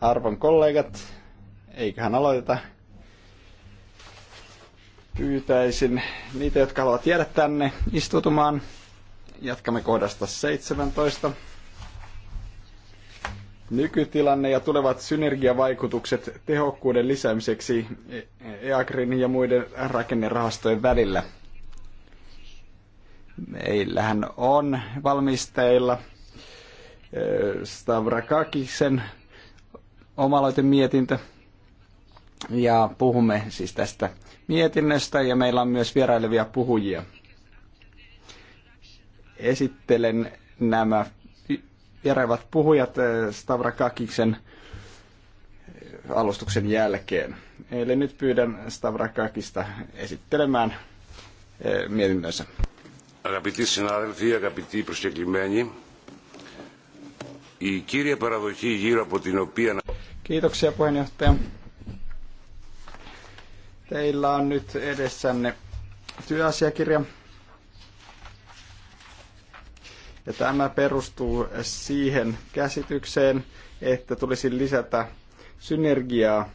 Arvon kollegat, eiköhän aloiteta. Pyytäisin niitä, jotka haluavat jäädä tänne istutumaan. Jatkamme kohdasta 17. Nykytilanne ja tulevat synergiavaikutukset tehokkuuden lisäämiseksi EAGRin ja muiden rakennerahastojen välillä. Meillähän on valmisteilla Stavrakakiksen omaloitemietintö. Ja puhumme siis tästä mietinnöstä ja meillä on myös vierailevia puhujia. Esittelen nämä vierailevat puhujat eh, Stavrakakisen eh, alustuksen jälkeen. Eli nyt pyydän Stavrakakista esittelemään eh, mietinnössä. Αγαπητοί συνάδελφοι, αγαπητοί προσκεκλημένοι, Η κύρια παραδοχή γύρω από την οποία... Kiitoksia puheenjohtaja. Teillä on nyt edessänne työasiakirja. Ja tämä perustuu siihen käsitykseen, että tulisi lisätä synergiaa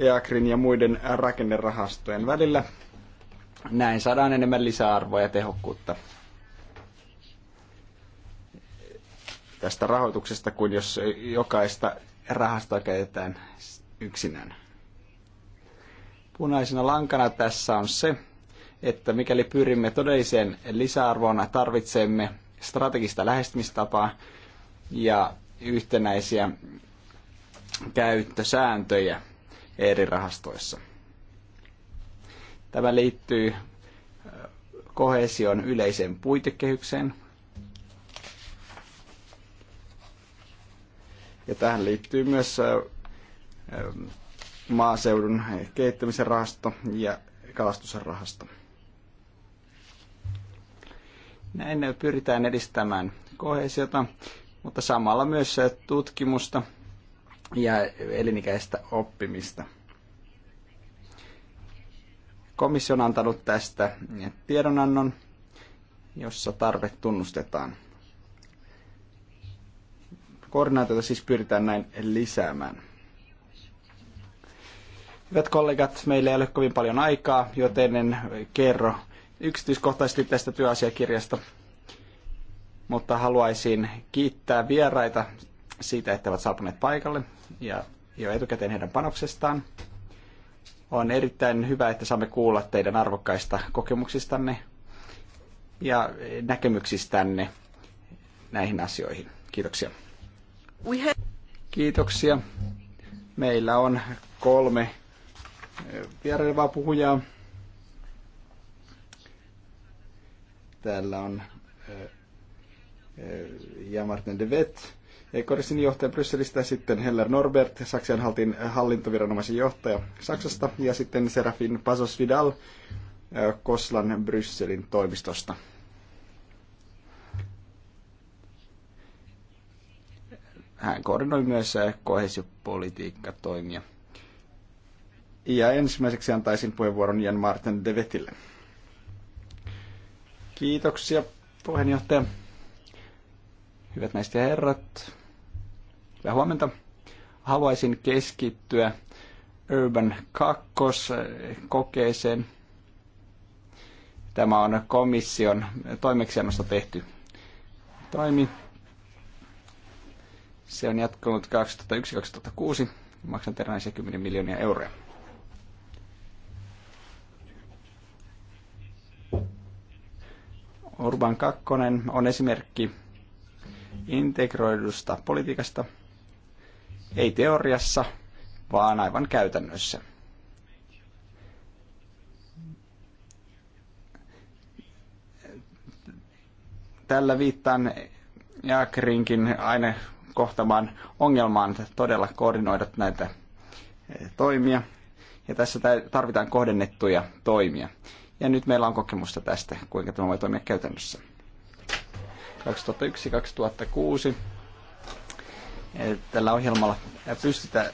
EACRin ja muiden rakennerahastojen välillä. Näin saadaan enemmän lisäarvoa ja tehokkuutta tästä rahoituksesta kuin jos jokaista rahastoa käytetään yksinään. Punaisena lankana tässä on se, että mikäli pyrimme todelliseen lisäarvoon, tarvitsemme strategista lähestymistapaa ja yhtenäisiä käyttösääntöjä eri rahastoissa. Tämä liittyy kohesion yleiseen puitekehykseen, Ja tähän liittyy myös maaseudun kehittämisen rahasto ja kalastusrahasto. Näin pyritään edistämään kohesiota, mutta samalla myös tutkimusta ja elinikäistä oppimista. Komissio on antanut tästä tiedonannon, jossa tarve tunnustetaan. Koordinaatiota siis pyritään näin lisäämään. Hyvät kollegat, meillä ei ole kovin paljon aikaa, joten en kerro yksityiskohtaisesti tästä työasiakirjasta, mutta haluaisin kiittää vieraita siitä, että ovat saapuneet paikalle ja jo etukäteen heidän panoksestaan. On erittäin hyvä, että saamme kuulla teidän arvokkaista kokemuksistanne ja näkemyksistänne näihin asioihin. Kiitoksia. Kiitoksia. Meillä on kolme eh, vierailevaa puhujaa. Täällä on eh, eh, Jamartin de Vett, Ekorisin johtaja Brysselistä, sitten Heller Norbert, Saksan hallintoviranomaisen johtaja Saksasta, ja sitten Serafin Pasos Vidal Koslan Brysselin toimistosta. hän koordinoi myös eh, kohesiopolitiikkatoimia. Ja ensimmäiseksi antaisin puheenvuoron Jan Martin Devetille. Kiitoksia puheenjohtaja. Hyvät naiset ja herrat, hyvää huomenta. Haluaisin keskittyä Urban 2 kokeeseen. Tämä on komission toimeksiannosta tehty toimi se on jatkunut 2001-2006, Maksan erinäisiä 10 miljoonia euroa. Urban 2 on esimerkki integroidusta politiikasta, ei teoriassa, vaan aivan käytännössä. Tällä viittaan Jaakrinkin aine kohtamaan ongelmaan todella koordinoida näitä eh, toimia. Ja tässä tarvitaan kohdennettuja toimia. Ja nyt meillä on kokemusta tästä, kuinka tämä voi toimia käytännössä. 2001-2006 eh, tällä ohjelmalla pystytä,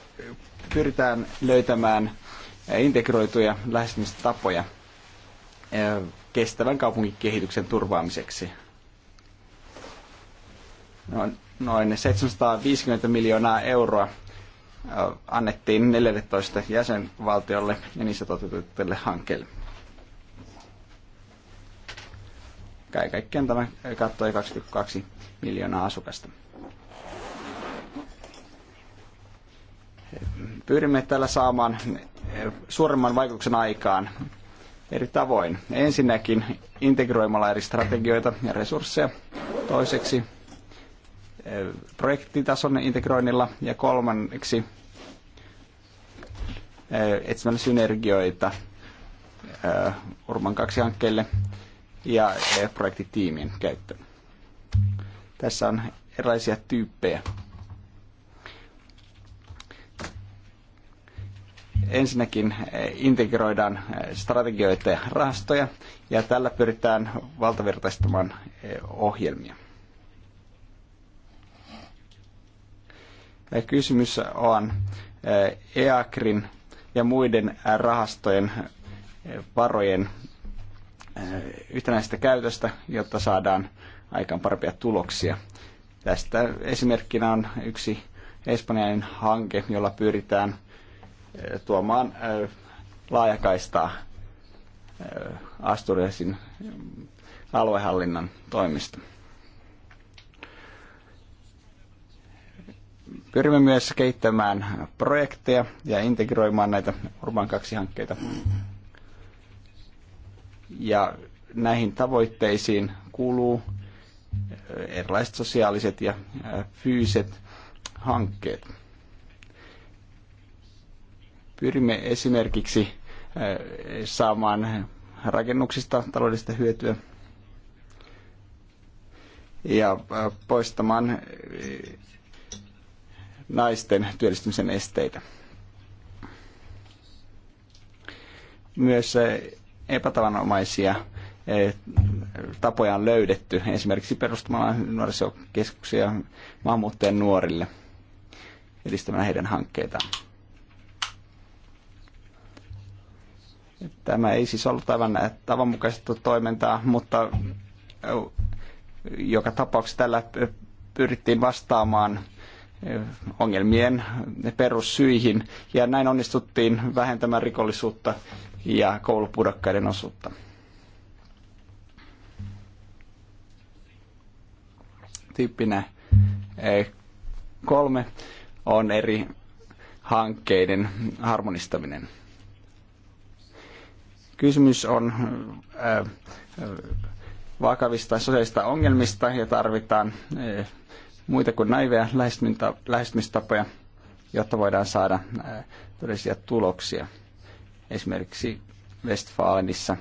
pyritään löytämään eh, integroituja lähestymistapoja kestävän kaupunkikehityksen turvaamiseksi. No, noin 750 miljoonaa euroa annettiin 14 jäsenvaltiolle ja niissä toteutetulle hankkeille. Kai kaikkiaan tämä kattoi 22 miljoonaa asukasta. Pyrimme tällä saamaan suuremman vaikutuksen aikaan eri tavoin. Ensinnäkin integroimalla eri strategioita ja resursseja. Toiseksi projektitason integroinnilla ja kolmanneksi eh, etsimällä synergioita eh, Urman kaksi hankkeelle ja eh, projektitiimien käyttöön. Tässä on erilaisia tyyppejä. Ensinnäkin integroidaan strategioita ja rahastoja ja tällä pyritään valtavirtaistamaan ohjelmia. Kysymys on EACRin ja muiden rahastojen varojen yhtenäisestä käytöstä, jotta saadaan aikaan parempia tuloksia. Tästä esimerkkinä on yksi espanjalainen hanke, jolla pyritään tuomaan laajakaistaa Asturiasin aluehallinnan toimista. Pyrimme myös kehittämään projekteja ja integroimaan näitä Urban 2-hankkeita. Ja näihin tavoitteisiin kuuluu eh, erilaiset sosiaaliset ja eh, fyysiset hankkeet. Pyrimme esimerkiksi eh, saamaan rakennuksista taloudellista hyötyä ja poistamaan naisten työllistymisen esteitä. Myös eh, epätavanomaisia eh, tapoja on löydetty, esimerkiksi perustamalla nuorisokeskuksia maahanmuuttajien nuorille edistämällä heidän hankkeitaan. Tämä ei siis ollut aivan tavanmukaista toimintaa, mutta eh, joka tapauksessa tällä pyrittiin vastaamaan ongelmien perussyihin ja näin onnistuttiin vähentämään rikollisuutta ja koulupudokkaiden osuutta. Tyyppinä eh, kolme on eri hankkeiden harmonistaminen. Kysymys on eh, vakavista sosiaalista ongelmista ja tarvitaan eh, muita kuin naiveja lähestymistapoja, jotta voidaan saada todellisia tuloksia. Esimerkiksi Westfalenissa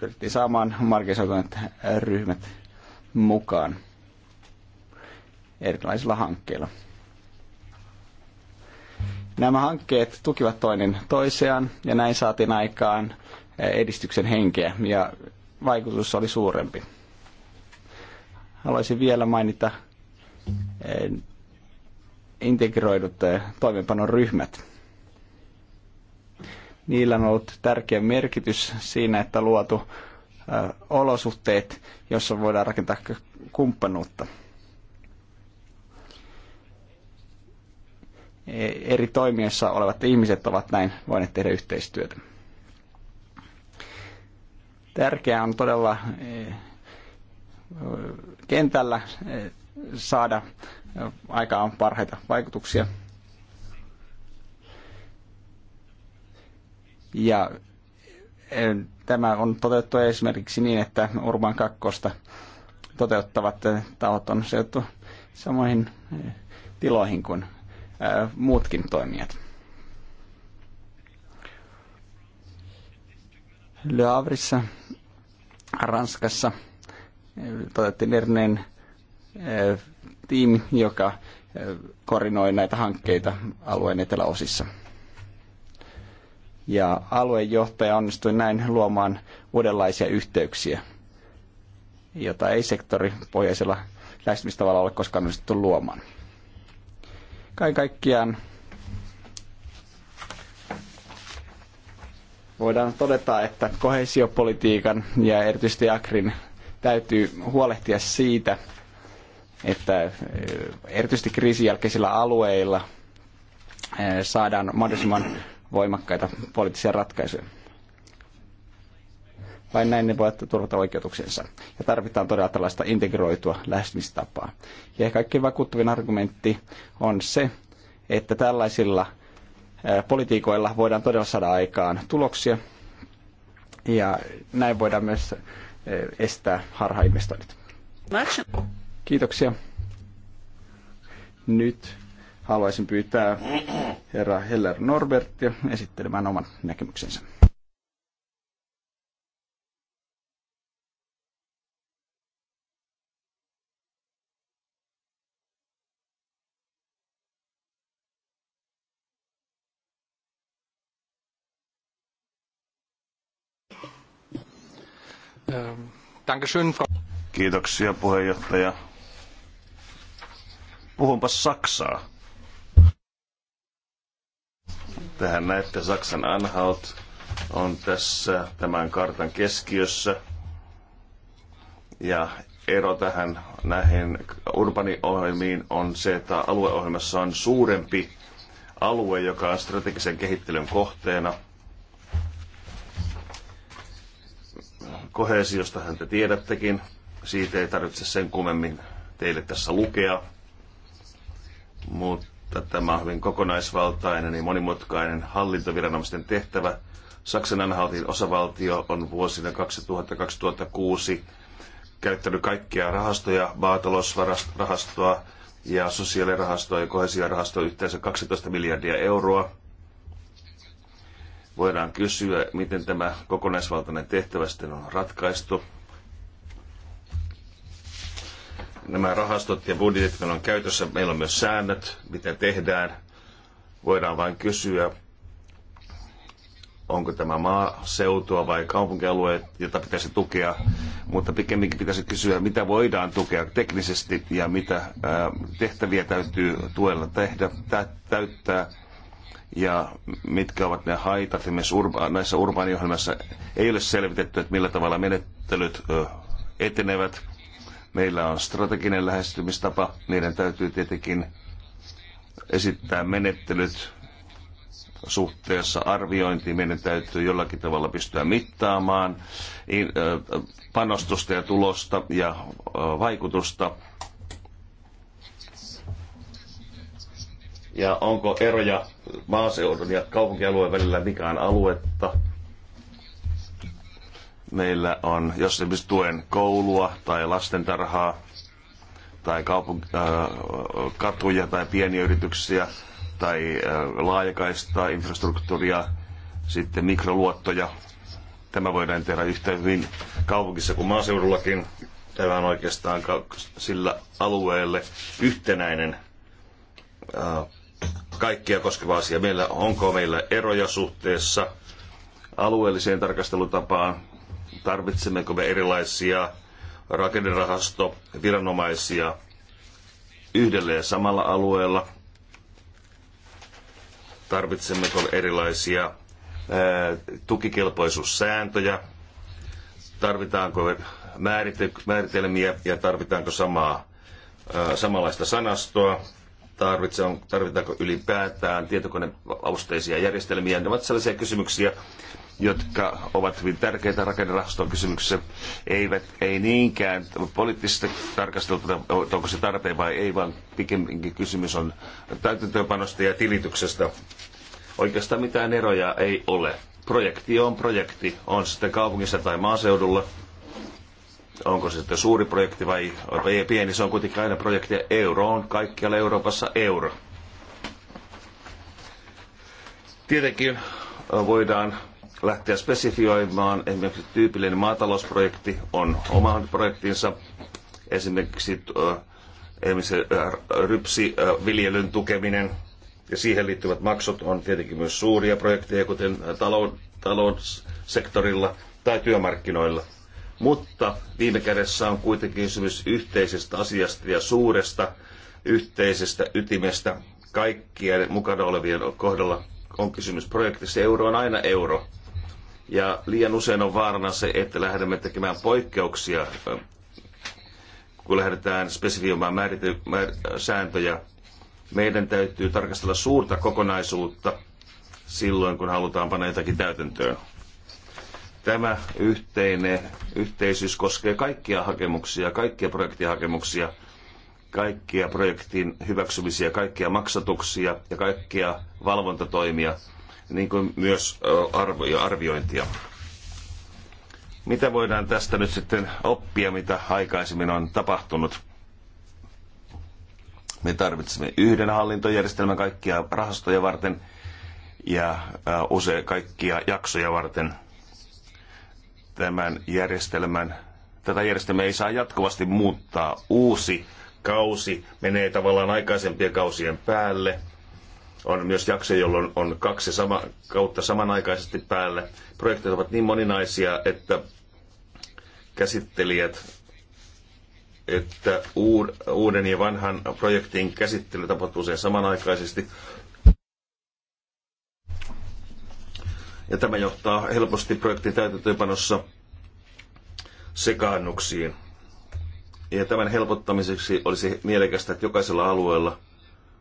pyrittiin saamaan markkinoituneet ryhmät mukaan erilaisilla hankkeilla. Nämä hankkeet tukivat toinen toiseaan ja näin saatiin aikaan edistyksen henkeä ja vaikutus oli suurempi. Haluaisin vielä mainita eh, integroidut eh, toimenpanon ryhmät. Niillä on ollut tärkeä merkitys siinä, että luotu eh, olosuhteet, joissa voidaan rakentaa kumppanuutta. Eri toimijoissa olevat ihmiset ovat näin voineet tehdä yhteistyötä. Tärkeää on todella eh, kentällä eh, saada eh, aikaan parhaita vaikutuksia. Ja tämä on toteutettu esimerkiksi niin, että Urban kakkosta toteuttavat tahot on sijoitettu samoihin tiloihin kuin muutkin toimijat. Le Havrissa Ranskassa toteutettiin erinen eh, tiimi, joka eh, koordinoi näitä hankkeita alueen eteläosissa. Ja aluejohtaja onnistui näin luomaan uudenlaisia yhteyksiä, jota ei sektori pohjaisella lähestymistavalla ole koskaan onnistuttu luomaan. Kaiken kaikkiaan voidaan todeta, että kohesiopolitiikan ja erityisesti Akrin täytyy huolehtia siitä, että eh, erityisesti kriisijälkeisillä alueilla eh, saadaan mahdollisimman voimakkaita poliittisia ratkaisuja. Vain näin ne voivat turvata oikeutuksensa. Ja tarvitaan todella tällaista integroitua lähestymistapaa. Ja kaikkein vakuuttavin argumentti on se, että tällaisilla – politiikoilla voidaan todella saada aikaan tuloksia ja näin voidaan myös estää harhainvestoinnit. Kiitoksia. Nyt haluaisin pyytää herra Heller Norbertia esittelemään oman näkemyksensä. Kiitoksia puheenjohtaja. Puhunpa Saksaa. Tähän näette Saksan Anhalt on tässä tämän kartan keskiössä. Ja ero tähän näihin urbaniohjelmiin on se, että alueohjelmassa on suurempi alue, joka on strategisen kehittelyn kohteena – Kohesiosta hän te tiedättekin. Siitä ei tarvitse sen kummemmin teille tässä lukea. Mutta tämä on hyvin kokonaisvaltainen ja monimutkainen hallintoviranomaisten tehtävä. Saksan Anhaltin osavaltio on vuosina 2000-2006 käyttänyt kaikkia rahastoja, maatalousrahastoa ja sosiaalirahastoa ja kohesiorahastoa yhteensä 12 miljardia euroa Voidaan kysyä, miten tämä kokonaisvaltainen tehtävä sitten on ratkaistu. Nämä rahastot ja budjetit meillä on käytössä. Meillä on myös säännöt, miten tehdään. Voidaan vain kysyä, onko tämä seutua vai kaupunkialueet, jota pitäisi tukea, mutta pikemminkin pitäisi kysyä, mitä voidaan tukea teknisesti ja mitä tehtäviä täytyy tuella tehdä, täyttää ja mitkä ovat ne haitat. Esimerkiksi urba- näissä urbaaniohjelmissa ei ole selvitetty, että millä tavalla menettelyt etenevät. Meillä on strateginen lähestymistapa. Niiden täytyy tietenkin esittää menettelyt suhteessa arviointiin. Meidän täytyy jollakin tavalla pystyä mittaamaan panostusta ja tulosta ja vaikutusta ja onko eroja maaseudun ja kaupunkialueen välillä mikään aluetta. Meillä on, jos esimerkiksi tuen koulua tai lastentarhaa tai kaupunk- äh, katuja tai pieniä yrityksiä tai äh, laajakaista infrastruktuuria, sitten mikroluottoja. Tämä voidaan tehdä yhtä hyvin kaupungissa kuin maaseudullakin. Tämä on oikeastaan sillä alueelle yhtenäinen äh, kaikkia koskeva asia. Meillä, onko meillä eroja suhteessa alueelliseen tarkastelutapaan? Tarvitsemmeko me erilaisia rakennerahasto, viranomaisia yhdellä ja samalla alueella? Tarvitsemmeko erilaisia ää, tukikelpoisuussääntöjä? Tarvitaanko määritelmiä ja tarvitaanko samaa, ää, samanlaista sanastoa? tarvitaanko ylipäätään tietokoneavusteisia järjestelmiä. Ne ovat sellaisia kysymyksiä, jotka ovat hyvin tärkeitä rakennerahaston kysymyksessä, eivät, ei niinkään poliittisesti tarkasteltuna, onko se tarpeen vai ei, vaan pikemminkin kysymys on täytäntöönpanosta ja tilityksestä. Oikeastaan mitään eroja ei ole. Projekti on projekti, on sitten kaupungissa tai maaseudulla – onko se sitten suuri projekti vai pieni, se on kuitenkin aina projekti. Euro on kaikkialla Euroopassa euro. Tietenkin voidaan lähteä spesifioimaan. Esimerkiksi tyypillinen maatalousprojekti on oma projektinsa. Esimerkiksi, eh, esimerkiksi eh, rypsiviljelyn tukeminen ja siihen liittyvät maksut on tietenkin myös suuria projekteja, kuten taloussektorilla tai työmarkkinoilla. Mutta viime kädessä on kuitenkin kysymys yhteisestä asiasta ja suuresta yhteisestä ytimestä kaikkien mukana olevien kohdalla on kysymys projektissa. Euro on aina euro. Ja liian usein on vaarana se, että lähdemme tekemään poikkeuksia, kun lähdetään spesifioimaan määrity, määr, sääntöjä. Meidän täytyy tarkastella suurta kokonaisuutta silloin, kun halutaan panna jotakin täytäntöön. Tämä yhteinen yhteisyys koskee kaikkia hakemuksia, kaikkia projektihakemuksia, kaikkia projektin hyväksymisiä, kaikkia maksatuksia ja kaikkia valvontatoimia, niin kuin myös arviointia. Mitä voidaan tästä nyt sitten oppia, mitä aikaisemmin on tapahtunut? Me tarvitsemme yhden hallintojärjestelmän kaikkia rahastoja varten ja usein kaikkia jaksoja varten – tämän järjestelmän, tätä järjestelmää ei saa jatkuvasti muuttaa. Uusi kausi menee tavallaan aikaisempien kausien päälle. On myös jakso, jolloin on kaksi sama, kautta samanaikaisesti päälle. Projektit ovat niin moninaisia, että käsittelijät että uuden ja vanhan projektin käsittely tapahtuu sen samanaikaisesti. ja tämä johtaa helposti projektin täytäntöönpanossa sekaannuksiin. Ja tämän helpottamiseksi olisi mielekästä, että jokaisella alueella,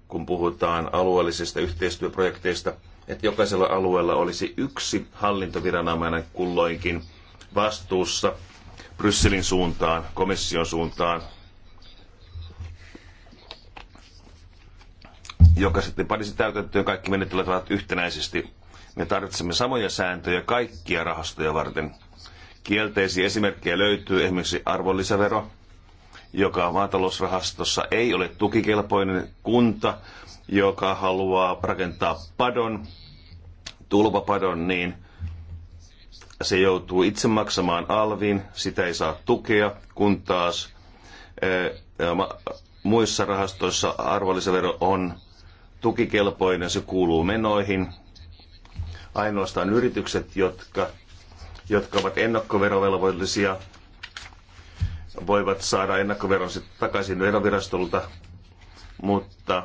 kun puhutaan alueellisista yhteistyöprojekteista, että jokaisella alueella olisi yksi hallintoviranomainen kulloinkin vastuussa Brysselin suuntaan, komission suuntaan, joka sitten panisi täytäntöön kaikki menettelytavat yhtenäisesti me tarvitsemme samoja sääntöjä kaikkia rahastoja varten. Kielteisiä esimerkkejä löytyy esimerkiksi arvonlisävero, joka maatalousrahastossa ei ole tukikelpoinen kunta, joka haluaa rakentaa padon, tulvapadon, niin se joutuu itse maksamaan alvin, sitä ei saa tukea, kun taas eh, eh, muissa rahastoissa arvonlisävero on tukikelpoinen, se kuuluu menoihin ainoastaan yritykset, jotka, jotka ovat ennakkoverovelvollisia, voivat saada ennakkoveron takaisin verovirastolta, mutta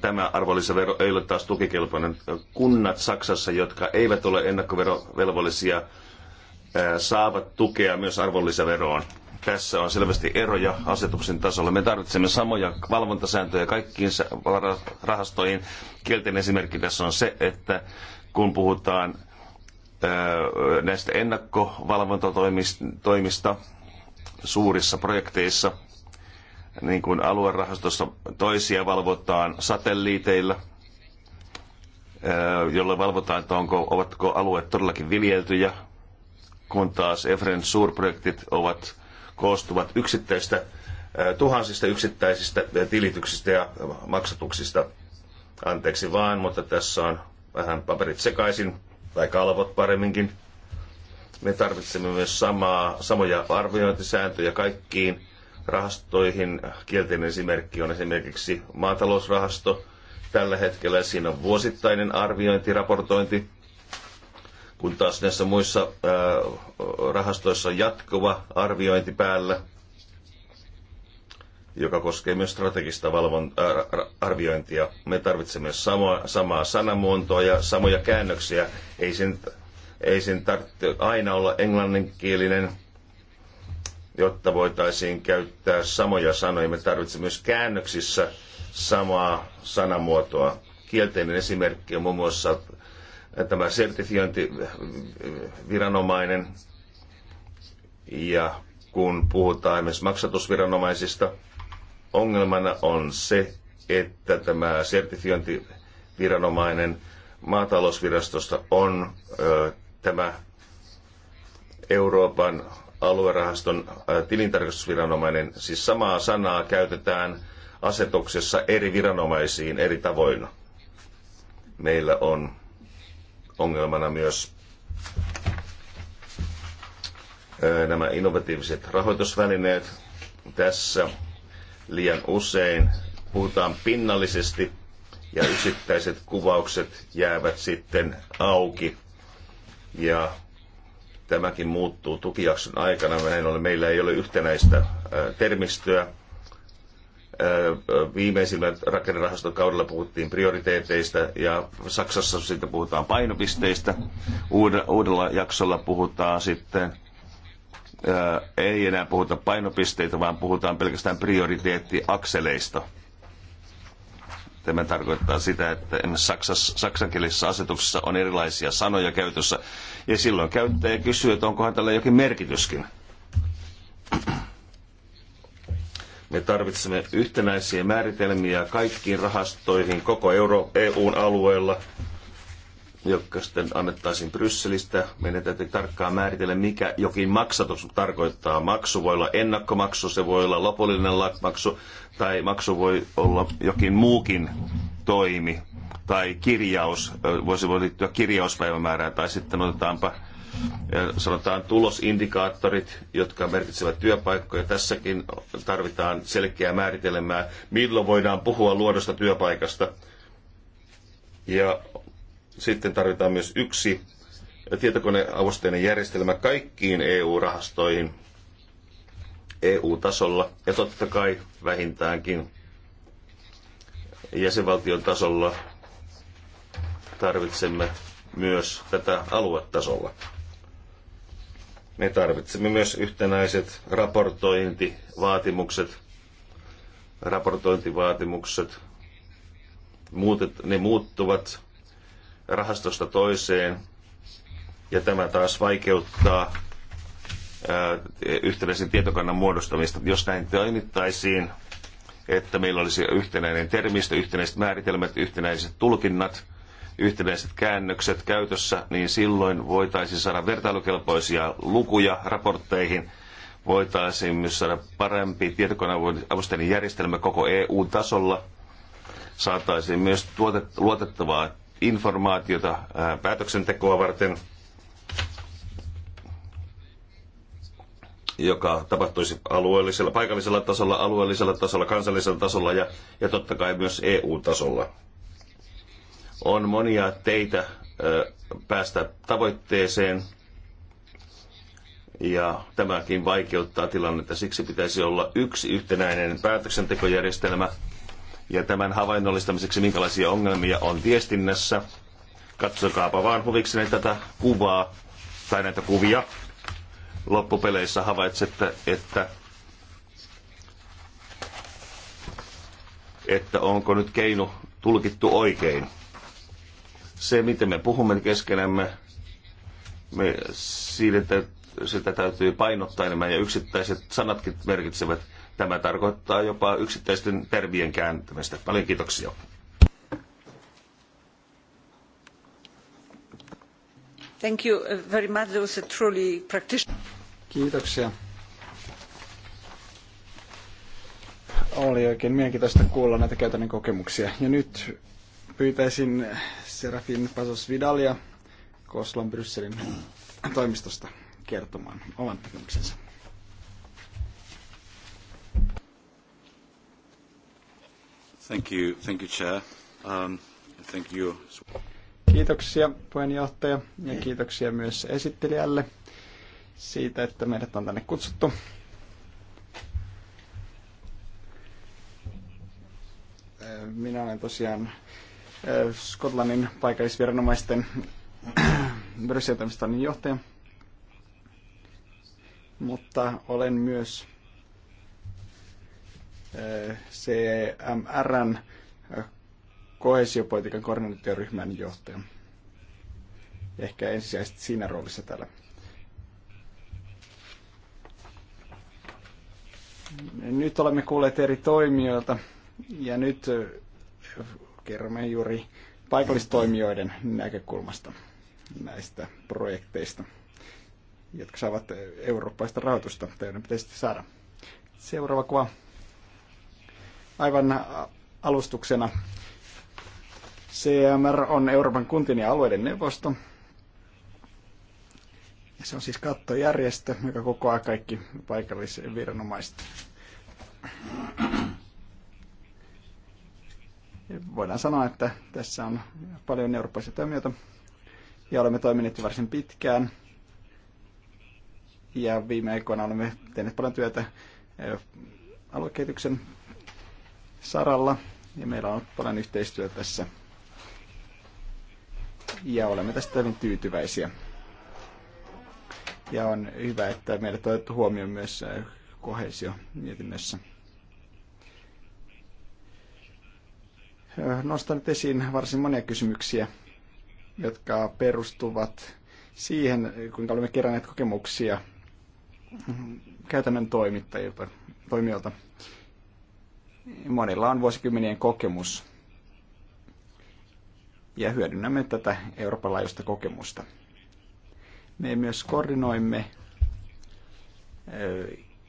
tämä arvonlisävero ei ole taas tukikelpoinen. Kunnat Saksassa, jotka eivät ole ennakkoverovelvollisia, saavat tukea myös arvonlisäveroon. Tässä on selvästi eroja asetuksen tasolla. Me tarvitsemme samoja valvontasääntöjä kaikkiin rahastoihin. Kielten esimerkki tässä on se, että kun puhutaan näistä ennakkovalvontatoimista suurissa projekteissa, niin kuin aluerahastossa toisia valvotaan satelliiteilla, jolloin valvotaan, että onko, ovatko alueet todellakin viljeltyjä, kun taas EFREN suurprojektit ovat, koostuvat yksittäistä, tuhansista yksittäisistä tilityksistä ja maksatuksista. Anteeksi vaan, mutta tässä on vähän paperit sekaisin, tai kalvot paremminkin. Me tarvitsemme myös samaa, samoja arviointisääntöjä kaikkiin rahastoihin. Kielteinen esimerkki on esimerkiksi maatalousrahasto. Tällä hetkellä siinä on vuosittainen arviointiraportointi, kun taas näissä muissa rahastoissa on jatkuva arviointi päällä – joka koskee myös strategista valvon, arviointia. Me tarvitsemme samaa, samaa sanamuontoa ja samoja käännöksiä. Ei sen, ei sen tarvitse aina olla englanninkielinen, jotta voitaisiin käyttää samoja sanoja. Me tarvitsemme myös käännöksissä samaa sanamuotoa. Kielteinen esimerkki on muun muassa tämä sertifiointiviranomainen ja kun puhutaan esimerkiksi maksatusviranomaisista – ongelmana on se, että tämä sertifiointiviranomainen maatalousvirastosta on ö, tämä Euroopan aluerahaston ö, tilintarkastusviranomainen. Siis samaa sanaa käytetään asetuksessa eri viranomaisiin eri tavoin. Meillä on ongelmana myös ö, nämä innovatiiviset rahoitusvälineet. Tässä liian usein puhutaan pinnallisesti ja yksittäiset kuvaukset jäävät sitten auki. Ja tämäkin muuttuu tukijakson aikana. Näin ollen meillä ei ole yhtenäistä termistöä. Viimeisimmän rakennerahastokaudella puhuttiin prioriteeteista ja Saksassa sitten puhutaan painopisteistä. Uudella jaksolla puhutaan sitten ei enää puhuta painopisteitä, vaan puhutaan pelkästään prioriteettiakseleista. Tämä tarkoittaa sitä, että Saksassa, saksankielisessä asetuksessa on erilaisia sanoja käytössä, ja silloin käyttäjä kysyy, että onkohan tällä jokin merkityskin. Me tarvitsemme yhtenäisiä määritelmiä kaikkiin rahastoihin koko Euro, EUn alueella – joka sitten annettaisiin Brysselistä. Meidän täytyy tarkkaan määritellä, mikä jokin maksatus tarkoittaa. Maksu voi olla ennakkomaksu, se voi olla lopullinen maksu, tai maksu voi olla jokin muukin toimi, tai kirjaus, voisi voi liittyä kirjauspäivämäärään, tai sitten otetaanpa sanotaan tulosindikaattorit, jotka merkitsevät työpaikkoja. Tässäkin tarvitaan selkeää määritelmää, milloin voidaan puhua luodosta työpaikasta. Ja sitten tarvitaan myös yksi tietokoneavusteinen järjestelmä kaikkiin EU-rahastoihin EU-tasolla ja totta kai vähintäänkin jäsenvaltion tasolla tarvitsemme myös tätä aluetasolla. Me tarvitsemme myös yhtenäiset raportointivaatimukset, raportointivaatimukset, Muutet, ne muuttuvat rahastosta toiseen, ja tämä taas vaikeuttaa yhtenäisen tietokannan muodostamista. Jos näin toimittaisiin, että meillä olisi yhtenäinen termistö, yhtenäiset määritelmät, yhtenäiset tulkinnat, yhtenäiset käännökset käytössä, niin silloin voitaisiin saada vertailukelpoisia lukuja raportteihin, voitaisiin myös saada parempi tietokoneavustajien järjestelmä koko EU-tasolla, saataisiin myös tuotet, luotettavaa informaatiota päätöksentekoa varten, joka tapahtuisi alueellisella, paikallisella tasolla, alueellisella tasolla, kansallisella tasolla ja, ja totta kai myös EU-tasolla. On monia teitä ö, päästä tavoitteeseen ja tämäkin vaikeuttaa tilannetta. Siksi pitäisi olla yksi yhtenäinen päätöksentekojärjestelmä – ja tämän havainnollistamiseksi, minkälaisia ongelmia on viestinnässä. Katsokaapa vaan huviksenne tätä kuvaa tai näitä kuvia. Loppupeleissä havaitsette, että, että onko nyt keino tulkittu oikein. Se, miten me puhumme keskenämme, me, siitä, sitä täytyy painottaa enemmän ja yksittäiset sanatkin merkitsevät Tämä tarkoittaa jopa yksittäisten termien kääntämistä. Paljon kiitoksia. Thank you very much. That was a truly Kiitoksia. Oli oikein mielenkiintoista kuulla näitä käytännön kokemuksia. Ja nyt pyytäisin Serafin Pasos Vidalia Koslan Brysselin toimistosta kertomaan oman näkemyksensä. Thank you, thank you, Chair. Um, thank you. Kiitoksia puheenjohtaja ja kiitoksia myös esittelijälle siitä, että meidät on tänne kutsuttu. Minä olen tosiaan äh, Skotlannin paikallisviranomaisten brysseltämistannin johtaja, mutta olen myös CMRn kohesiopolitiikan koordinaatioryhmän johtaja. Ehkä ensisijaisesti siinä roolissa täällä. Nyt olemme kuulleet eri toimijoilta ja nyt kerromme juuri paikallistoimijoiden näkökulmasta näistä projekteista, jotka saavat eurooppaista rahoitusta, tai pitäisi saada. Seuraava kuva aivan alustuksena. CMR on Euroopan kuntien ja alueiden neuvosto. Ja se on siis kattojärjestö, joka kokoaa kaikki viranomaiset. Voidaan sanoa, että tässä on paljon eurooppalaisia toimijoita ja olemme toimineet varsin pitkään. Ja viime aikoina olemme tehneet paljon työtä aluekehityksen saralla ja meillä on paljon yhteistyötä tässä. Ja olemme tästä hyvin tyytyväisiä. Ja on hyvä, että meidät on otettu huomioon myös äh, kohesio mietinnössä. Äh, nostan nyt esiin varsin monia kysymyksiä, jotka perustuvat siihen, kuinka olemme keränneet kokemuksia käytännön toimittajilta, toimijoilta. Monilla on vuosikymmenien kokemus ja hyödynnämme tätä Euroopan laajuista kokemusta. Me myös koordinoimme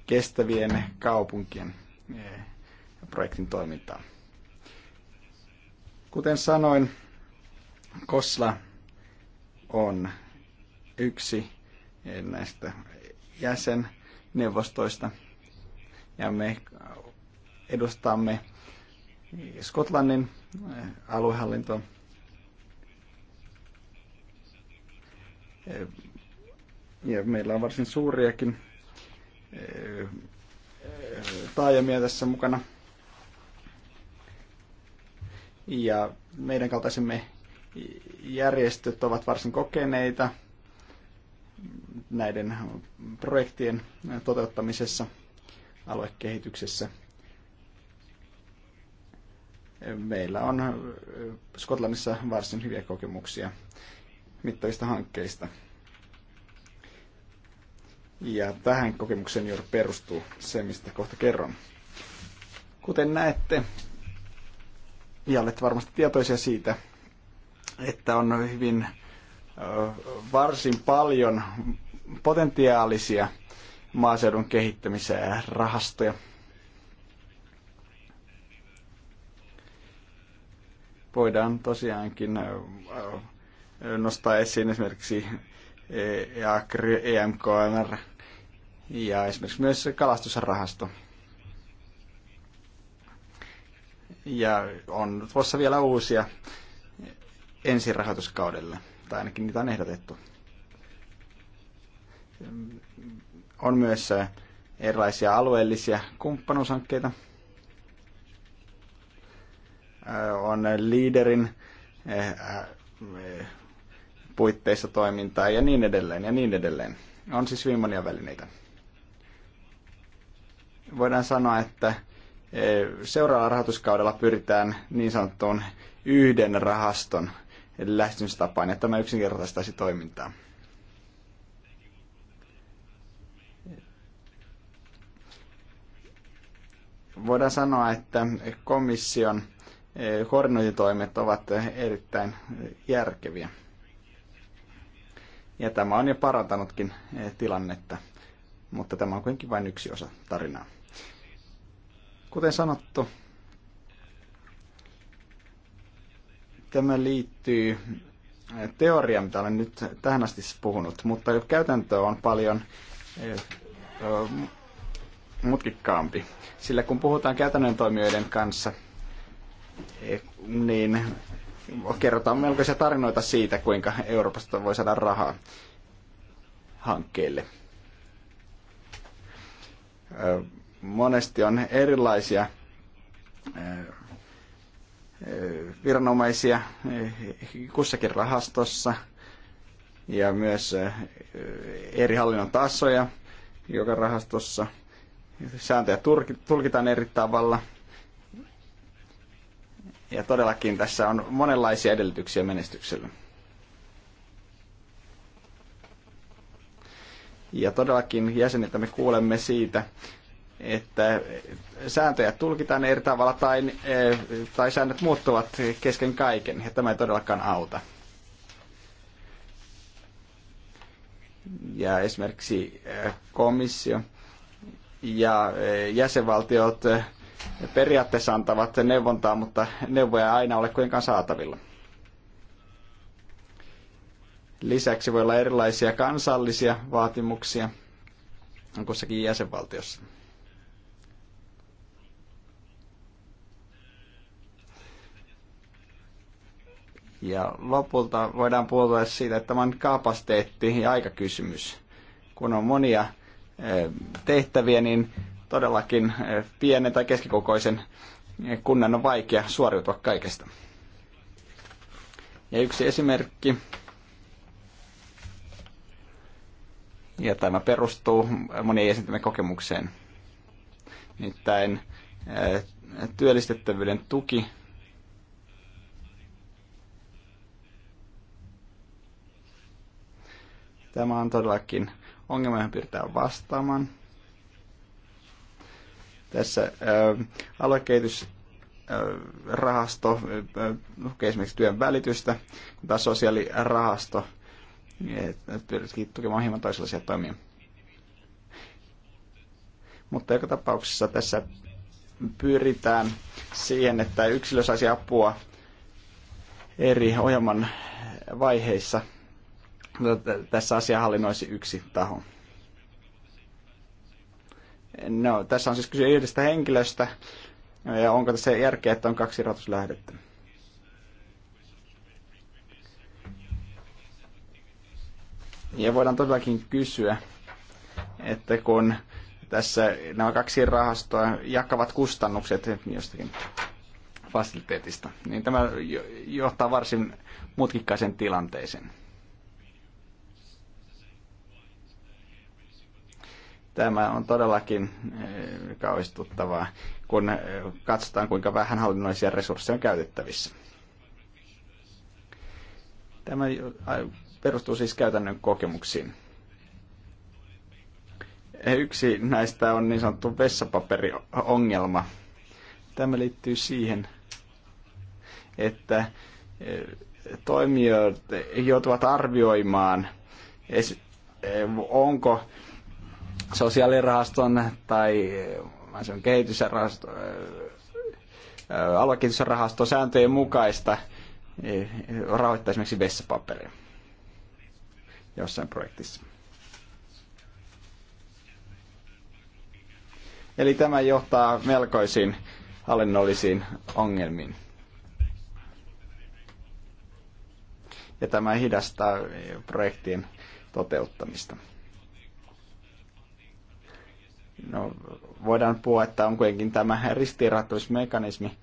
kestävien kaupunkien projektin toimintaa. Kuten sanoin, Kosla on yksi näistä jäsenneuvostoista ja me edustamme Skotlannin eh, aluehallintoa. Eh, ja meillä on varsin suuriakin eh, taajamia tässä mukana. Ja meidän kaltaisemme järjestöt ovat varsin kokeneita näiden projektien toteuttamisessa, aluekehityksessä – meillä on Skotlannissa varsin hyviä kokemuksia mittavista hankkeista. Ja tähän kokemukseen juuri perustuu se, mistä kohta kerron. Kuten näette, ja olette varmasti tietoisia siitä, että on hyvin varsin paljon potentiaalisia maaseudun kehittämiseen rahastoja voidaan tosiaankin nostaa esiin esimerkiksi EAKRI, EMKMR ja esimerkiksi myös kalastusrahasto. Ja on tuossa vielä uusia rahoituskaudelle, tai ainakin niitä on ehdotettu. On myös erilaisia alueellisia kumppanuushankkeita, Äh, on liiderin eh, eh, puitteissa toimintaa ja niin edelleen ja niin edelleen. On siis hyvin monia välineitä. Voidaan sanoa, että eh, seuraavalla rahoituskaudella pyritään niin sanottuun yhden rahaston lähestymistapaan, ja tämä yksinkertaistaisi toimintaa. Voidaan sanoa, että komission – koordinointitoimet eh, ovat erittäin järkeviä. Ja tämä on jo parantanutkin eh, tilannetta, mutta tämä on kuitenkin vain yksi osa tarinaa. Kuten sanottu, tämä liittyy eh, teoriaan, mitä olen nyt tähän asti puhunut, mutta käytäntö on paljon mutkikkaampi. Sillä kun puhutaan käytännön toimijoiden kanssa – Eh, niin kerrotaan melkoisia tarinoita siitä, kuinka Euroopasta voi saada rahaa hankkeelle. Eh, monesti on erilaisia eh, viranomaisia kussakin rahastossa ja myös eri hallinnon tasoja joka rahastossa. Sääntöjä tulkitaan eri tavalla – ja todellakin tässä on monenlaisia edellytyksiä menestykselle. Ja todellakin jäseniltä me kuulemme siitä, että sääntöjä tulkitaan eri tavalla tai, tai säännöt muuttuvat kesken kaiken, ja tämä ei todellakaan auta. Ja esimerkiksi komissio ja jäsenvaltiot periaatteessa antavat neuvontaa, mutta neuvoja ei aina ole kuinkaan saatavilla. Lisäksi voi olla erilaisia kansallisia vaatimuksia kussakin jäsenvaltiossa. Ja lopulta voidaan puhua siitä, että tämä on kapasiteetti- ja aikakysymys. Kun on monia eh, tehtäviä, niin todellakin eh, pienen tai keskikokoisen eh, kunnan on vaikea suoriutua kaikesta. Ja yksi esimerkki, ja tämä perustuu monien jäsenten kokemukseen, nimittäin eh, työllistettävyyden tuki Tämä on todellakin ongelma, johon pyritään vastaamaan. Tässä ähm, aluekehitys äh, rahasto tukee äh, esimerkiksi työn välitystä, kun taas sosiaalirahasto pyrkii tukemaan hieman toisenlaisia toimia. Mutta joka tapauksessa tässä pyritään siihen, että yksilö saisi apua eri ohjelman vaiheissa. Tässä asia hallinnoisi yksi taho. No, tässä on siis kyse yhdestä henkilöstä. Ja onko tässä järkeä, että on kaksi rahoituslähdettä? Ja voidaan todellakin kysyä, että kun tässä nämä kaksi rahastoa jakavat kustannukset jostakin fasiliteetista, niin tämä johtaa varsin mutkikkaisen tilanteeseen. Tämä on todellakin eh, kauhistuttavaa, kun eh, katsotaan kuinka vähän hallinnollisia resursseja on käytettävissä. Tämä perustuu siis käytännön kokemuksiin. Eh, yksi näistä on niin sanottu vessapaperiongelma. Tämä liittyy siihen, että toimijat joutuvat arvioimaan, onko sosiaalirahaston tai äh, se on kehitysrahasto, äh, äh, aluekehitysrahaston sääntöjen mukaista rahoittaa esimerkiksi vessapaperia jossain projektissa. Eli tämä johtaa melkoisiin hallinnollisiin ongelmiin. Ja tämä hidastaa projektien toteuttamista no, voidaan puhua, että on kuitenkin tämä ristiratoismekanismi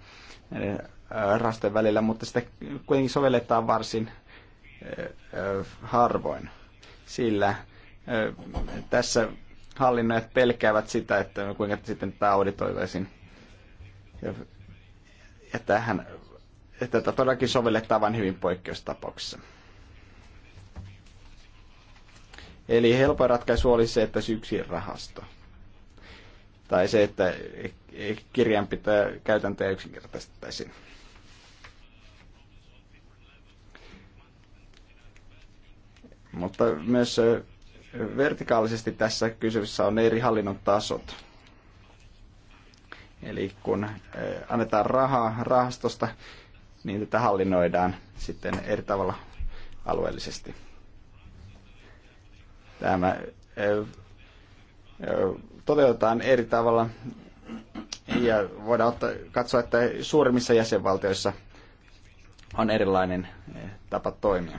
rasten välillä, mutta sitä kuitenkin sovelletaan varsin harvoin, sillä tässä hallinnoijat pelkäävät sitä, että kuinka sitten tämä auditoitaisiin. Ja, ja tähän, että tätä todellakin sovelletaan vain hyvin poikkeustapauksissa. Eli helpoin ratkaisu olisi se, että syksin rahasto tai se, että pitää käytäntöjä yksinkertaistettaisiin. Mutta myös vertikaalisesti tässä kysymyksessä on eri hallinnon tasot. Eli kun eh, annetaan rahaa rahastosta, niin tätä hallinnoidaan sitten eri tavalla alueellisesti. Tämä eh, eh, toteutetaan eri tavalla ja voidaan ottaa, katsoa, että suurimmissa jäsenvaltioissa on erilainen eh, tapa toimia.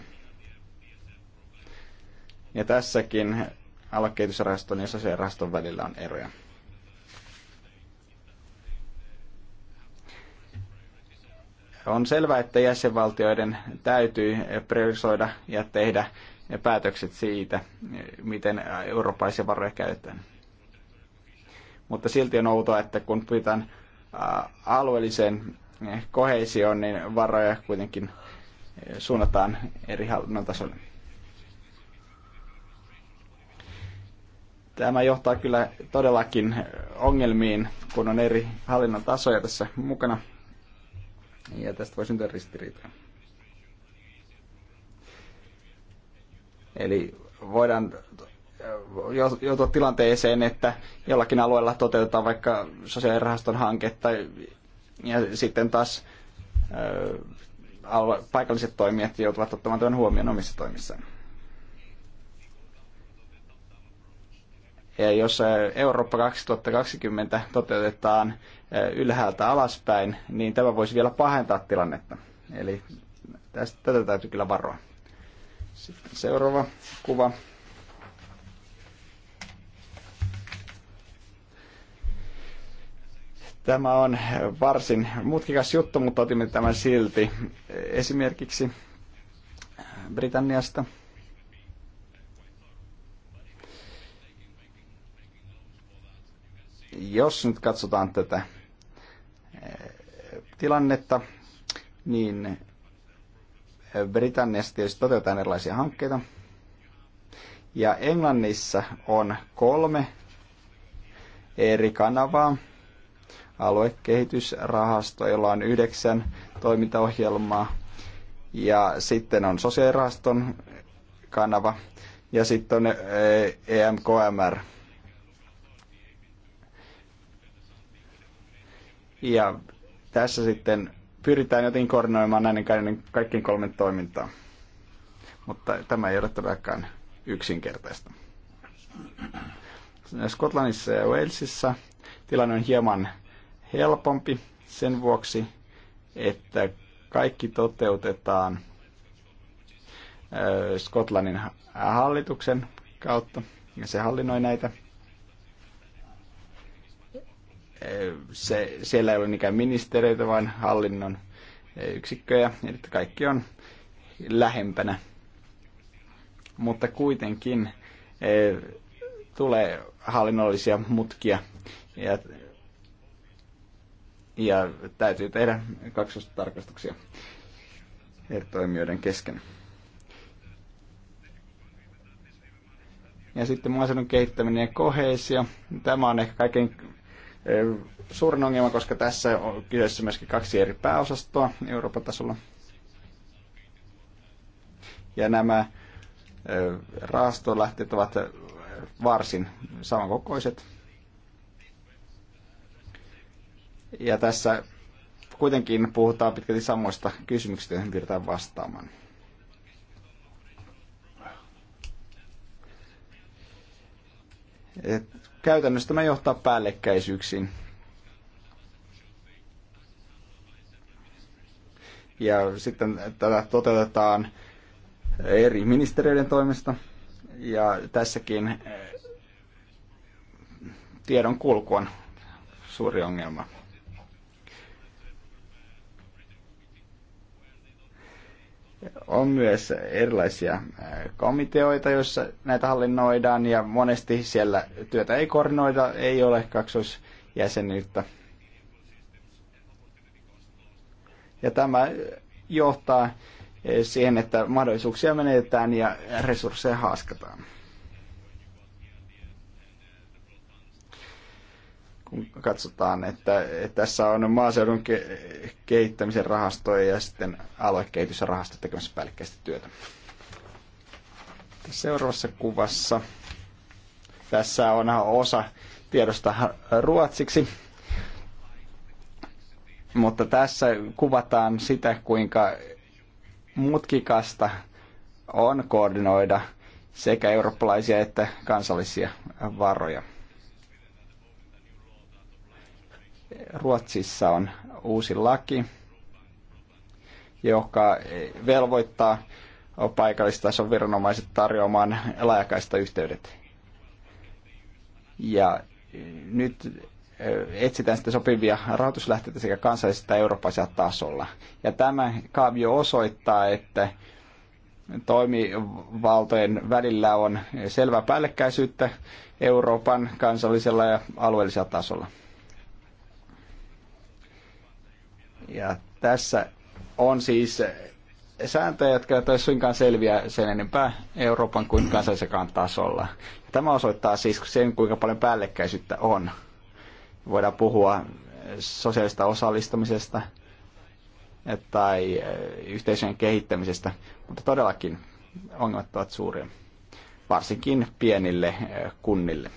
Ja tässäkin alakehitysrahaston ja sosiaalirahaston välillä on eroja. On selvää, että jäsenvaltioiden täytyy priorisoida ja tehdä päätökset siitä, miten eurooppalaisia varoja käytetään mutta silti on outoa, että kun pyritään alueelliseen eh, kohesioon, niin varoja kuitenkin eh, suunnataan eri hallinnon tasolle. Tämä johtaa kyllä todellakin eh, ongelmiin, kun on eri hallinnon tasoja tässä mukana. Ja tästä voi syntyä ristiriitoja. Eli voidaan joutua tilanteeseen, että jollakin alueella toteutetaan vaikka sosiaalirahaston hanketta ja sitten taas paikalliset toimijat joutuvat ottamaan tämän huomioon omissa toimissaan. Ja jos Eurooppa 2020 toteutetaan ylhäältä alaspäin, niin tämä voisi vielä pahentaa tilannetta. Eli tästä, tätä täytyy kyllä varoa. Sitten seuraava kuva. Tämä on varsin mutkikas juttu, mutta otimme tämän silti esimerkiksi Britanniasta. Jos nyt katsotaan tätä eh, tilannetta, niin Britanniassa tietysti toteutetaan erilaisia hankkeita. Ja Englannissa on kolme eri kanavaa, aluekehitysrahasto, jolla on yhdeksän toimintaohjelmaa. Ja sitten on sosiaalirahaston kanava ja sitten on EMKMR. Eh, e ja tässä sitten pyritään jotenkin koordinoimaan näiden kaikkien kolmen toimintaa. Mutta tämä ei ole todellakaan yksinkertaista. Skotlannissa ja Walesissa tilanne on hieman helpompi sen vuoksi, että kaikki toteutetaan Skotlannin hallituksen kautta, ja se hallinnoi näitä. Se, siellä ei ole niinkään ministeriöitä, vaan hallinnon yksikköjä, eli kaikki on lähempänä. Mutta kuitenkin tulee hallinnollisia mutkia ja ja täytyy tehdä kaksoistarkastuksia eri toimijoiden kesken. Ja sitten maaseudun kehittäminen ja koheisia. Tämä on ehkä kaiken suurin ongelma, koska tässä on kyseessä myöskin kaksi eri pääosastoa Euroopan tasolla. Ja nämä rahastolähteet ovat varsin samankokoiset. Ja tässä kuitenkin puhutaan pitkälti samoista kysymyksistä, joihin pyritään vastaamaan. Et käytännössä tämä johtaa päällekkäisyyksiin. Ja sitten tätä toteutetaan eri ministeriöiden toimesta. Ja tässäkin eh, tiedon kulku on suuri ongelma. on myös erilaisia äh, komiteoita, joissa näitä hallinnoidaan ja monesti siellä työtä ei koordinoida, ei ole kaksoisjäsenyyttä. Ja tämä johtaa äh, siihen, että mahdollisuuksia menetetään ja resursseja haaskataan. kun katsotaan, että, että tässä on maaseudun ke- kehittämisen rahasto ja sitten aluekehitysrahasto tekemässä päällekkäistä työtä. Seuraavassa kuvassa tässä on osa tiedosta ruotsiksi, mutta tässä kuvataan sitä, kuinka mutkikasta on koordinoida sekä eurooppalaisia että kansallisia varoja Ruotsissa on uusi laki, joka velvoittaa paikallistason viranomaiset tarjoamaan laajakaista yhteydet. Ja eh, nyt eh, etsitään sitten sopivia rahoituslähteitä sekä kansallisella että eurooppalaisella tasolla. Ja tämä kaavio osoittaa, että toimivaltojen välillä on selvää päällekkäisyyttä Euroopan kansallisella ja alueellisella tasolla. Ja tässä on siis sääntöjä, jotka eivät ole suinkaan selviä sen enempää Euroopan kuin kansallisekaan tasolla. Tämä osoittaa siis sen, kuinka paljon päällekkäisyyttä on. Voidaan puhua sosiaalista osallistumisesta, tai eh, yhteisöjen kehittämisestä, mutta todellakin ongelmat ovat suuria, varsinkin pienille eh, kunnille.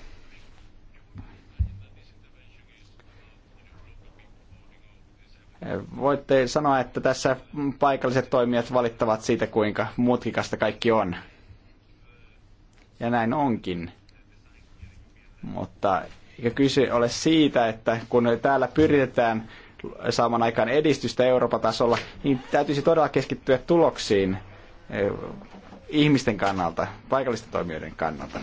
Voitte sanoa, että tässä paikalliset toimijat valittavat siitä, kuinka mutkikasta kaikki on. Ja näin onkin. Mutta eikä kyse ole siitä, että kun täällä pyritetään saamaan aikaan edistystä Euroopan tasolla, niin täytyisi todella keskittyä tuloksiin e, ihmisten kannalta, paikallisten toimijoiden kannalta.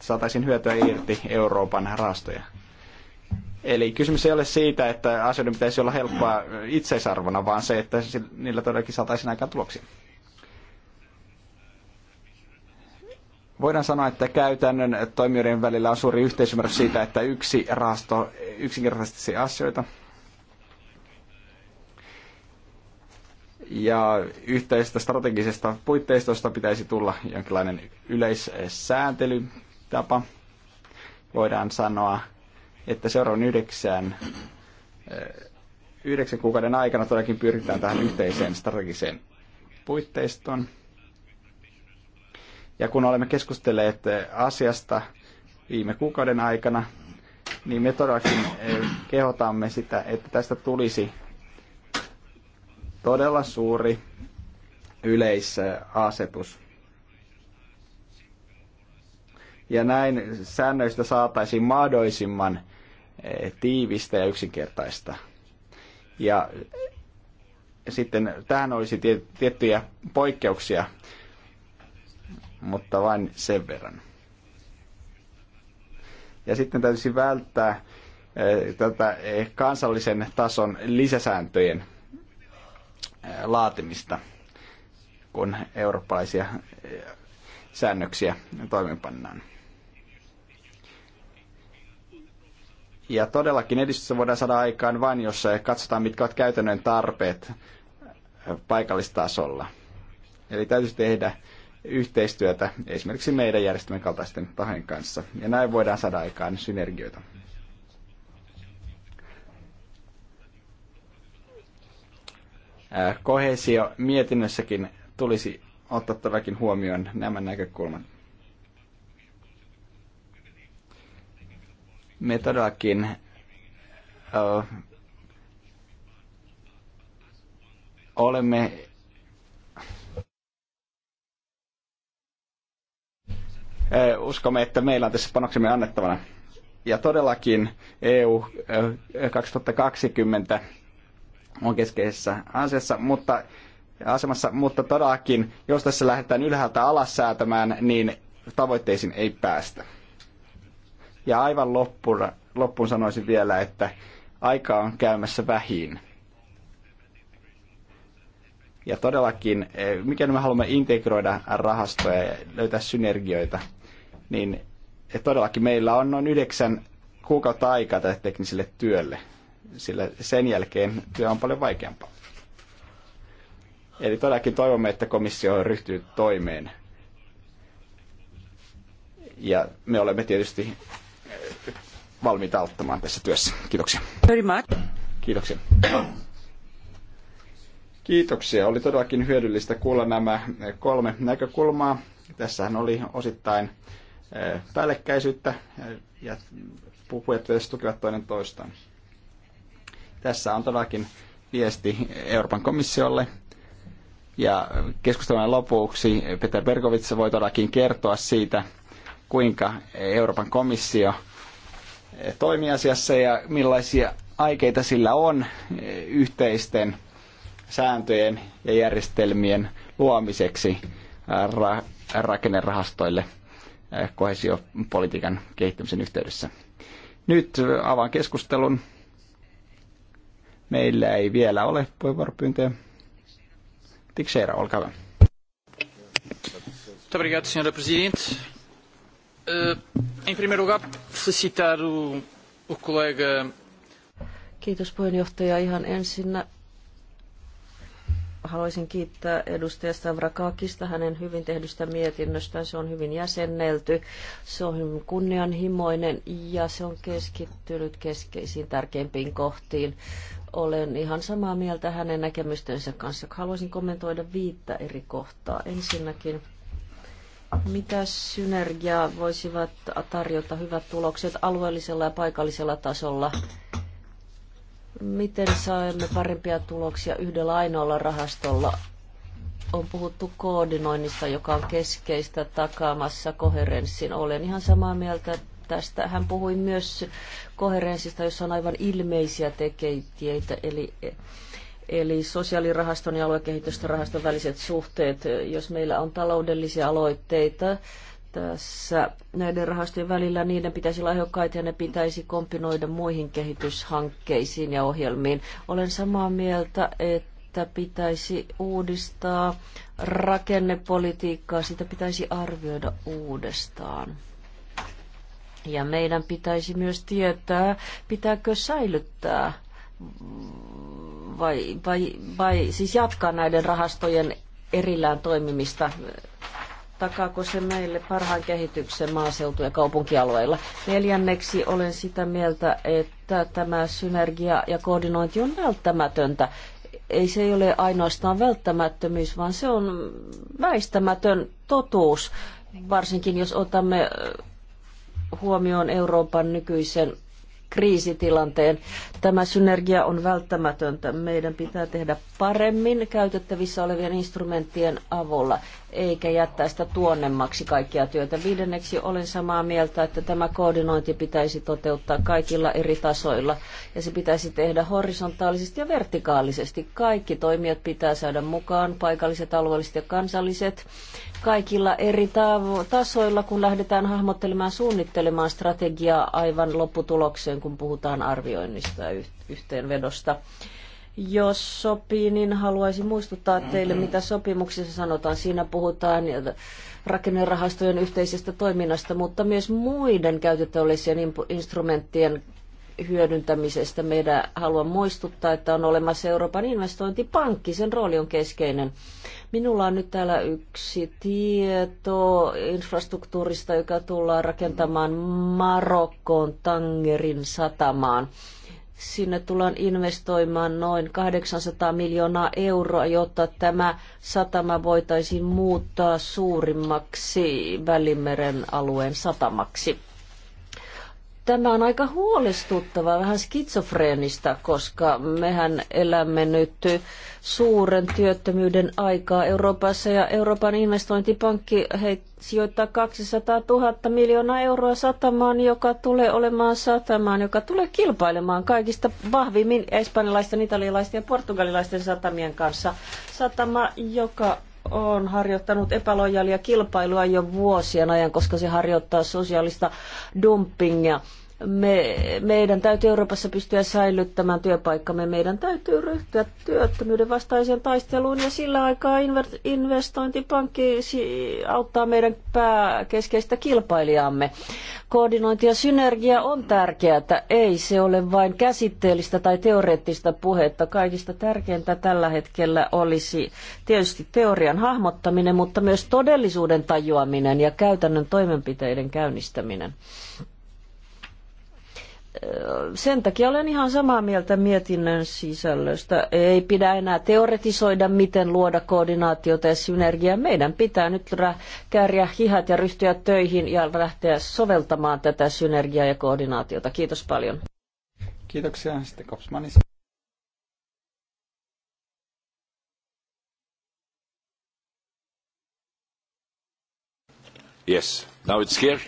Saataisiin hyötyä irti Euroopan rahastoja. Eli kysymys ei ole siitä, että asioiden pitäisi olla helppoa itseisarvona, vaan se, että niillä todellakin saataisiin aikaan tuloksia. Voidaan sanoa, että käytännön toimijoiden välillä on suuri yhteisymmärrys siitä, että yksi rahasto yksinkertaisesti asioita. Ja yhteisestä strategisesta puitteistosta pitäisi tulla jonkinlainen yleissääntelytapa. Voidaan sanoa, että seuraavan yhdeksän, eh, yhdeksän kuukauden aikana todellakin pyritään tähän yhteiseen strategiseen puitteistoon. Ja kun olemme keskustelleet eh, asiasta viime kuukauden aikana, niin me todellakin eh, kehotamme sitä, että tästä tulisi todella suuri yleisasetus. Ja näin säännöistä saataisiin mahdollisimman Eh, tiivistä ja yksinkertaista. Ja sitten tähän olisi tiettyjä poikkeuksia, mutta vain sen verran. Ja sitten täytyisi välttää eh, tätä eh, kansallisen tason lisäsääntöjen laatimista, kun eurooppalaisia säännöksiä toimeenpannaan. Ja todellakin edistystä voidaan saada aikaan vain, jos katsotaan, mitkä ovat käytännön tarpeet paikallistasolla. Eli täytyisi tehdä yhteistyötä esimerkiksi meidän järjestelmän kaltaisten tahojen kanssa. Ja näin voidaan saada aikaan synergioita. Kohesio mietinnössäkin tulisi ottaa huomioon nämä näkökulmat. me todellakin uh, olemme uh, uskomme, että meillä on tässä panoksemme annettavana. Ja todellakin EU 2020 on keskeisessä asiassa, mutta asemassa, mutta todellakin, jos tässä lähdetään ylhäältä alas säätämään, niin tavoitteisiin ei päästä. Ja aivan loppuun, loppuun sanoisin vielä, että aika on käymässä vähin. Ja todellakin, e, mikäli me haluamme integroida rahastoja ja löytää synergioita, niin e, todellakin meillä on noin yhdeksän kuukautta aikaa tälle tekniselle työlle, sillä sen jälkeen työ on paljon vaikeampaa. Eli todellakin toivomme, että komissio ryhtyy toimeen. Ja me olemme tietysti valmiita auttamaan tässä työssä. Kiitoksia. Very much. Kiitoksia. Kiitoksia. Oli todellakin hyödyllistä kuulla nämä kolme näkökulmaa. Tässähän oli osittain eh, päällekkäisyyttä eh, ja puhujat tukivat toinen toistaan. Tässä on todellakin viesti Euroopan komissiolle. Ja keskustelun lopuksi Peter Bergovits voi todellakin kertoa siitä, kuinka Euroopan komissio – toimiasiassa ja millaisia aikeita sillä on yhteisten sääntöjen ja järjestelmien luomiseksi äh, ra- rakennerahastoille äh, kohesiopolitiikan kehittämisen yhteydessä. Nyt avaan keskustelun. Meillä ei vielä ole puheenvuoropyyntöjä. Tikseira olkaa hyvä. Muito obrigado, senhora Presidente. Eh, em primeiro lugar, felicitar o, o colega. Kiitos puheenjohtaja. Ihan ensinnä äh, haluaisin kiittää edustaja Stavrakakista hänen hyvin tehdystä mietinnöstään. Se on hyvin jäsennelty, se on hyvin kunnianhimoinen ja se on keskittynyt keskeisiin tärkeimpiin kohtiin. Olen ihan samaa mieltä hänen näkemystensä kanssa. Haluaisin kommentoida viittä eri kohtaa. Ensinnäkin mitä synergiaa voisivat tarjota hyvät tulokset alueellisella ja paikallisella tasolla? Miten saamme parempia tuloksia yhdellä ainoalla rahastolla? On puhuttu koordinoinnista, joka on keskeistä takaamassa koherenssin. Olen ihan samaa mieltä tästä. Hän puhui myös koherenssista, jossa on aivan ilmeisiä tekijöitä, eli eli sosiaalirahaston ja aluekehitysrahaston väliset suhteet. Jos meillä on taloudellisia aloitteita tässä näiden rahastojen välillä, niiden pitäisi olla ehdokkaita ja ne pitäisi kombinoida muihin kehityshankkeisiin ja ohjelmiin. Olen samaa mieltä, että pitäisi uudistaa rakennepolitiikkaa, sitä pitäisi arvioida uudestaan. Ja meidän pitäisi myös tietää, pitääkö säilyttää vai, vai, vai siis jatkaa näiden rahastojen erillään toimimista? Takaako se meille parhaan kehityksen maaseutu- ja kaupunkialueilla? Neljänneksi olen sitä mieltä, että tämä synergia ja koordinointi on välttämätöntä. Ei se ei ole ainoastaan välttämättömyys, vaan se on väistämätön totuus, varsinkin jos otamme huomioon Euroopan nykyisen kriisitilanteen. Tämä synergia on välttämätöntä. Meidän pitää tehdä paremmin käytettävissä olevien instrumenttien avulla eikä jättää sitä tuonnemmaksi kaikkia työtä. Viidenneksi olen samaa mieltä, että tämä koordinointi pitäisi toteuttaa kaikilla eri tasoilla ja se pitäisi tehdä horisontaalisesti ja vertikaalisesti. Kaikki toimijat pitää saada mukaan, paikalliset, alueelliset ja kansalliset, kaikilla eri tasoilla, kun lähdetään hahmottelemaan, suunnittelemaan strategiaa aivan lopputulokseen, kun puhutaan arvioinnista ja yhteenvedosta. Jos sopii, niin haluaisin muistuttaa teille, mitä sopimuksessa sanotaan. Siinä puhutaan rakennerahastojen yhteisestä toiminnasta, mutta myös muiden käytettävien instrumenttien hyödyntämisestä. Meidän haluan muistuttaa, että on olemassa Euroopan investointipankki, sen rooli on keskeinen. Minulla on nyt täällä yksi tieto infrastruktuurista, joka tullaan rakentamaan Marokkoon Tangerin satamaan. Sinne tullaan investoimaan noin 800 miljoonaa euroa, jotta tämä satama voitaisiin muuttaa suurimmaksi Välimeren alueen satamaksi. Tämä on aika huolestuttavaa, vähän skitsofreenista, koska mehän elämme nyt suuren työttömyyden aikaa Euroopassa ja Euroopan investointipankki he sijoittaa 200 000 miljoonaa euroa satamaan, joka tulee olemaan satamaan, joka tulee kilpailemaan kaikista vahvimmin espanjalaisten, italialaisten ja portugalilaisten satamien kanssa. Satama, joka on harjoittanut epälojaalia kilpailua jo vuosien ajan, koska se harjoittaa sosiaalista dumpingia me, meidän täytyy Euroopassa pystyä säilyttämään työpaikkamme. Meidän täytyy ryhtyä työttömyyden vastaiseen taisteluun ja sillä aikaa investointipankki auttaa meidän pääkeskeistä kilpailijaamme. Koordinointi ja synergia on tärkeää. Ei se ole vain käsitteellistä tai teoreettista puhetta. Kaikista tärkeintä tällä hetkellä olisi tietysti teorian hahmottaminen, mutta myös todellisuuden tajuaminen ja käytännön toimenpiteiden käynnistäminen sen takia olen ihan samaa mieltä mietinnön sisällöstä. Ei pidä enää teoretisoida, miten luoda koordinaatiota ja synergiaa. Meidän pitää nyt kääriä hihat ja ryhtyä töihin ja lähteä soveltamaan tätä synergiaa ja koordinaatiota. Kiitos paljon. Kiitoksia. Sitten Kopsmanis. Yes, now it's here.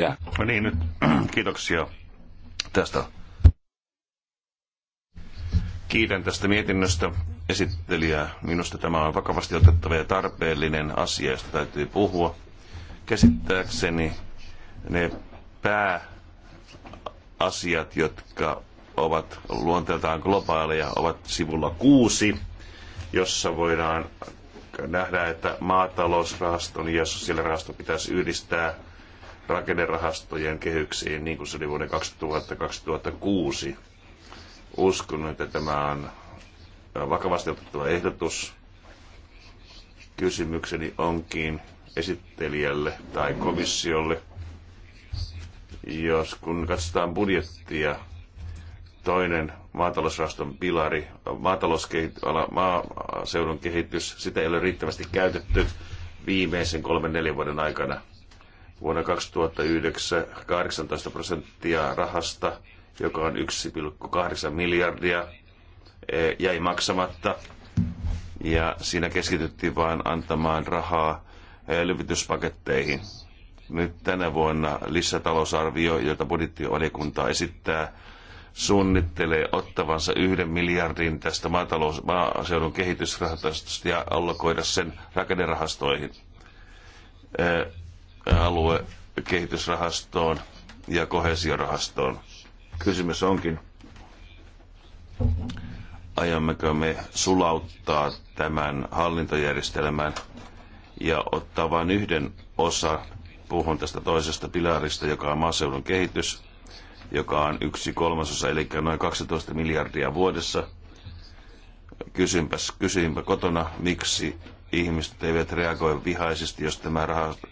Yeah. No niin, nyt. Kiitoksia tästä. Kiitän tästä mietinnöstä esittelijää. Minusta tämä on vakavasti otettava ja tarpeellinen asia, josta täytyy puhua. Käsittääkseni ne pääasiat, jotka ovat luonteeltaan globaaleja, ovat sivulla kuusi, jossa voidaan nähdä, että maatalousrahaston ja sosiaalirahaston pitäisi yhdistää rakennerahastojen kehyksiin, niin kuin se oli vuoden 2000-2006. Uskon, että tämä on äh, vakavasti otettava ehdotus. Kysymykseni onkin esittelijälle tai komissiolle, jos kun katsotaan budjettia, toinen maatalousrahaston pilari, maaseudun kehitys, sitä ei ole riittävästi käytetty viimeisen kolmen neljän vuoden aikana – Vuonna 2009 18 prosenttia rahasta, joka on 1,8 miljardia, e, jäi maksamatta. Ja siinä keskityttiin vain antamaan rahaa e, elvytyspaketteihin. Nyt tänä vuonna lisätalousarvio, jota budjettivaliokunta esittää, suunnittelee ottavansa yhden miljardin tästä maatalous, maaseudun kehitysrahastosta ja allokoida sen rakennerahastoihin. E, aluekehitysrahastoon ja kohesiorahastoon. Kysymys onkin, aiommeko me sulauttaa tämän hallintojärjestelmän ja ottaa vain yhden osa, puhun tästä toisesta pilarista, joka on maaseudun kehitys, joka on yksi kolmasosa, eli noin 12 miljardia vuodessa. Kysympäs kysympä kotona, miksi ihmiset eivät reagoi vihaisesti, jos tämä rahasto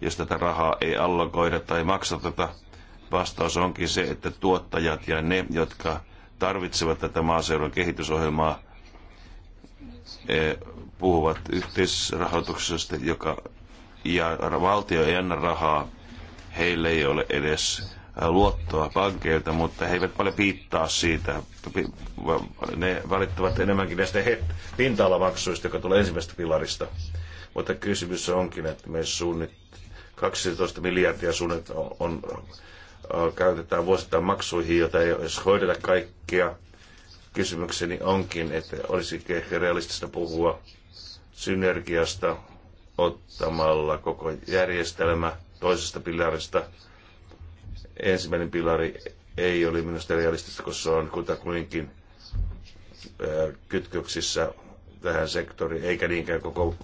jos tätä rahaa ei allokoida tai maksateta. Vastaus onkin se, että tuottajat ja ne, jotka tarvitsevat tätä maaseudun kehitysohjelmaa, e, puhuvat yhteisrahoituksesta, joka ja valtio ei anna rahaa. Heille ei ole edes luottoa pankeilta, mutta he eivät paljon piittaa siitä. Ne valittavat enemmänkin näistä pinta-alamaksuista, jotka tulee ensimmäisestä pilarista. Mutta kysymys onkin, että me suunnittelemme 12 miljardia suunnit on, on, on, äh, käytetään vuosittain maksuihin, joita ei jos hoideta kaikkia. Kysymykseni onkin, että olisi ehkä realistista puhua synergiasta ottamalla koko järjestelmä toisesta pilarista. Ensimmäinen pilari ei ole minusta realistista, koska se on kutakuinkin äh, kytköksissä tähän sektoriin, eikä niinkään koko,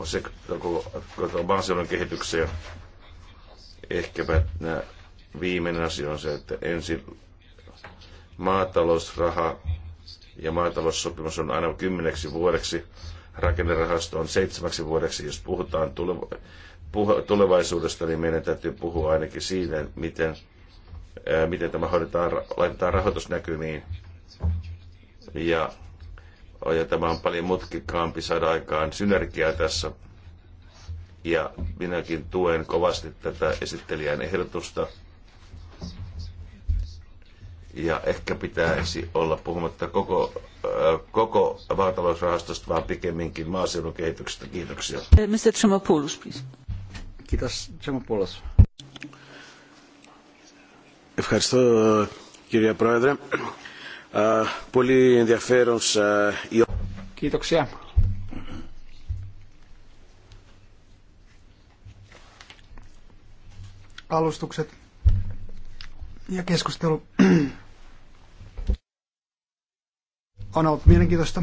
koko, koko maaseudun kehitykseen. Ehkäpä viimeinen asia on se, että ensin maatalousraha ja maataloussopimus on aina kymmeneksi vuodeksi, rakennerahasto on seitsemäksi vuodeksi. Jos puhutaan tulevaisuudesta, niin meidän täytyy puhua ainakin siitä, miten, miten tämä hoidetaan, laitetaan rahoitusnäkymiin. Ja, ja tämä on paljon mutkikkaampi saada aikaan synergiaa tässä ja minäkin tuen kovasti tätä esittelijän ehdotusta. Ja ehkä pitäisi olla puhumatta koko, äh, koko maatalousrahastosta, vaan pikemminkin maaseudun kehityksestä. Kiitoksia. Mr. Tremopoulos, please. Kiitos, Tremopoulos. Ευχαριστώ κύριε Πρόεδρε. Äh, πολύ ενδιαφέρον. Kiitoksia alustukset ja keskustelu on ollut mielenkiintoista.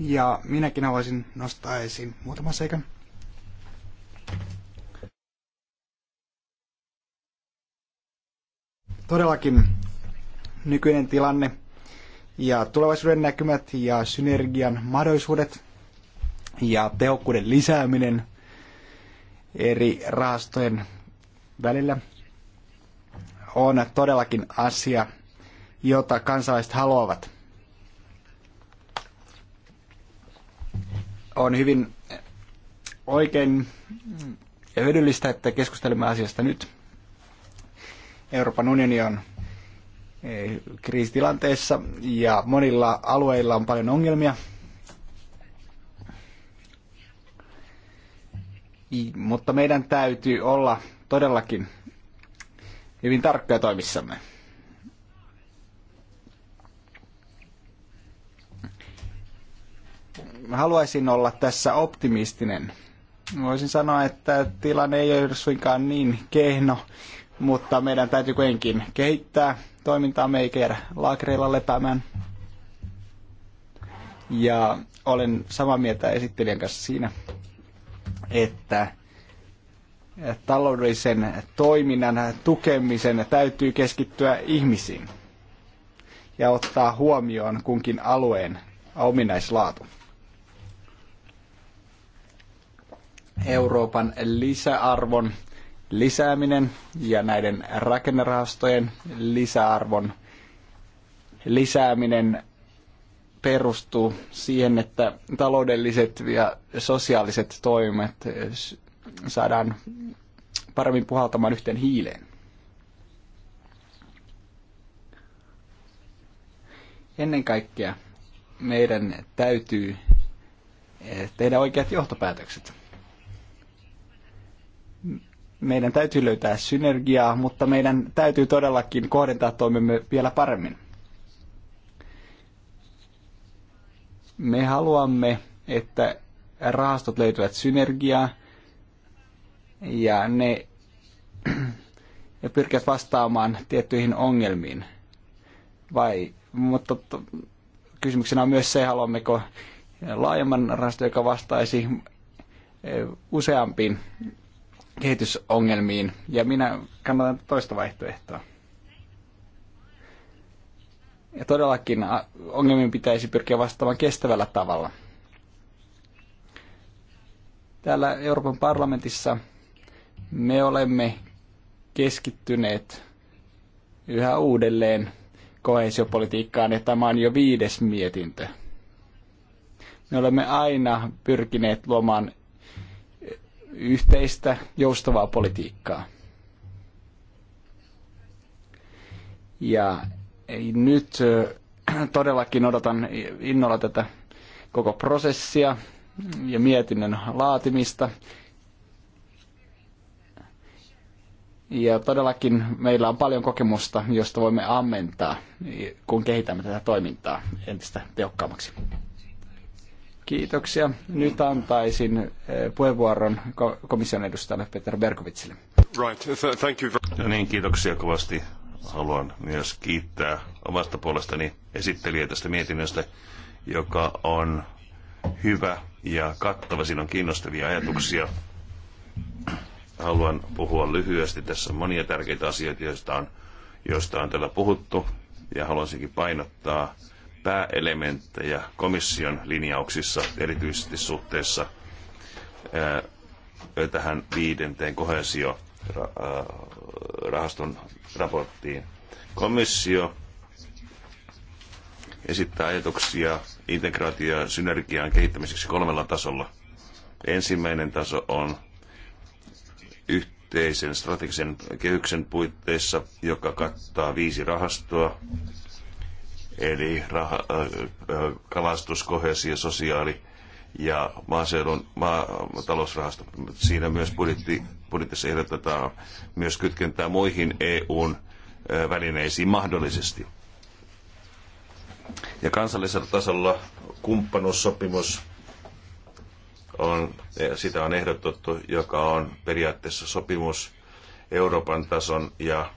Ja minäkin haluaisin nostaa esiin muutaman seikan. Todellakin nykyinen tilanne ja tulevaisuuden näkymät ja synergian mahdollisuudet ja tehokkuuden lisääminen eri rahastojen välillä on todellakin asia, jota kansalaiset haluavat. On hyvin oikein ja hyödyllistä, että keskustelemme asiasta nyt. Euroopan unioni on eh, kriisitilanteessa ja monilla alueilla on paljon ongelmia. Mutta meidän täytyy olla todellakin hyvin tarkkoja toimissamme. Haluaisin olla tässä optimistinen. Voisin sanoa, että tilanne ei ole suinkaan niin kehno, mutta meidän täytyy kuitenkin kehittää toimintaa. Me laakereilla lepäämään. Ja olen samaa mieltä esittelijän kanssa siinä, että taloudellisen toiminnan tukemisen täytyy keskittyä ihmisiin ja ottaa huomioon kunkin alueen ominaislaatu. Euroopan lisäarvon lisääminen ja näiden rakennerahastojen lisäarvon lisääminen perustuu siihen, että taloudelliset ja sosiaaliset toimet saadaan paremmin puhaltamaan yhteen hiileen. Ennen kaikkea meidän täytyy eh, tehdä oikeat johtopäätökset. Meidän täytyy löytää synergiaa, mutta meidän täytyy todellakin kohdentaa toimemme vielä paremmin. Me haluamme, että rahastot löytyvät synergiaa ja ne ne pyrkivät vastaamaan tiettyihin ongelmiin. Vai, mutta to, kysymyksenä on myös se, haluammeko laajemman rahaston, joka vastaisi e, useampiin kehitysongelmiin. Ja minä kannatan toista vaihtoehtoa. Ja todellakin ongelmiin pitäisi pyrkiä vastaamaan kestävällä tavalla. Täällä Euroopan parlamentissa – me olemme keskittyneet yhä uudelleen koheesiopolitiikkaan, ja tämä on jo viides mietintö. Me olemme aina pyrkineet luomaan yhteistä joustavaa politiikkaa. Ja nyt äh, todellakin odotan innolla tätä koko prosessia ja mietinnön laatimista Ja todellakin meillä on paljon kokemusta, josta voimme ammentaa, kun kehitämme tätä toimintaa entistä tehokkaammaksi. Kiitoksia. Nyt antaisin eh, puheenvuoron komission edustajalle Peter Berkovitsille. Right. Thank you. No niin, kiitoksia kovasti. Haluan myös kiittää omasta puolestani esittelijä tästä mietinnöstä, joka on hyvä ja kattava. Siinä on kiinnostavia ajatuksia haluan puhua lyhyesti. Tässä on monia tärkeitä asioita, joista on, joista on täällä puhuttu, ja haluaisinkin painottaa pääelementtejä komission linjauksissa, erityisesti suhteessa ää, tähän viidenteen kohesiorahaston raporttiin. Komissio esittää ajatuksia integraatio- ja synergian kehittämiseksi kolmella tasolla. Ensimmäinen taso on yhteisen strategisen kehyksen puitteissa, joka kattaa viisi rahastoa, eli rah- äh, kalastus, kohesio, sosiaali ja maaseudun talousrahasto. Siinä myös budjetti, budjetissa ehdotetaan myös kytkentää muihin EUn välineisiin mahdollisesti. Ja kansallisella tasolla kumppanuussopimus on, sitä on ehdotettu, joka on periaatteessa sopimus Euroopan tason ja,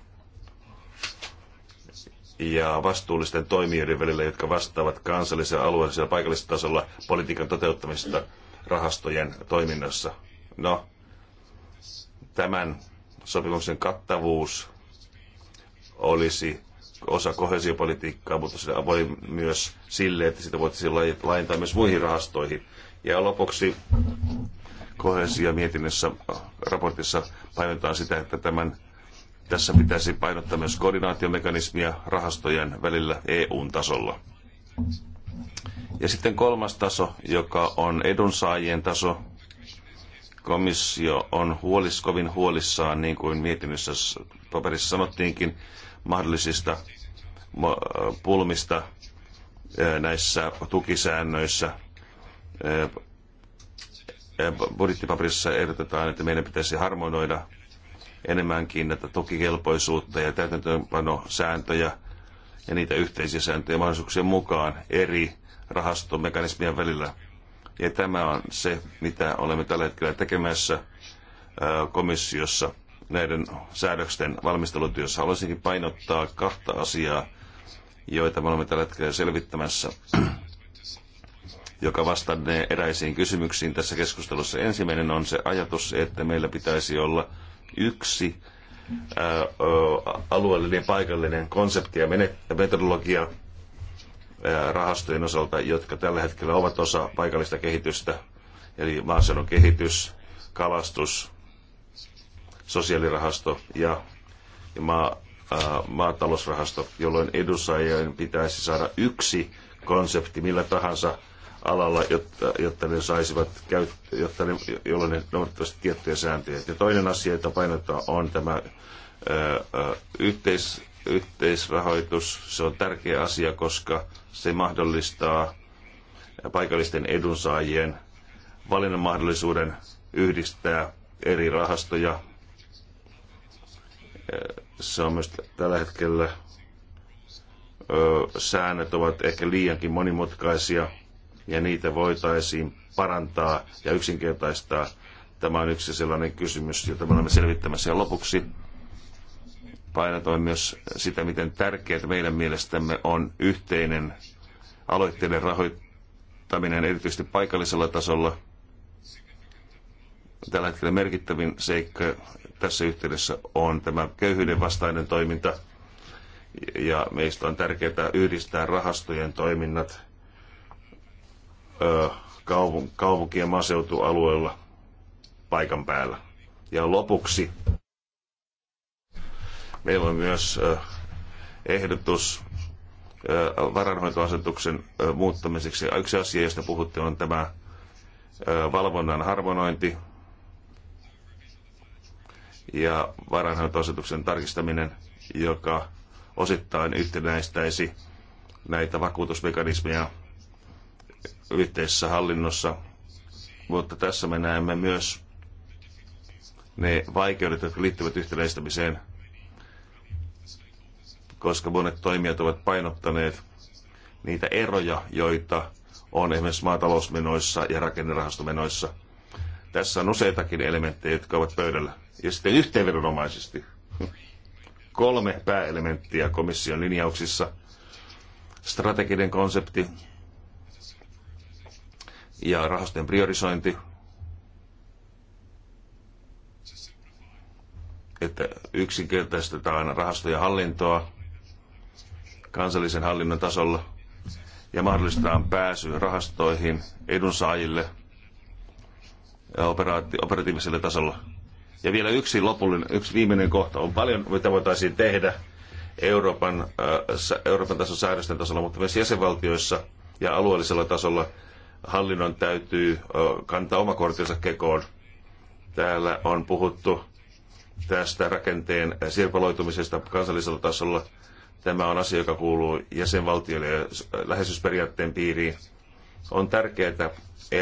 ja vastuullisten toimijoiden välillä, jotka vastaavat kansallisella, alueellisella ja paikallisella tasolla politiikan toteuttamisesta rahastojen toiminnassa. No, tämän sopimuksen kattavuus olisi osa kohesiopolitiikkaa, mutta se voi myös sille, että sitä voitaisiin laajentaa myös muihin rahastoihin – ja lopuksi kohesio mietinnössä raportissa painotetaan sitä, että tämän tässä pitäisi painottaa myös koordinaatiomekanismia rahastojen välillä EU-tasolla. Ja sitten kolmas taso, joka on edunsaajien taso. Komissio on huolis, kovin huolissaan, niin kuin mietinnössä paperissa sanottiinkin, mahdollisista äh, pulmista äh, näissä tukisäännöissä budjettipaperissa ehdotetaan, että meidän pitäisi harmonoida enemmänkin näitä tukikelpoisuutta ja täytäntöönpanosääntöjä ja niitä yhteisiä sääntöjä mahdollisuuksien mukaan eri rahastomekanismien välillä. Ja tämä on se, mitä olemme tällä hetkellä tekemässä komissiossa näiden säädösten valmistelutyössä. Haluaisinkin painottaa kahta asiaa, joita me olemme tällä hetkellä selvittämässä joka vastannee eräisiin kysymyksiin tässä keskustelussa. Ensimmäinen on se ajatus, että meillä pitäisi olla yksi ää, alueellinen paikallinen konsepti ja metodologia ää, rahastojen osalta, jotka tällä hetkellä ovat osa paikallista kehitystä, eli maaseudun kehitys, kalastus, sosiaalirahasto ja, ja maa, ää, maatalousrahasto, jolloin edunsaajien pitäisi saada yksi konsepti millä tahansa alalla, jotta, jotta ne saisivat käyttää, ne, jolloin ne noudattaisivat tiettyjä sääntöjä. Ja toinen asia, jota painottaa, on tämä ö, yhteis, yhteisrahoitus. Se on tärkeä asia, koska se mahdollistaa paikallisten edunsaajien valinnan mahdollisuuden yhdistää eri rahastoja. Se on myös tällä hetkellä säännöt ovat ehkä liiankin monimutkaisia ja niitä voitaisiin parantaa ja yksinkertaistaa. Tämä on yksi sellainen kysymys, jota me olemme selvittämässä. Ja lopuksi painotoin myös sitä, miten tärkeää meidän mielestämme on yhteinen aloitteiden rahoittaminen erityisesti paikallisella tasolla. Tällä hetkellä merkittävin seikka tässä yhteydessä on tämä köyhyyden vastainen toiminta. Ja meistä on tärkeää yhdistää rahastojen toiminnat kaupunk- kaupunki- ja maaseutualueella paikan päällä. Ja lopuksi meillä on myös ehdotus varanhoitoasetuksen muuttamiseksi. Yksi asia, josta puhuttiin, on tämä valvonnan harmonointi ja varanhoitoasetuksen tarkistaminen, joka osittain yhtenäistäisi näitä vakuutusmekanismeja yhteisessä hallinnossa, mutta tässä me näemme myös ne vaikeudet, jotka liittyvät yhtenäistämiseen, koska monet toimijat ovat painottaneet niitä eroja, joita on esimerkiksi maatalousmenoissa ja rakennerahastomenoissa. Tässä on useitakin elementtejä, jotka ovat pöydällä. Ja sitten yhteenvedonomaisesti kolme pääelementtiä komission linjauksissa. Strateginen konsepti, ja rahastojen priorisointi, että yksinkertaistetaan rahastojen hallintoa kansallisen hallinnon tasolla ja mahdollistetaan pääsy rahastoihin edunsaajille operaati- operatiivisella tasolla. Ja vielä yksi lopullinen, yksi viimeinen kohta on paljon, mitä voitaisiin tehdä Euroopan, äh, Euroopan tason säädösten tasolla, mutta myös jäsenvaltioissa ja alueellisella tasolla – hallinnon täytyy kantaa oma kortinsa kekoon. Täällä on puhuttu tästä rakenteen sirpaloitumisesta kansallisella tasolla. Tämä on asia, joka kuuluu jäsenvaltioille ja läheisyysperiaatteen piiriin. On tärkeää,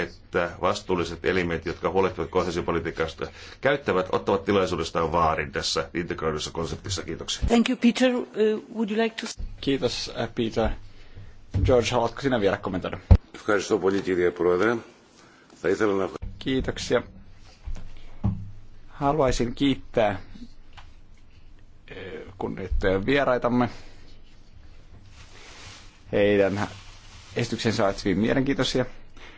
että vastuulliset elimet, jotka huolehtivat kohdallisuuspolitiikasta, käyttävät, ottavat tilaisuudestaan vaarin tässä integroidussa konseptissa. Kiitoksia. Thank you, Peter. Uh, would you like to... Kiitos, äh, Peter. George, haluatko sinä vielä kommentoida? Ευχαριστώ πολύ κύριε Πρόεδρε. Θα ήθελα να... Kiitoksia. Haluaisin kiittää kun vieraitamme heidän esityksensä ovat hyvin mielenkiintoisia.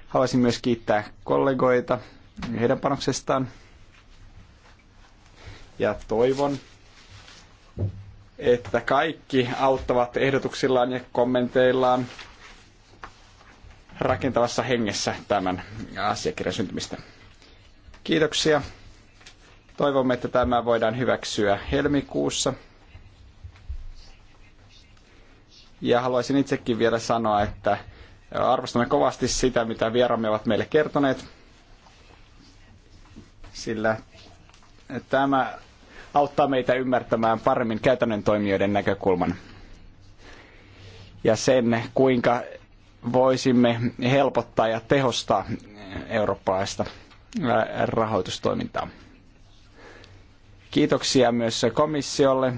Haluaisin myös kiittää kollegoita heidän panoksestaan. Ja toivon, että kaikki auttavat ehdotuksillaan ja kommenteillaan rakentavassa hengessä tämän asiakirjan syntymistä. Kiitoksia. Toivomme, että tämä voidaan hyväksyä helmikuussa. Ja haluaisin itsekin vielä sanoa, että arvostamme kovasti sitä, mitä vieramme ovat meille kertoneet, sillä tämä auttaa meitä ymmärtämään paremmin käytännön toimijoiden näkökulman ja sen, kuinka voisimme helpottaa ja tehostaa eurooppalaista rahoitustoimintaa. Kiitoksia myös komissiolle,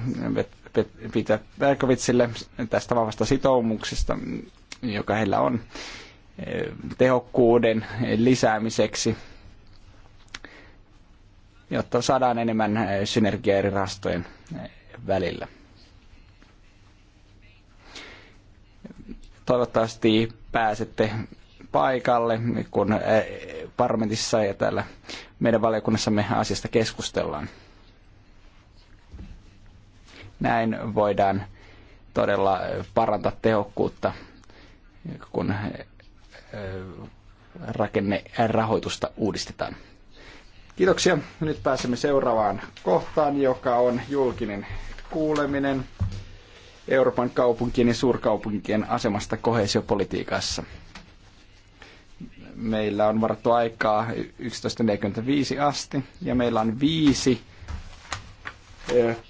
Peter Perkovitsille tästä vahvasta sitoumuksesta, joka heillä on tehokkuuden lisäämiseksi, jotta saadaan enemmän synergiaa eri rahastojen välillä. Toivottavasti pääsette paikalle, kun parlamentissa ja täällä meidän valiokunnassamme asiasta keskustellaan. Näin voidaan todella parantaa tehokkuutta, kun rakennerahoitusta uudistetaan. Kiitoksia. Nyt pääsemme seuraavaan kohtaan, joka on julkinen kuuleminen Euroopan kaupunkien ja suurkaupunkien asemasta kohesiopolitiikassa. Meillä on varattu aikaa 11.45 asti ja meillä on viisi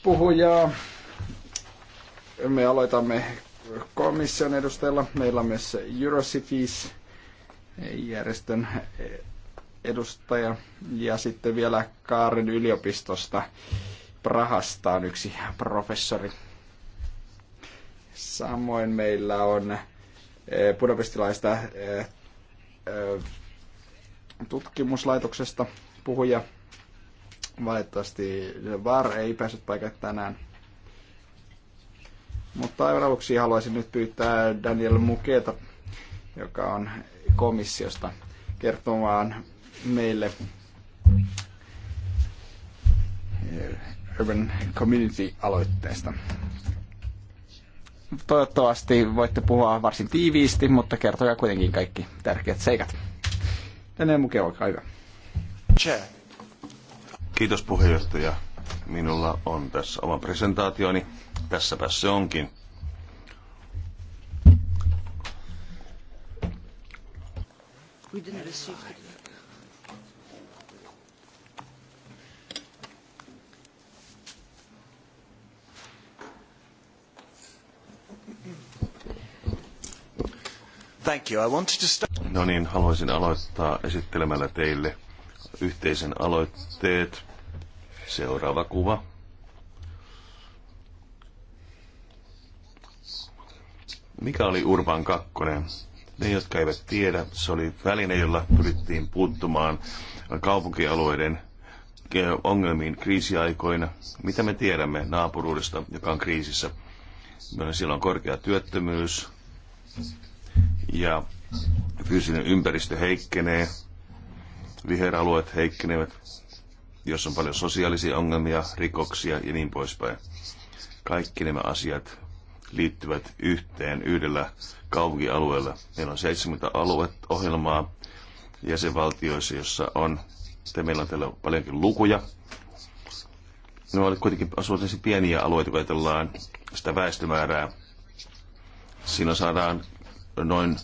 puhujaa. Me aloitamme komission edustajalla. Meillä on myös Eurocities järjestön edustaja ja sitten vielä Kaaren yliopistosta Prahasta on yksi professori. Samoin meillä on eh, budapestilaista eh, eh, tutkimuslaitoksesta puhuja. Valitettavasti VAR ei päässyt paikalle tänään. Mutta aivan aluksi haluaisin nyt pyytää Daniel Muketa, joka on komissiosta, kertomaan meille Urban Community-aloitteesta. Toivottavasti voitte puhua varsin tiiviisti, mutta kertokaa kuitenkin kaikki tärkeät seikat. Tänne mukaan olkaa hyvä. Kiitos puheenjohtaja. Minulla on tässä oma presentaationi. Tässäpä se onkin. We didn't receive Thank you. I wanted to start... No niin, haluaisin aloittaa esittelemällä teille yhteisen aloitteet. Seuraava kuva. Mikä oli Urban kakkonen, Ne, jotka eivät tiedä, se oli väline, jolla pyrittiin puuttumaan kaupunkialueiden eh, ongelmiin kriisiaikoina. Mitä me tiedämme naapuruudesta, joka on kriisissä? Meillä no, on silloin korkea työttömyys, ja fyysinen ympäristö heikkenee, viheralueet heikkenevät, jos on paljon sosiaalisia ongelmia, rikoksia ja niin poispäin. Kaikki nämä asiat liittyvät yhteen yhdellä kaupunkialueella. Meillä on 70 aluet ohjelmaa jäsenvaltioissa, jossa on, te meillä on täällä paljonkin lukuja. Ne ovat kuitenkin suhteellisen pieniä alueita, kun ajatellaan sitä väestömäärää. Siinä saadaan noin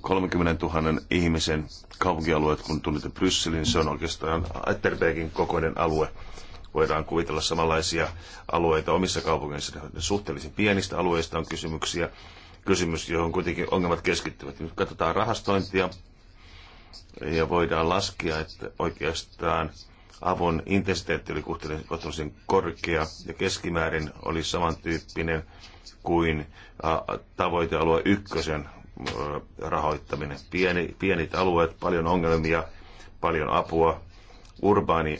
30 000 ihmisen kaupunkialueet, kun tulitte Brysseliin, se on oikeastaan Atterbergin kokoinen alue. Voidaan kuvitella samanlaisia alueita omissa kaupungeissa. Suhteellisen pienistä alueista on kysymyksiä. Kysymys, johon kuitenkin ongelmat keskittyvät. Nyt katsotaan rahastointia ja voidaan laskea, että oikeastaan avun intensiteetti oli kohtuullisen korkea ja keskimäärin oli samantyyppinen kuin tavoitealue ykkösen rahoittaminen. Pieni, pienit alueet, paljon ongelmia, paljon apua. Urbaani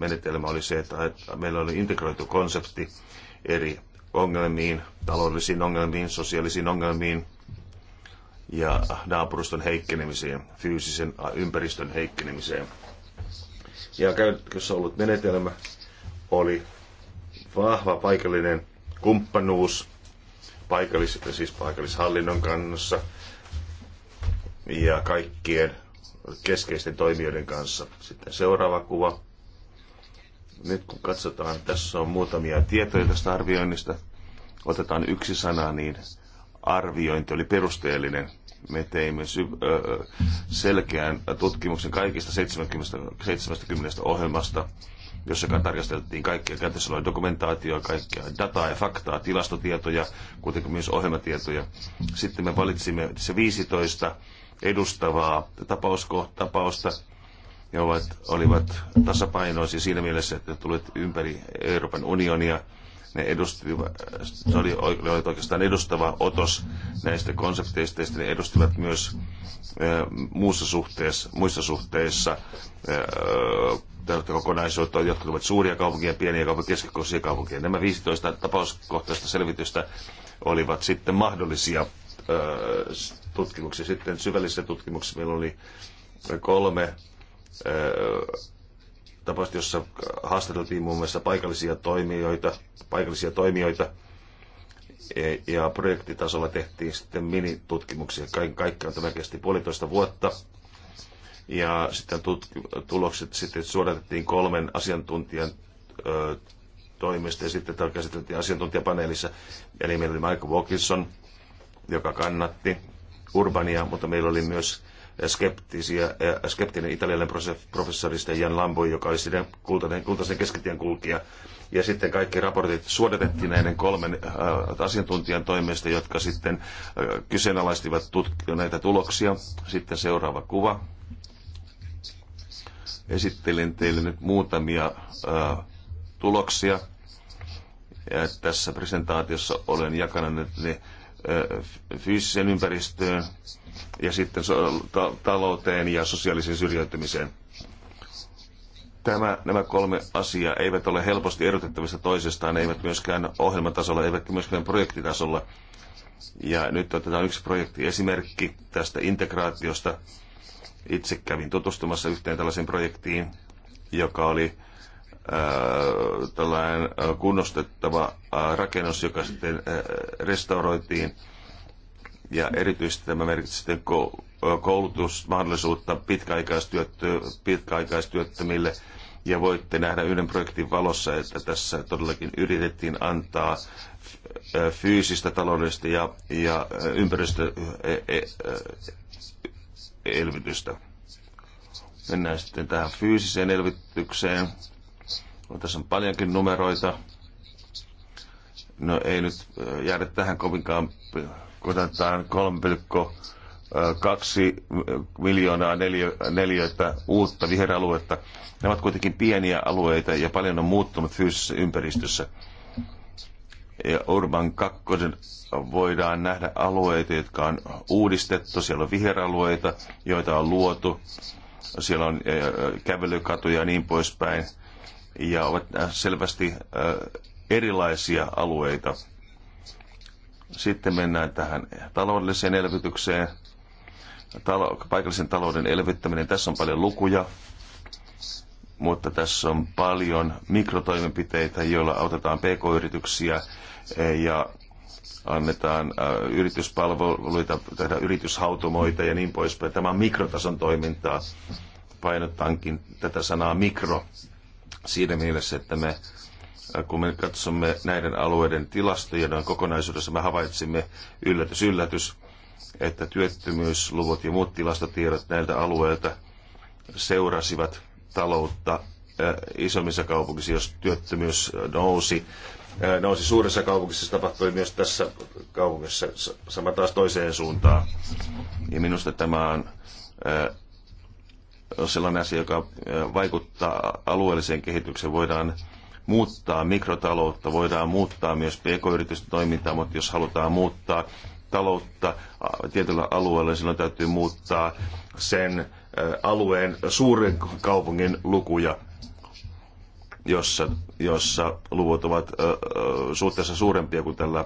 menetelmä oli se, että meillä oli integroitu konsepti eri ongelmiin, taloudellisiin ongelmiin, sosiaalisiin ongelmiin ja naapuruston heikkenemiseen, fyysisen ympäristön heikkenemiseen. Ja käytössä ollut menetelmä oli vahva paikallinen kumppanuus paikallis, siis paikallishallinnon kanssa ja kaikkien keskeisten toimijoiden kanssa. Sitten seuraava kuva. Nyt kun katsotaan, tässä on muutamia tietoja tästä arvioinnista. Otetaan yksi sana, niin arviointi oli perusteellinen. Me teimme sy- ö, selkeän tutkimuksen kaikista 70, 70 ohjelmasta jossa tarkasteltiin kaikkea käytössä oli dokumentaatioa, kaikkea dataa ja faktaa, tilastotietoja, kuten myös ohjelmatietoja. Sitten me valitsimme se 15 edustavaa tapausta. ja ovat, olivat tasapainoisia siinä mielessä, että tulet ympäri Euroopan unionia – ne edustivat, se oli, oli oikeastaan edustava otos näistä konsepteista, ja ne edustivat myös ää, muussa suhteessa, muissa suhteissa tällaista kokonaisuutta, jotka ovat suuria kaupunkia, pieniä kaupunkia, keskikokoisia kaupunkia. Nämä 15 tapauskohtaista selvitystä olivat sitten mahdollisia ää, tutkimuksia. Sitten syvällisissä tutkimuksissa meillä oli kolme tapausta, jossa haastateltiin muun muassa paikallisia toimijoita, paikallisia toimijoita e, ja projektitasolla tehtiin sitten minitutkimuksia. Kaiken kaikkiaan tämä kesti puolitoista vuotta. Ja sitten tulokset sitten suoratettiin kolmen asiantuntijan ö, toimesta ja sitten tämä käsiteltiin asiantuntijapaneelissa. Eli meillä oli Michael Wilkinson, joka kannatti Urbania, mutta meillä oli myös Äh, skeptinen italialainen professori Jan Lambo, joka oli sinne kultainen, kultaisen keskitien kulkija. Ja sitten kaikki raportit suodatettiin näiden kolmen äh, asiantuntijan toimesta, jotka sitten äh, kyseenalaistivat tutk- näitä tuloksia. Sitten seuraava kuva. Esittelen teille nyt muutamia äh, tuloksia. Ja tässä presentaatiossa olen jakanut ne fyysiseen ympäristöön ja sitten talouteen ja sosiaaliseen syrjäytymiseen. Tämä, nämä kolme asiaa eivät ole helposti erotettavissa toisestaan, eivät myöskään ohjelmatasolla, eivät myöskään projektitasolla. Ja nyt otetaan yksi projekti esimerkki tästä integraatiosta. Itse kävin tutustumassa yhteen tällaiseen projektiin, joka oli Äh, tällainen äh, kunnostettava äh, rakennus, joka sitten restauroitiin. Ja erityisesti tämä merkitsi sitten koulutusmahdollisuutta pitkäaikaistyöttö, pitkäaikaistyöttömille. Ja voitte nähdä yhden projektin valossa, että tässä todellakin yritettiin antaa fyysistä, taloudellista ja, ja ympäristöelvytystä. E-, e-, Mennään sitten tähän fyysiseen elvytykseen. No, tässä on paljonkin numeroita. No ei nyt jäädä tähän kovinkaan, kun otetaan 3,2 miljoonaa neliö, neliötä uutta viheraluetta. Ne ovat kuitenkin pieniä alueita ja paljon on muuttunut fyysisessä ympäristössä. Ja Urban 2 voidaan nähdä alueita, jotka on uudistettu. Siellä on viheralueita, joita on luotu. Siellä on kävelykatuja ja niin poispäin ja ovat äh, selvästi äh, erilaisia alueita. Sitten mennään tähän taloudelliseen elvytykseen. Talo, paikallisen talouden elvyttäminen. Tässä on paljon lukuja, mutta tässä on paljon mikrotoimenpiteitä, joilla autetaan pk-yrityksiä eh, ja annetaan äh, yrityspalveluita, tehdään yrityshautomoita ja niin poispäin. Tämä on mikrotason toimintaa. Painotankin tätä sanaa mikro siinä mielessä, että me kun me katsomme näiden alueiden tilastoja noin kokonaisuudessa, me havaitsimme yllätys, yllätys, että työttömyysluvut ja muut tilastotiedot näiltä alueilta seurasivat taloutta äh, isommissa kaupungissa, jos työttömyys nousi. Äh, nousi suuressa kaupungissa, se tapahtui myös tässä kaupungissa, sama taas toiseen suuntaan. Ja minusta tämä on äh, sellainen asia, joka vaikuttaa alueelliseen kehitykseen. Voidaan muuttaa mikrotaloutta, voidaan muuttaa myös pk-yritysten toimintaa, mutta jos halutaan muuttaa taloutta tietyllä alueella, niin silloin täytyy muuttaa sen alueen suuren kaupungin lukuja, jossa, jossa luvut ovat suhteessa suurempia kuin tällä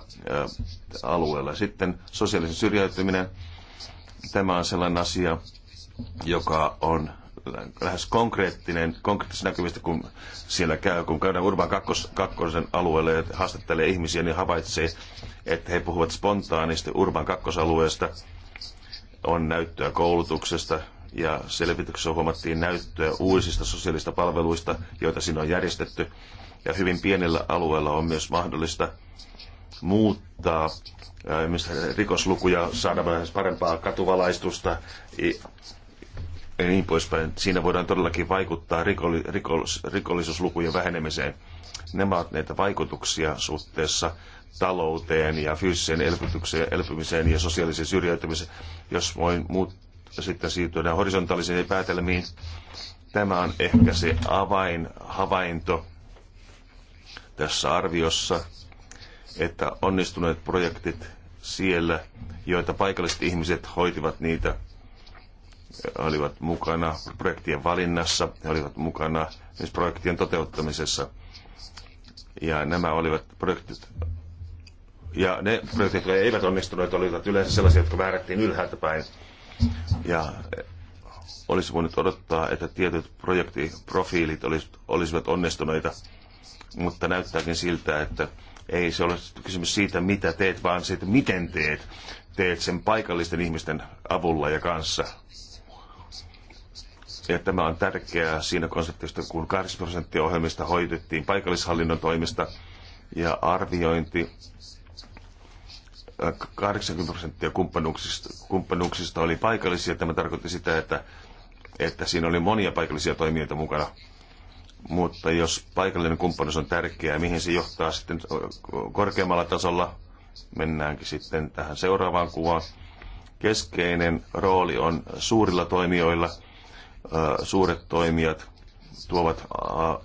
alueella. Sitten sosiaalisen syrjäytyminen. Tämä on sellainen asia, joka on lähes konkreettinen, konkreettisesta näkyvistä, kun siellä käy, kun käydään Urban kakkos, kakkosen alueelle ja haastattelee ihmisiä, niin havaitsee, että he puhuvat spontaanisti Urban kakkosalueesta. On näyttöä koulutuksesta ja selvityksessä huomattiin näyttöä uusista sosiaalista palveluista, joita siinä on järjestetty. Ja hyvin pienellä alueella on myös mahdollista muuttaa äh, rikoslukuja, saada parempaa katuvalaistusta, ja niin poispäin. Siinä voidaan todellakin vaikuttaa rikoli, rikollis, rikollisuuslukujen vähenemiseen. Nämä ovat näitä vaikutuksia suhteessa talouteen ja fyysiseen elpytykseen, elpymiseen ja sosiaaliseen syrjäytymiseen. Jos voin muut sitten siirtyä horisontaalisiin päätelmiin, tämä on ehkä se avain, havainto tässä arviossa, että onnistuneet projektit siellä, joita paikalliset ihmiset hoitivat niitä – olivat mukana projektien valinnassa, he olivat mukana myös siis projektien toteuttamisessa. Ja nämä olivat projektit, ja ne projektit, jotka eivät onnistuneet, olivat yleensä sellaisia, jotka määrättiin ylhäältä päin. Ja olisi voinut odottaa, että tietyt projektiprofiilit olisivat onnistuneita, mutta näyttääkin siltä, että ei se ole kysymys siitä, mitä teet, vaan siitä, miten teet. Teet sen paikallisten ihmisten avulla ja kanssa. Ja tämä on tärkeää siinä konseptista, kun 80 prosenttia ohjelmista hoidettiin paikallishallinnon toimista ja arviointi 80 äh, prosenttia kumppanuuksista, kumppanuuksista oli paikallisia. Tämä tarkoitti sitä, että, että siinä oli monia paikallisia toimijoita mukana. Mutta jos paikallinen kumppanuus on tärkeää, mihin se johtaa sitten äh, korkeammalla tasolla, mennäänkin sitten tähän seuraavaan kuvaan. Keskeinen rooli on suurilla toimijoilla – suuret toimijat tuovat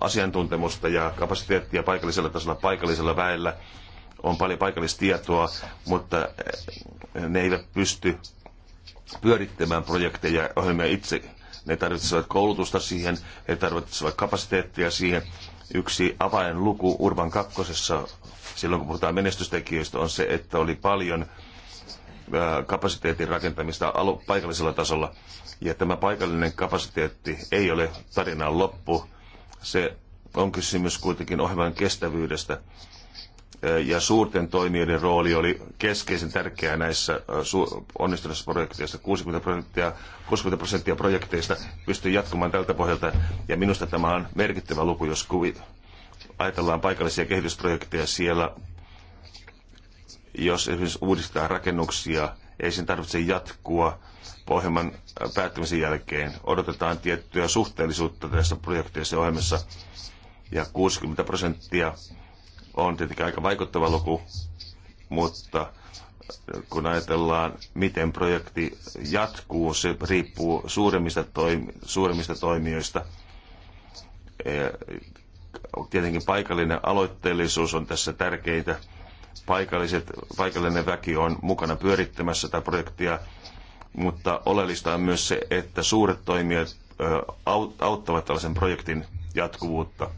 asiantuntemusta ja kapasiteettia paikallisella tasolla, paikallisella väellä. On paljon paikallistietoa, mutta ne eivät pysty pyörittämään projekteja ohjelmia itse. Ne tarvitsevat koulutusta siihen, ne tarvitsevat kapasiteettia siihen. Yksi avainluku Urban kakkosessa, silloin kun puhutaan menestystekijöistä, on se, että oli paljon Äh, kapasiteetin rakentamista paikallisella tasolla. Ja tämä paikallinen kapasiteetti ei ole tarinan loppu. Se on kysymys kuitenkin ohjelman kestävyydestä. Äh, ja suurten toimijoiden rooli oli keskeisen tärkeää näissä äh, onnistuneissa projekteissa. 60 prosenttia, 60 prosenttia projekteista pystyy jatkumaan tältä pohjalta. Ja minusta tämä on merkittävä luku, jos kuvit, ajatellaan paikallisia kehitysprojekteja siellä jos esimerkiksi uudistetaan rakennuksia, ei sen tarvitse jatkua ohjelman äh, päättämisen jälkeen. Odotetaan tiettyä suhteellisuutta tässä projekteissa ohjelmassa. Ja 60 prosenttia on tietenkin aika vaikuttava luku, mutta äh, kun ajatellaan, miten projekti jatkuu, se riippuu suuremmista, toimi, suuremmista toimijoista. Äh, tietenkin paikallinen aloitteellisuus on tässä tärkeintä Paikalliset, paikallinen väki on mukana pyörittämässä tätä projektia, mutta oleellista on myös se, että suuret toimijat auttavat tällaisen projektin jatkuvuutta.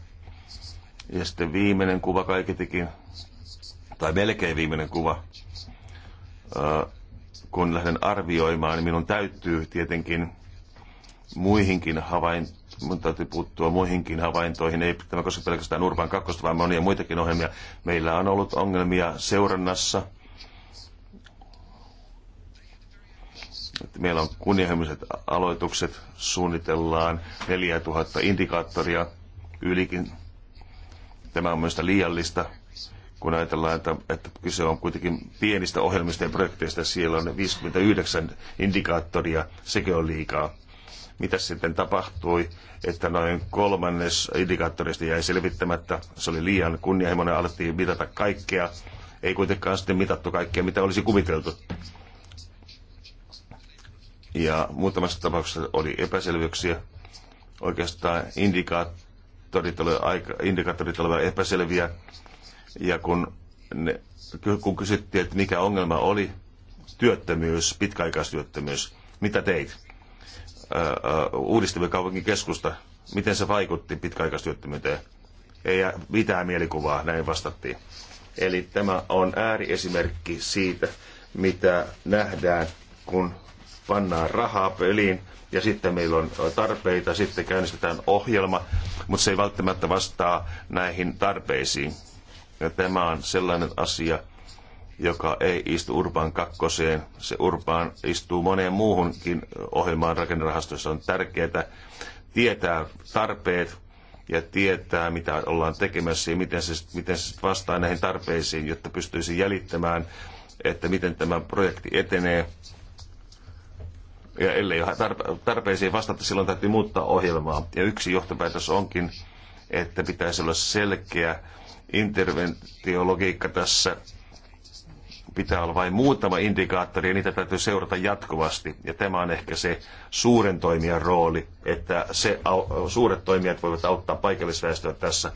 Ja sitten viimeinen kuva kaiketikin, tai melkein viimeinen kuva, kun lähden arvioimaan, niin minun täytyy tietenkin muihinkin havaintoihin Mun täytyy puuttua muihinkin havaintoihin. Ei tämä koske pelkästään Urban 2, vaan monia muitakin ohjelmia. Meillä on ollut ongelmia seurannassa. Meillä on kunnianhimoiset aloitukset, suunnitellaan 4000 indikaattoria ylikin. Tämä on myös liiallista, kun ajatellaan, että, että kyse on kuitenkin pienistä ohjelmista ja projekteista. Siellä on 59 indikaattoria, sekin on liikaa mitä sitten tapahtui, että noin kolmannes indikaattorista jäi selvittämättä? Se oli liian kunnianhimoinen, alettiin mitata kaikkea. Ei kuitenkaan sitten mitattu kaikkea, mitä olisi kuviteltu. Ja muutamassa tapauksessa oli epäselvyyksiä. Oikeastaan indikaattorit olivat aika, indikaattorit olivat epäselviä. Ja kun, ne, kun kysyttiin, että mikä ongelma oli, työttömyys, pitkäaikaistyöttömyys, mitä teit? uudistuvien kaupungin keskusta, miten se vaikutti pitkäaikaistyöttömyyteen? Ei mitään mielikuvaa, näin vastattiin. Eli tämä on ääriesimerkki siitä, mitä nähdään, kun pannaan rahaa peliin ja sitten meillä on tarpeita, sitten käynnistetään ohjelma, mutta se ei välttämättä vastaa näihin tarpeisiin. Ja tämä on sellainen asia, joka ei istu Urbaan kakkoseen. Se Urbaan istuu moneen muuhunkin ohjelmaan rakennerahastoissa. On tärkeää tietää tarpeet ja tietää, mitä ollaan tekemässä ja miten se, miten se vastaa näihin tarpeisiin, jotta pystyisi jäljittämään, että miten tämä projekti etenee. Ja ellei tarpeisiin vastata, silloin täytyy muuttaa ohjelmaa. Ja yksi johtopäätös onkin, että pitäisi olla selkeä interventiologiikka tässä pitää olla vain muutama indikaattori ja niitä täytyy seurata jatkuvasti. Ja tämä on ehkä se suuren toimijan rooli, että se, suuret toimijat voivat auttaa paikallisväestöä tässä.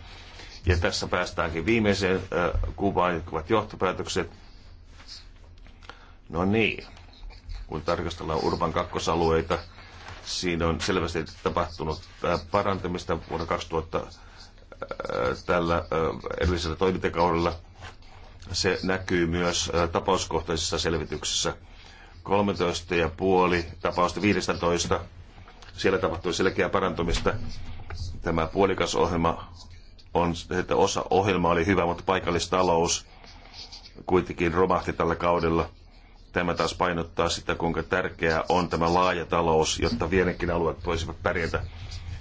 Ja tässä päästäänkin viimeiseen äh, kuvaan, jotka ovat johtopäätökset. No niin, kun tarkastellaan Urban kakkosalueita, siinä on selvästi tapahtunut parantamista vuonna 2000 tällä edellisellä toimintakaudella – se näkyy myös tapauskohtaisissa selvityksissä. 13,5 tapausta 15. Siellä tapahtui selkeää parantumista. Tämä puolikas ohjelma on, että osa ohjelma oli hyvä, mutta paikallistalous kuitenkin romahti tällä kaudella. Tämä taas painottaa sitä, kuinka tärkeää on tämä laaja talous, jotta vienekin alueet voisivat pärjätä.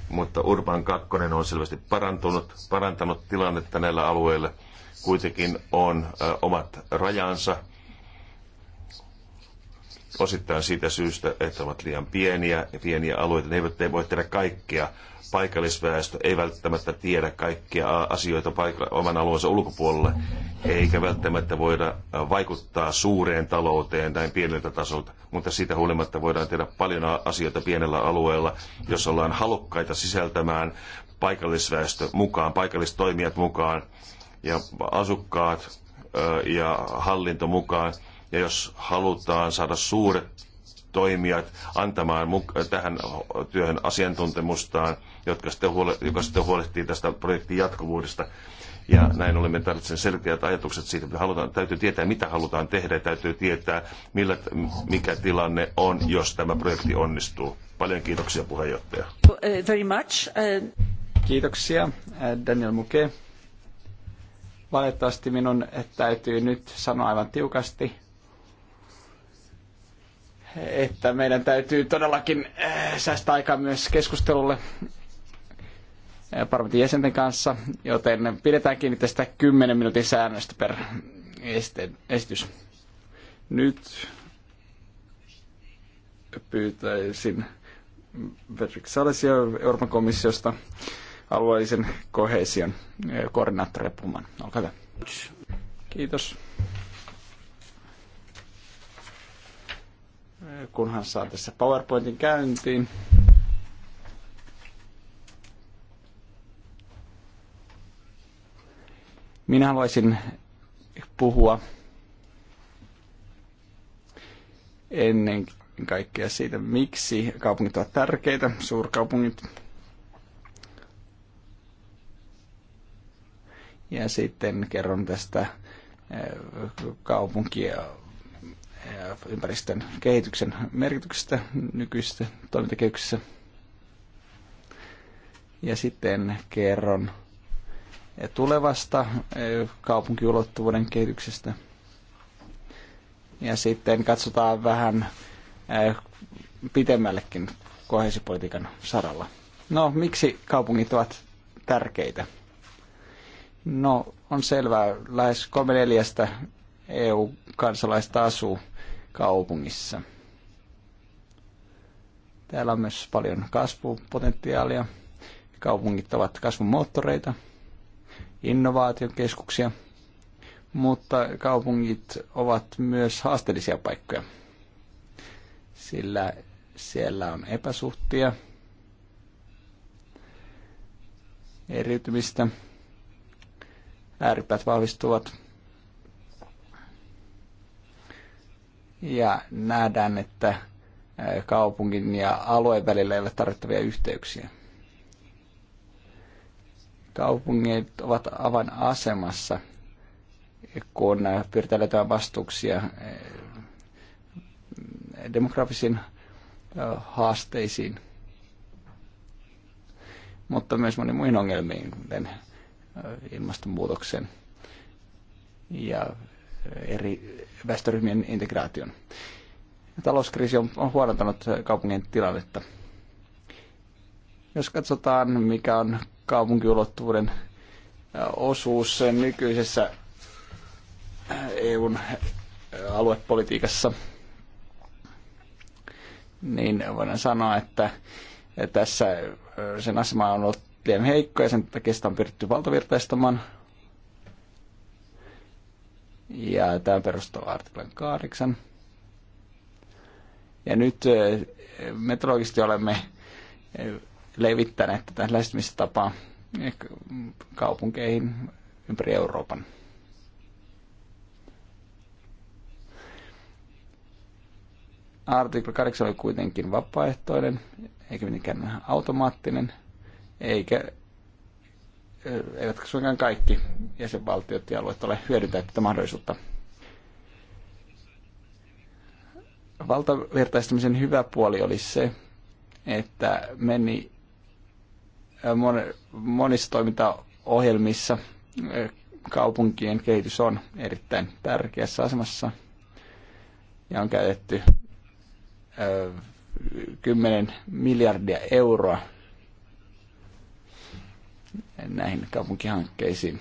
Mutta Urban 2 on selvästi parantunut, parantanut tilannetta näillä alueilla – kuitenkin on omat rajansa osittain siitä syystä, että ovat liian pieniä ja pieniä alueita. Ne eivät voi tehdä kaikkea. Paikallisväestö ei välttämättä tiedä kaikkia asioita oman alueensa ulkopuolelle, eikä välttämättä voida vaikuttaa suureen talouteen näin pieneltä tasolta. Mutta siitä huolimatta voidaan tehdä paljon asioita pienellä alueella, jos ollaan halukkaita sisältämään paikallisväestö mukaan, paikallistoimijat mukaan ja asukkaat ja hallinto mukaan. Ja jos halutaan saada suuret toimijat antamaan tähän työhön asiantuntemustaan, jotka sitten huole- joka sitten huolehtii tästä projektin jatkuvuudesta. Ja näin ollen me tarvitsemme selkeät ajatukset siitä, että halutaan, täytyy tietää, mitä halutaan tehdä, ja täytyy tietää, millä, mikä tilanne on, jos tämä projekti onnistuu. Paljon kiitoksia puheenjohtaja. Very much. Uh, kiitoksia. Daniel Muke. Valitettavasti minun täytyy nyt sanoa aivan tiukasti, että meidän täytyy todellakin eh, säästää aikaa myös keskustelulle eh, parlamentin jäsenten kanssa, joten pidetään kiinni tästä 10 minuutin säännöstä per esitys. Nyt pyytäisin Patrick Salesia Euroopan komissiosta alueellisen kohesion eh, koordinaattori Puman. Olkaa hyvä. Kiitos. Eh, kunhan saa tässä PowerPointin käyntiin. Minä haluaisin puhua ennen kaikkea siitä, miksi kaupungit ovat tärkeitä, suurkaupungit Ja sitten kerron tästä eh, ja ympäristön kehityksen merkityksestä nykyisessä toimintakehyksessä. Ja sitten kerron eh, tulevasta eh, kaupunkiulottuvuuden kehityksestä. Ja sitten katsotaan vähän pitemmällekin kohesipolitiikan saralla. No, miksi kaupungit ovat tärkeitä? No, on selvää. Lähes kolme neljästä EU-kansalaista asuu kaupungissa. Täällä on myös paljon kasvupotentiaalia. Kaupungit ovat kasvun moottoreita, innovaatiokeskuksia, mutta kaupungit ovat myös haasteellisia paikkoja, sillä siellä on epäsuhtia, eriytymistä, ääripäät vahvistuvat. Ja nähdään, että kaupungin ja alueen välillä ei ole tarvittavia yhteyksiä. Kaupungit ovat avan asemassa, kun pyritään löytämään vastuuksia demografisiin haasteisiin, mutta myös moniin muihin ongelmiin, kuten ilmastonmuutoksen ja eri väestöryhmien integraation. Talouskriisi on, on huonontanut kaupungin tilannetta. Jos katsotaan, mikä on kaupunkiulottuvuuden osuus nykyisessä EUn aluepolitiikassa, niin voidaan sanoa, että tässä sen asema on ollut liian heikko ja sen takia sitä on pyritty valtavirtaistamaan. Ja tämä perustuu artiklan 8. Ja nyt eh, metrologisesti olemme eh, levittäneet tätä lähestymistapaa eh, kaupunkeihin ympäri Euroopan. Artikla 8 oli kuitenkin vapaaehtoinen, eikä mitenkään automaattinen – eikä eh, eivätkä suinkaan kaikki jäsenvaltiot ja alueet ole hyödyntäneet tätä mahdollisuutta. Valtavirtaistamisen hyvä puoli oli se, että meni eh, monissa toimintaohjelmissa eh, kaupunkien kehitys on erittäin tärkeässä asemassa ja on käytetty 10 miljardia euroa näihin kaupunkihankkeisiin.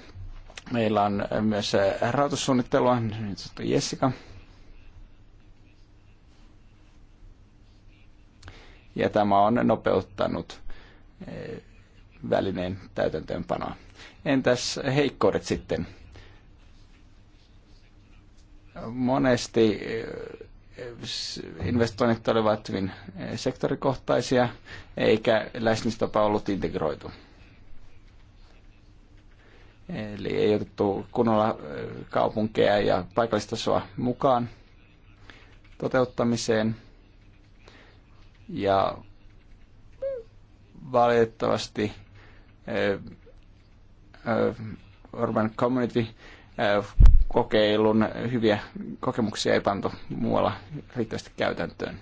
Meillä on myös äh, rahoitussuunnittelua, niin sanottu Jessica. Ja tämä on nopeuttanut äh, välineen täytäntöönpanoa. Entäs heikkoudet sitten? Monesti äh, investoinnit olivat hyvin sektorikohtaisia, eikä läsnistapa ollut integroitu. Eli ei otettu kunnolla äh, kaupunkeja ja paikallistasoa mukaan toteuttamiseen. Ja valitettavasti äh, äh, Urban Community kokeilun hyviä kokemuksia ei pantu muualla riittävästi käytäntöön.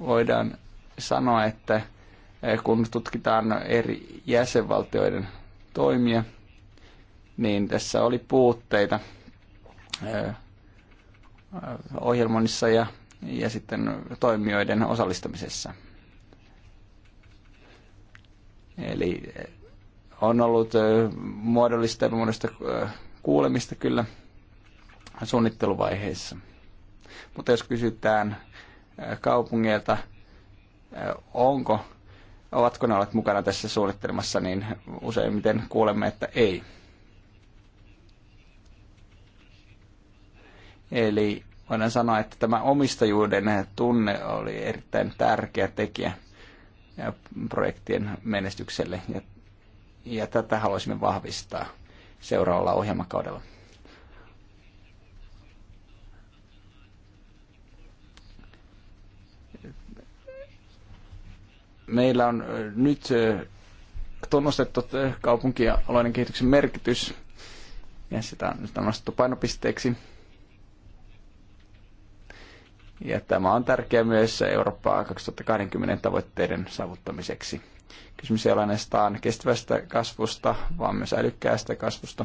Voidaan sanoa, että Eh, kun tutkitaan eri jäsenvaltioiden toimia, niin tässä oli puutteita eh, ohjelmoinnissa ja, ja sitten toimijoiden osallistamisessa. Eli eh, on ollut muodollista ja muodollista kuulemista kyllä suunnitteluvaiheessa. Mutta jos kysytään kaupungeilta, onko ovatko ne olleet mukana tässä suunnittelemassa, niin useimmiten kuulemme, että ei. Eli voidaan sanoa, että tämä omistajuuden tunne oli erittäin tärkeä tekijä projektien menestykselle ja, ja tätä haluaisimme vahvistaa seuraavalla ohjelmakaudella. Meillä on nyt tunnustettu kaupunki- ja alueiden kehityksen merkitys, ja sitä on nyt nostettu painopisteeksi. Ja tämä on tärkeä myös Eurooppaa 2020 tavoitteiden saavuttamiseksi. Kysymys ei ole ainoastaan kestävästä kasvusta, vaan myös älykkäästä kasvusta.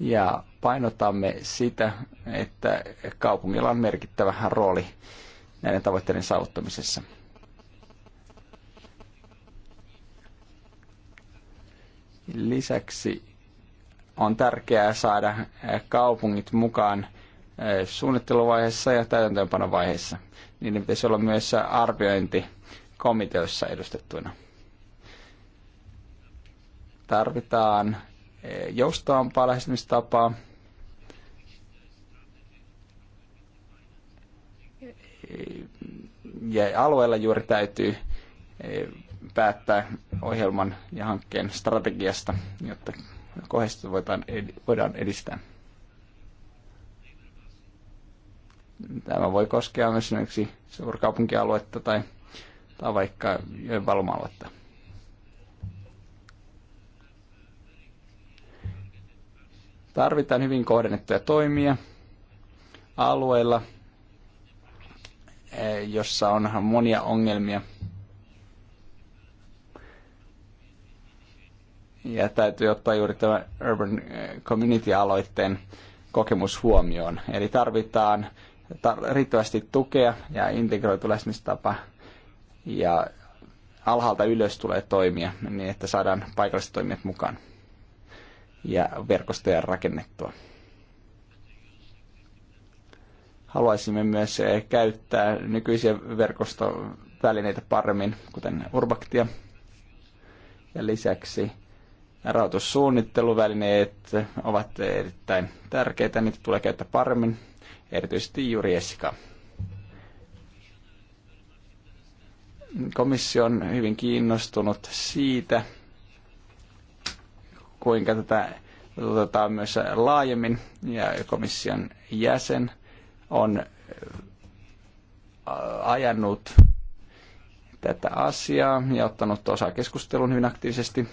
Ja painotamme sitä, että kaupungilla on merkittävä rooli näiden tavoitteiden saavuttamisessa. Lisäksi on tärkeää saada kaupungit mukaan eh, suunnitteluvaiheessa ja täytäntöönpanovaiheessa. Niiden pitäisi olla myös arviointikomiteossa edustettuina. Tarvitaan eh, joustavampaa lähestymistapaa ja alueella juuri täytyy e, päättää ohjelman ja hankkeen strategiasta, jotta kohdista voidaan edistää. Tämä voi koskea myös esimerkiksi suurkaupunkialuetta tai, tai vaikka joen valuma-aluetta. Tarvitaan hyvin kohdennettuja toimia alueilla, Eh, jossa on monia ongelmia. Ja täytyy ottaa juuri tämä Urban eh, Community-aloitteen kokemus huomioon. Eli tarvitaan tar- riittävästi tukea ja integroitu lähestymistapa ja alhaalta ylös tulee toimia niin, että saadaan paikalliset toimijat mukaan ja verkostoja rakennettua haluaisimme myös eh, käyttää nykyisiä verkostovälineitä paremmin, kuten Urbaktia. Ja lisäksi rahoitussuunnitteluvälineet ovat erittäin tärkeitä, niitä tulee käyttää paremmin, erityisesti juuri Jessica. Komissio on hyvin kiinnostunut siitä, kuinka tätä otetaan myös laajemmin, ja komission jäsen – on äh, ajanut tätä asiaa ja ottanut osaa keskusteluun hyvin aktiivisesti.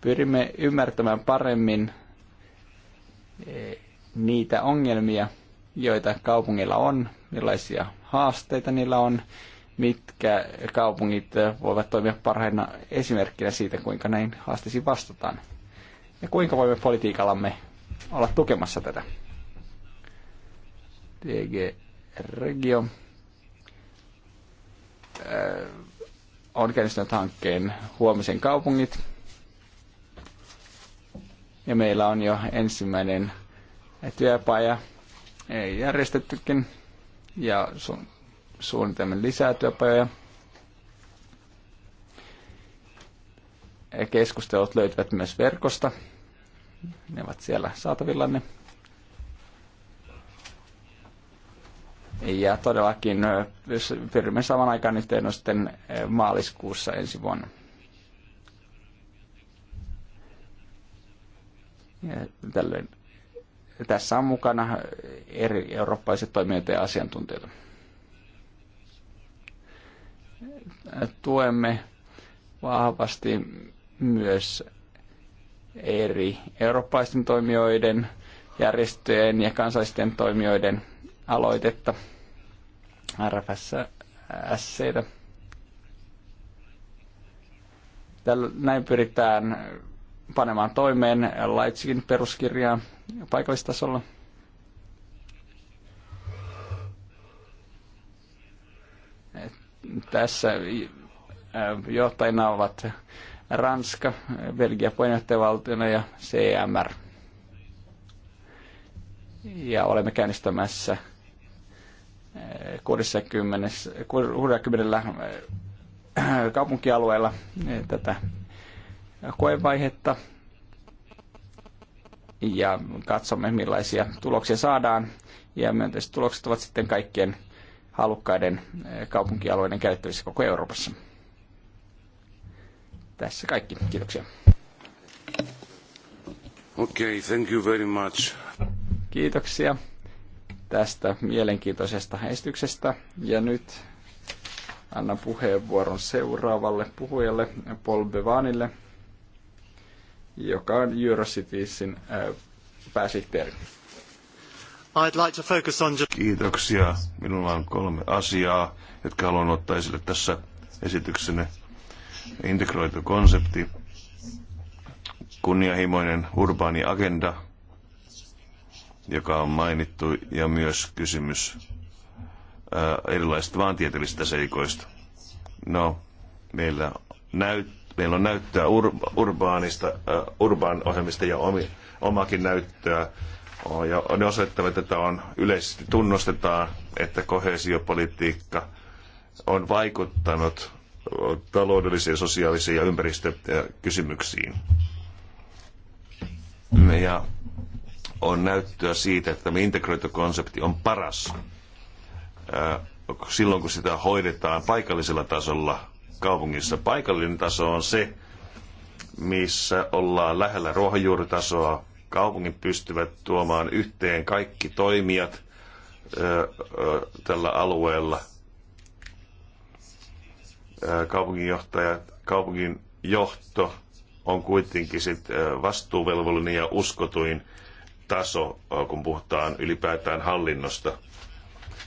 Pyrimme ymmärtämään paremmin eh, niitä ongelmia, joita kaupungilla on, millaisia haasteita niillä on, mitkä kaupungit eh, voivat toimia parhaina esimerkkinä siitä, kuinka näin haasteisiin vastataan. Ja kuinka voimme politiikallamme olla tukemassa tätä. DG Regio äh, on käynnistänyt hankkeen huomisen kaupungit. Ja meillä on jo ensimmäinen työpaja ei järjestettykin ja su- suunnitelma lisää työpajoja. Keskustelut löytyvät myös verkosta. Ne ovat siellä ne. Ja todellakin pyrimme saman aikaan sitten maaliskuussa ensi vuonna. Ja tällöin tässä on mukana eri eurooppalaiset toimijoita ja asiantuntijoita. Tuemme vahvasti myös eri eurooppalaisten toimijoiden, järjestöjen ja kansallisten toimijoiden aloitetta RFSCtä. Tällä, näin pyritään panemaan toimeen Leipzigin peruskirjaa paikallistasolla. Tässä johtajina ovat Ranska, Belgia puheenjohtajavaltiona ja CMR. Ja olemme käynnistämässä 60, eh, 60 eh, kaupunkialueella eh, tätä koevaihetta ja katsomme millaisia tuloksia saadaan. Ja myönteiset tulokset ovat sitten kaikkien halukkaiden kaupunkialueiden käyttävissä koko Euroopassa. Tässä kaikki. Kiitoksia. Okay, thank you very much. Kiitoksia tästä mielenkiintoisesta esityksestä. Ja nyt annan puheenvuoron seuraavalle puhujalle, Paul Bevanille, joka on Eurocitiesin äh, pääsihteeri. I'd like to focus on... Kiitoksia. Minulla on kolme asiaa, jotka haluan ottaa esille tässä esityksenne integroitu konsepti, kunnianhimoinen urbaani agenda, joka on mainittu, ja myös kysymys erilaisista maantieteellisistä seikoista. No, meillä, näyt, meillä on näyttöä urbaanista, uh, urbaan ohjelmista ja omi, omakin näyttöä. Oh, ja ne osoittavat, että on yleisesti tunnustetaan, että kohesiopolitiikka on vaikuttanut taloudellisiin, sosiaalisiin ja ympäristökysymyksiin. Ja on näyttöä siitä, että tämä integroitu konsepti on paras äh, silloin, kun sitä hoidetaan paikallisella tasolla kaupungissa. Paikallinen taso on se, missä ollaan lähellä ruohonjuuritasoa. Kaupungit pystyvät tuomaan yhteen kaikki toimijat äh, äh, tällä alueella – kaupunginjohtaja, kaupungin johto on kuitenkin sit vastuuvelvollinen ja uskotuin taso, kun puhutaan ylipäätään hallinnosta.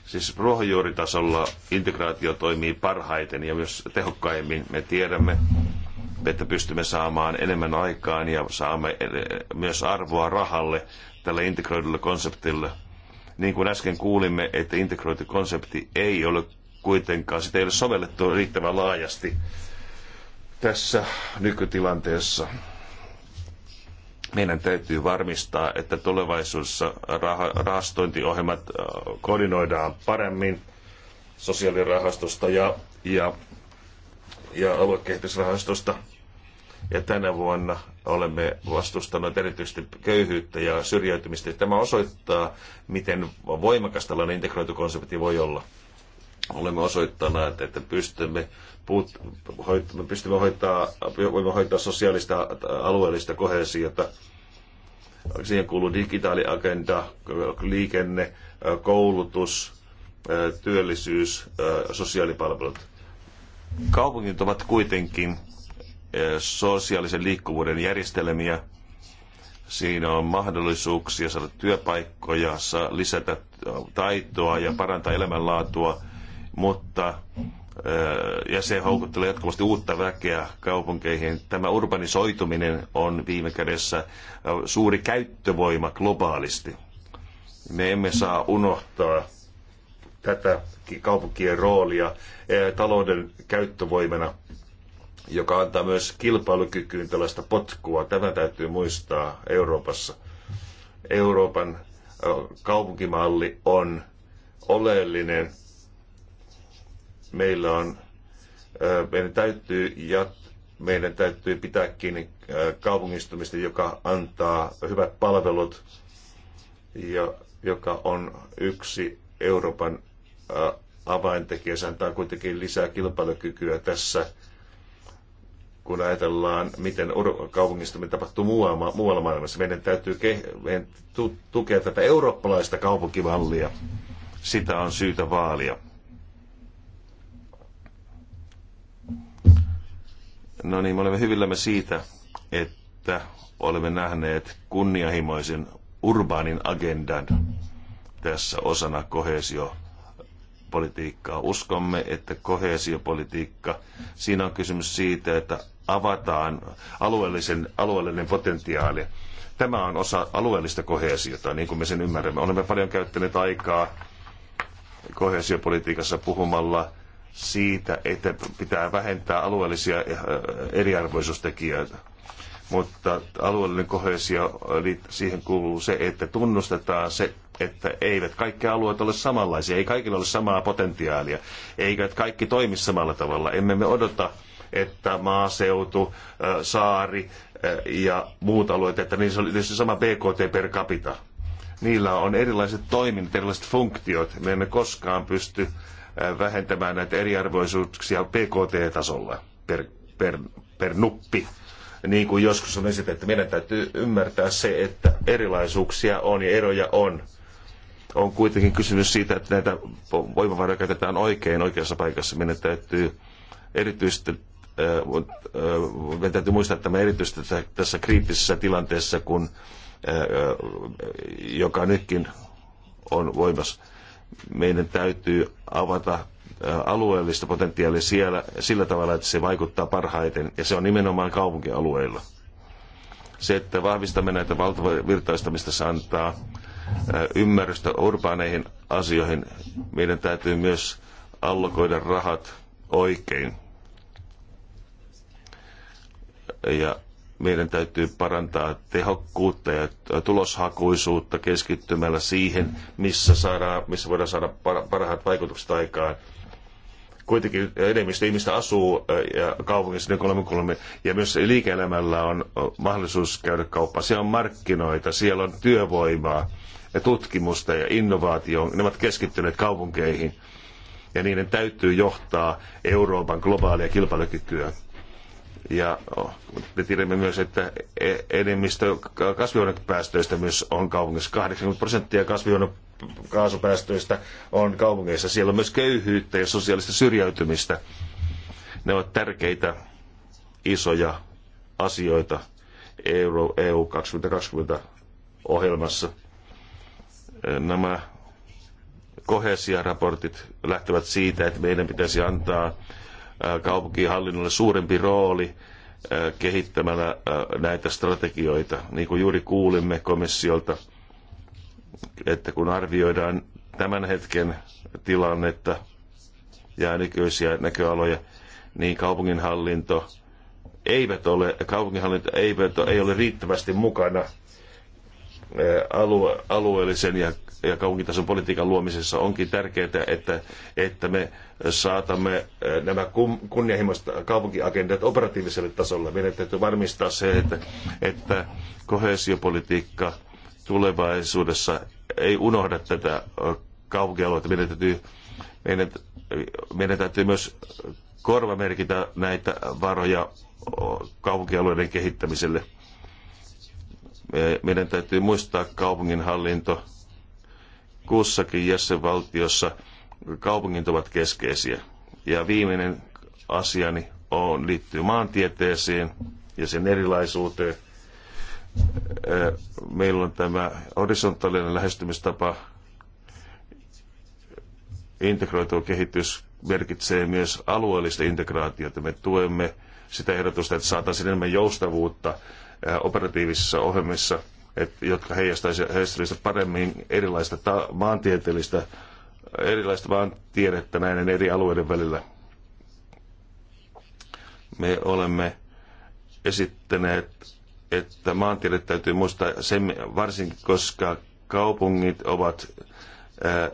Siis ruohonjuuritasolla integraatio toimii parhaiten ja myös tehokkaimmin. Me tiedämme, että pystymme saamaan enemmän aikaan ja saamme myös arvoa rahalle tällä integroidulla konseptilla. Niin kuin äsken kuulimme, että integroitu konsepti ei ole kuitenkaan, sitä ei ole sovellettu riittävän laajasti tässä nykytilanteessa. Meidän täytyy varmistaa, että tulevaisuudessa rahastointiohjelmat koordinoidaan paremmin sosiaalirahastosta ja, ja, ja aluekehitysrahastosta. Ja tänä vuonna olemme vastustaneet erityisesti köyhyyttä ja syrjäytymistä. Tämä osoittaa, miten voimakas tällainen integroitu konsepti voi olla olemme osoittaneet, että pystymme, puut, hoit, me pystymme hoitaa, voimme hoitaa sosiaalista alueellista kohesiota. Siihen kuuluu digitaaliagenda, liikenne, koulutus, työllisyys, sosiaalipalvelut. Kaupungit ovat kuitenkin e, sosiaalisen liikkuvuuden järjestelmiä. Siinä on mahdollisuuksia saada työpaikkoja, lisätä taitoa ja parantaa elämänlaatua – mutta äh, ja se houkuttelee jatkuvasti uutta väkeä kaupunkeihin. Tämä urbanisoituminen on viime kädessä äh, suuri käyttövoima globaalisti. Me emme saa unohtaa tätä kaupunkien roolia äh, talouden käyttövoimana, joka antaa myös kilpailukykyyn tällaista potkua. Tämä täytyy muistaa Euroopassa. Euroopan kaupunkimalli on oleellinen meillä on, meidän täytyy jat, meidän täytyy pitää kiinni kaupungistumista, joka antaa hyvät palvelut ja joka on yksi Euroopan avaintekijä. Se antaa kuitenkin lisää kilpailukykyä tässä, kun ajatellaan, miten kaupungistuminen tapahtuu muualla, muualla maailmassa. Meidän täytyy meidän tukea tätä eurooppalaista kaupunkivallia. Sitä on syytä vaalia. No niin, me olemme hyvillämme siitä, että olemme nähneet kunnianhimoisen urbaanin agendan tässä osana kohesiopolitiikkaa. Uskomme, että kohesiopolitiikka, siinä on kysymys siitä, että avataan alueellisen, alueellinen potentiaali. Tämä on osa alueellista kohesiota, niin kuin me sen ymmärrämme. Olemme paljon käyttäneet aikaa kohesiopolitiikassa puhumalla siitä, että pitää vähentää alueellisia eh, eh, eriarvoisuustekijöitä. Mutta alueellinen kohesio, siihen kuuluu se, että tunnustetaan se, että eivät kaikki alueet ole samanlaisia, ei kaikilla ole samaa potentiaalia, eivät kaikki toimi samalla tavalla. Emme me odota, että maaseutu, eh, saari ja muut alueet, että niissä on tietysti sama BKT per capita. Niillä on erilaiset toiminnot, erilaiset funktiot. Me emme koskaan pysty Äh, vähentämään näitä eriarvoisuuksia PKT-tasolla per, per, per nuppi. Niin kuin joskus on esitetty, meidän täytyy ymmärtää se, että erilaisuuksia on ja eroja on. On kuitenkin kysymys siitä, että näitä voimavaroja käytetään oikein oikeassa paikassa. Meidän täytyy erityisesti äh, meidän täytyy muistaa me erityisesti tässä kriittisessä tilanteessa, kun, äh, joka nytkin on voimassa meidän täytyy avata alueellista potentiaalia siellä sillä tavalla, että se vaikuttaa parhaiten, ja se on nimenomaan kaupunkialueilla. Se, että vahvistamme näitä valtavirtaistamista, se antaa ymmärrystä urbaaneihin asioihin. Meidän täytyy myös allokoida rahat oikein. Ja meidän täytyy parantaa tehokkuutta ja tuloshakuisuutta keskittymällä siihen, missä, saadaan, missä voidaan saada parhaat vaikutukset aikaan. Kuitenkin enemmistö ihmistä asuu äh, ja kaupungissa niin kolme kolme, ja myös liike-elämällä on mahdollisuus käydä kauppaa. Siellä on markkinoita, siellä on työvoimaa ja tutkimusta ja innovaatio. Ne ovat keskittyneet kaupunkeihin ja niiden täytyy johtaa Euroopan globaalia kilpailukykyä ja me tiedämme myös, että e- enemmistö kasvihuonepäästöistä myös on kaupungissa. 80 prosenttia kasvihuonekaasupäästöistä on kaupungeissa. Siellä on myös köyhyyttä ja sosiaalista syrjäytymistä. Ne ovat tärkeitä, isoja asioita Euro, EU 2020 ohjelmassa. Nämä kohesiaraportit lähtevät siitä, että meidän pitäisi antaa kaupunkihallinnolle suurempi rooli kehittämällä näitä strategioita. Niin kuin juuri kuulimme komissiolta, että kun arvioidaan tämän hetken tilannetta ja nykyisiä näköaloja, niin kaupunginhallinto eivät ole, kaupunginhallinto eivät, ei ole riittävästi mukana alue, alueellisen ja, ja kaupunkitason politiikan luomisessa onkin tärkeää, että, että me saatamme nämä kunnianhimoiset kaupunkiagendat operatiiviselle tasolle. Meidän täytyy varmistaa se, että, että kohesiopolitiikka tulevaisuudessa ei unohda tätä kaupunkialueita. Meidän täytyy, meidän, meidän täytyy myös korvamerkitä näitä varoja kaupunkialueiden kehittämiselle – meidän täytyy muistaa kaupunginhallinto kussakin jäsenvaltiossa. Kaupungit ovat keskeisiä. Ja viimeinen asiani on, liittyy maantieteeseen ja sen erilaisuuteen. Meillä on tämä horisontaalinen lähestymistapa. Integroitu kehitys merkitsee myös alueellista integraatiota. Me tuemme sitä ehdotusta, että saataisiin enemmän joustavuutta Eh, operatiivisissa ohjelmissa, et, jotka heijastaisivat paremmin erilaista ta- maantieteellistä, erilaista maantiedettä näiden eri alueiden välillä. Me olemme esittäneet, että maantiedet täytyy muistaa sen varsinkin, koska kaupungit ovat eh, eh,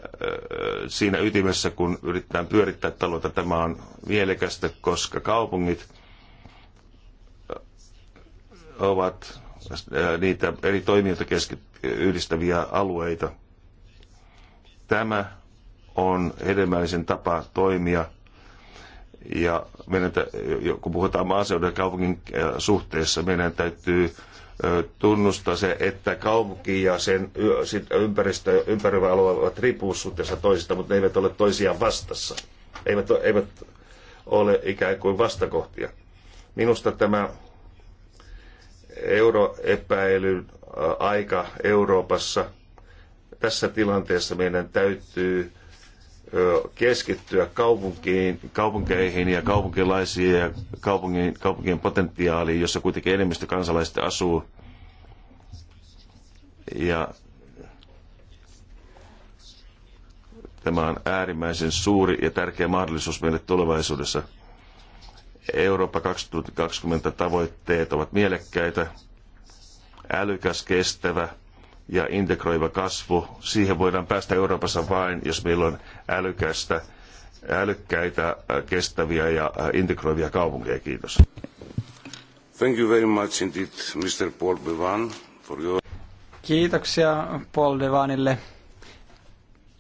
siinä ytimessä, kun yritetään pyörittää taloutta. Tämä on mielekästä, koska kaupungit ovat äh, niitä eri toimijoita yhdistäviä alueita. Tämä on hedelmällisen tapa toimia. Ja meidän, kun puhutaan maaseudun ja kaupungin äh, suhteessa, meidän täytyy äh, tunnustaa se, että kaupunki ja sen ympäristö, ympäröivä alue ovat riippuvuussuhteessa toisista, mutta ne eivät ole toisiaan vastassa. Eivät, eivät ole ikään kuin vastakohtia. Minusta tämä euroepäilyn äh, aika Euroopassa. Tässä tilanteessa meidän täytyy keskittyä kaupunkiin, kaupunkeihin ja kaupunkilaisiin ja kaupungin, kaupunkien potentiaaliin, jossa kuitenkin enemmistö kansalaisista asuu. Ja tämä on äärimmäisen suuri ja tärkeä mahdollisuus meille tulevaisuudessa. Eurooppa 2020 tavoitteet ovat mielekkäitä, älykäs, kestävä ja integroiva kasvu. Siihen voidaan päästä Euroopassa vain, jos meillä on älykästä, älykkäitä, kestäviä ja integroivia kaupunkeja. Kiitos. Thank you very much indeed, Mr. Paul Bevan, for your... Kiitoksia Paul Devanille.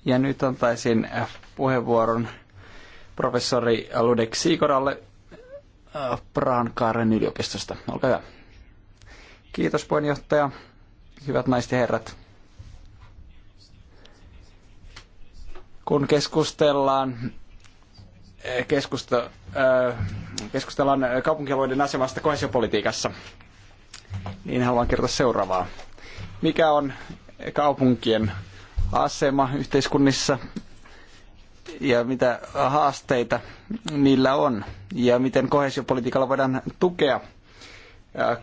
Ja nyt antaisin puheenvuoron professori Ludek Siikoralle Prankaaren yliopistosta. Olkaa hyvä. Kiitos puheenjohtaja. Hyvät naiset ja herrat. Kun keskustellaan eh, keskusta, eh, keskustellaan kaupunkialueiden asemasta kohesiopolitiikassa, niin haluan kertoa seuraavaa. Mikä on kaupunkien asema yhteiskunnissa ja mitä haasteita niillä on ja miten kohesiopolitiikalla voidaan tukea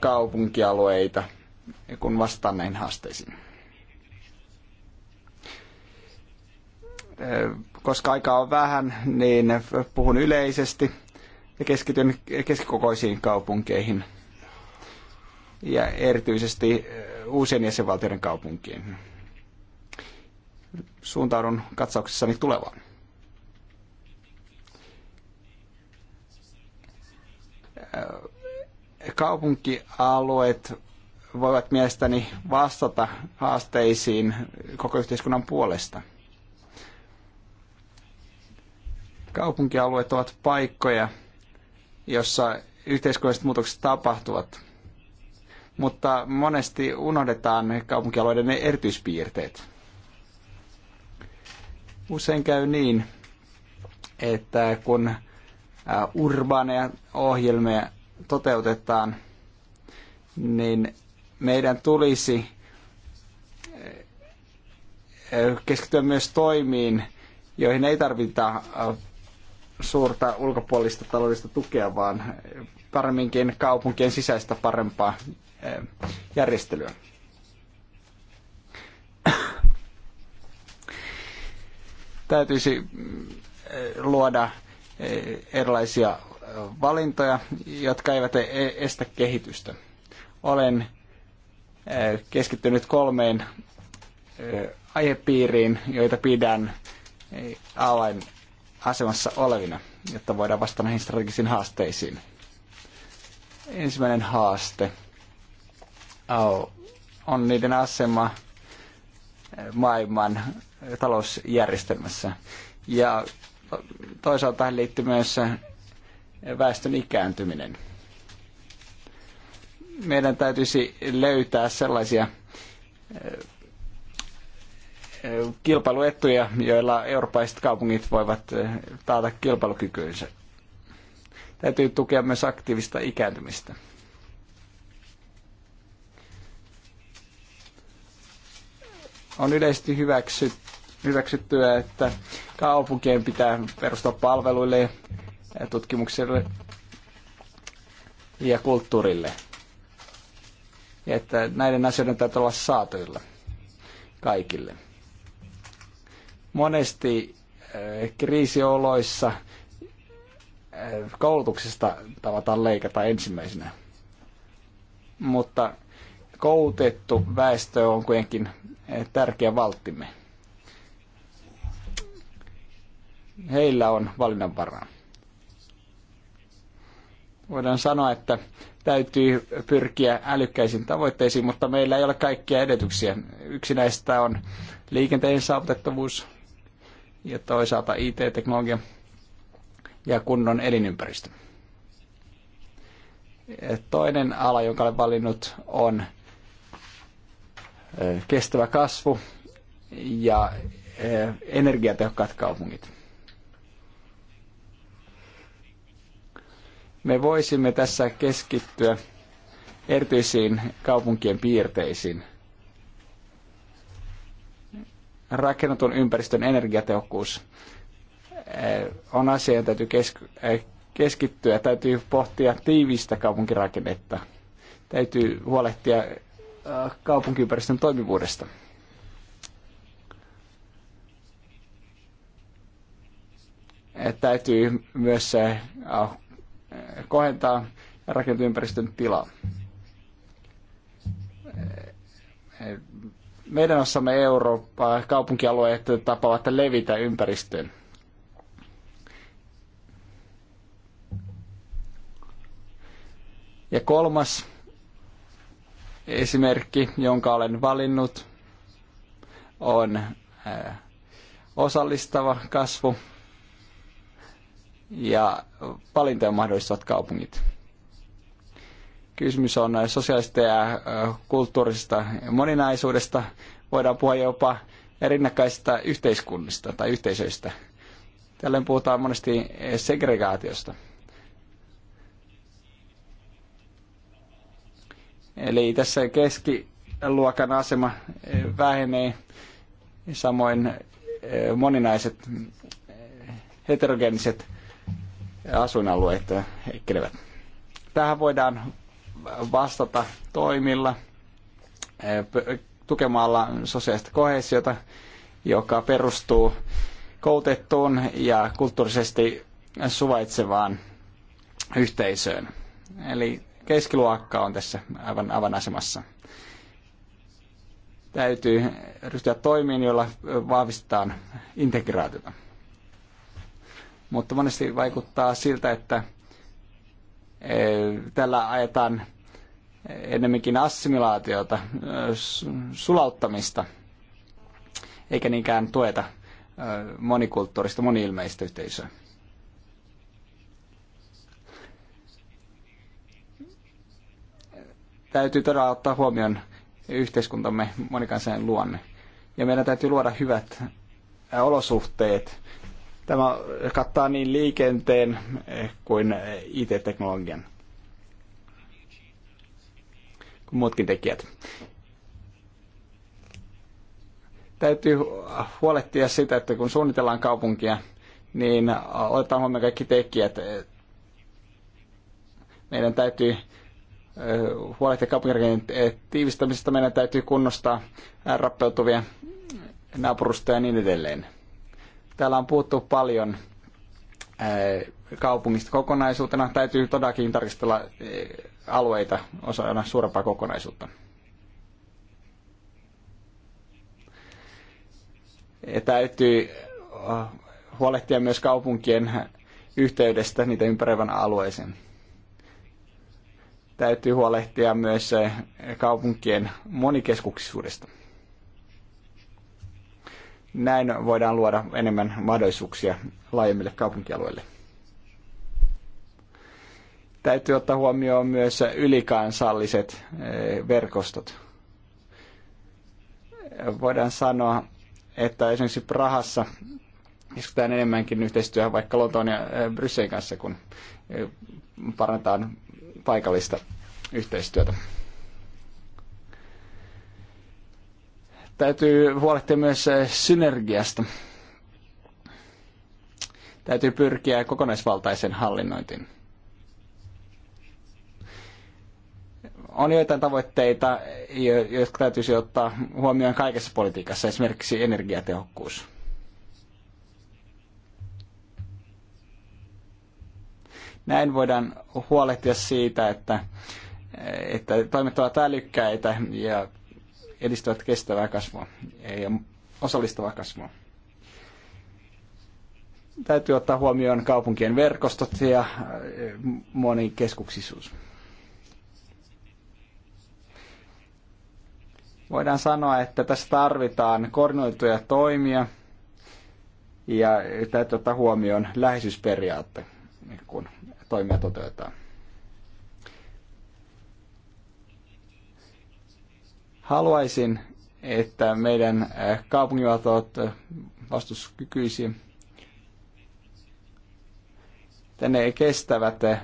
kaupunkialueita, kun vastaan näihin haasteisiin. Koska aikaa on vähän, niin puhun yleisesti ja keskityn keskikokoisiin kaupunkeihin ja erityisesti uusien jäsenvaltioiden kaupunkiin. Suuntaudun katsauksessani tulevaan. kaupunkialueet voivat mielestäni vastata haasteisiin koko yhteiskunnan puolesta. Kaupunkialueet ovat paikkoja, jossa yhteiskunnalliset muutokset tapahtuvat, mutta monesti unohdetaan kaupunkialueiden erityispiirteet. Usein käy niin, että kun Äh, urbaaneja ohjelmia toteutetaan, niin meidän tulisi äh, keskittyä myös toimiin, joihin ei tarvita äh, suurta ulkopuolista taloudellista tukea, vaan paremminkin kaupunkien sisäistä parempaa järjestelyä. Täytyisi luoda erilaisia valintoja, jotka eivät e-, estä kehitystä. Olen e, keskittynyt kolmeen e, aihepiiriin, joita pidän alain asemassa olevina, jotta voidaan vastata näihin strategisiin haasteisiin. Ensimmäinen haaste on niiden asema maailman talousjärjestelmässä. Ja toisaalta tähän liittyy myös väestön ikääntyminen. Meidän täytyisi löytää sellaisia kilpailuettuja, joilla eurooppalaiset kaupungit voivat taata kilpailukykyynsä. Täytyy tukea myös aktiivista ikääntymistä. On yleisesti hyväksytty hyväksyttyä, että kaupunkien pitää perustua palveluille, ja tutkimukselle ja kulttuurille. Ja että näiden asioiden täytyy olla saatuilla kaikille. Monesti eh, kriisioloissa eh, koulutuksesta tavataan leikata ensimmäisenä. Mutta koulutettu väestö on kuitenkin eh, tärkeä valttimme. heillä on valinnanvaraa. Voidaan sanoa, että täytyy pyrkiä älykkäisiin tavoitteisiin, mutta meillä ei ole kaikkia edellytyksiä. Yksi näistä on liikenteen saavutettavuus ja toisaalta IT-teknologia ja kunnon elinympäristö. Toinen ala, jonka olen valinnut, on eh, kestävä kasvu ja eh, energiatehokkaat kaupungit. me voisimme tässä keskittyä erityisiin kaupunkien piirteisiin. Rakennetun ympäristön energiatehokkuus eh, on asia, jota täytyy eh, keskittyä. Täytyy pohtia tiivistä kaupunkirakennetta. Täytyy huolehtia eh, kaupunkiympäristön toimivuudesta. täytyy myös kohentaa ympäristön tilaa. Meidän ossamme Eurooppaa kaupunkialueet tapaavat levitä ympäristöön. Ja kolmas esimerkki, jonka olen valinnut, on äh, osallistava kasvu – ja valintoja mahdollistavat kaupungit. Kysymys on sosiaalista ja kulttuurisesta moninaisuudesta. Voidaan puhua jopa rinnakkaisista yhteiskunnista tai yhteisöistä. Tällöin puhutaan monesti segregaatiosta. Eli tässä keskiluokan asema vähenee, samoin moninaiset heterogeeniset asuinalueet heikkelevät. Tähän voidaan vastata toimilla eh, tukemalla sosiaalista kohesiota, joka perustuu koulutettuun ja kulttuurisesti suvaitsevaan yhteisöön. Eli keskiluokka on tässä aivan asemassa. Täytyy ryhtyä toimiin, joilla vahvistetaan integraatiota mutta monesti vaikuttaa siltä, että e, tällä ajetaan ennemminkin assimilaatiota, e, sulauttamista, eikä niinkään tueta e, monikulttuurista, moniilmeistä yhteisöä. Täytyy todella ottaa huomioon yhteiskuntamme monikansainen luonne. Ja meidän täytyy luoda hyvät olosuhteet Tämä kattaa niin liikenteen kuin IT-teknologian kuin muutkin tekijät. Täytyy huolehtia sitä, että kun suunnitellaan kaupunkia, niin otetaan huomioon kaikki tekijät. Meidän täytyy eh, huolehtia kaupunkirakenteen tiivistämisestä, meidän täytyy kunnostaa rappeutuvia naapurustoja ja niin edelleen. Täällä on puhuttu paljon eh, kaupungista kokonaisuutena. Täytyy todellakin tarkistella eh, alueita osana suurempaa kokonaisuutta. Ja täytyy eh, huolehtia myös kaupunkien yhteydestä niitä ympäröivän alueeseen. Täytyy huolehtia myös kaupunkien monikeskuksisuudesta. Näin voidaan luoda enemmän mahdollisuuksia laajemmille kaupunkialueille. Täytyy ottaa huomioon myös ylikansalliset eh, verkostot. Voidaan sanoa, että esimerkiksi Prahassa keskitytään enemmänkin yhteistyöhön vaikka Lontoon ja eh, Brysselin kanssa, kun eh, parantaa paikallista yhteistyötä. Täytyy huolehtia myös eh, synergiasta. Täytyy pyrkiä kokonaisvaltaisen hallinnointiin. on joitain tavoitteita, jotka täytyisi ottaa huomioon kaikessa politiikassa, esimerkiksi energiatehokkuus. Näin voidaan huolehtia siitä, että, että toimet ovat älykkäitä ja edistävät kestävää kasvua ja osallistavaa kasvua. Täytyy ottaa huomioon kaupunkien verkostot ja äh, monikeskuksisuus. Voidaan sanoa, että tässä tarvitaan koordinoituja toimia ja täytyy ottaa huomioon läheisyysperiaatte, kun toimia toteutetaan. Haluaisin, että meidän äh, kaupunginvaltiot ovat äh, vastuskykyisiä. Ne kestävät äh,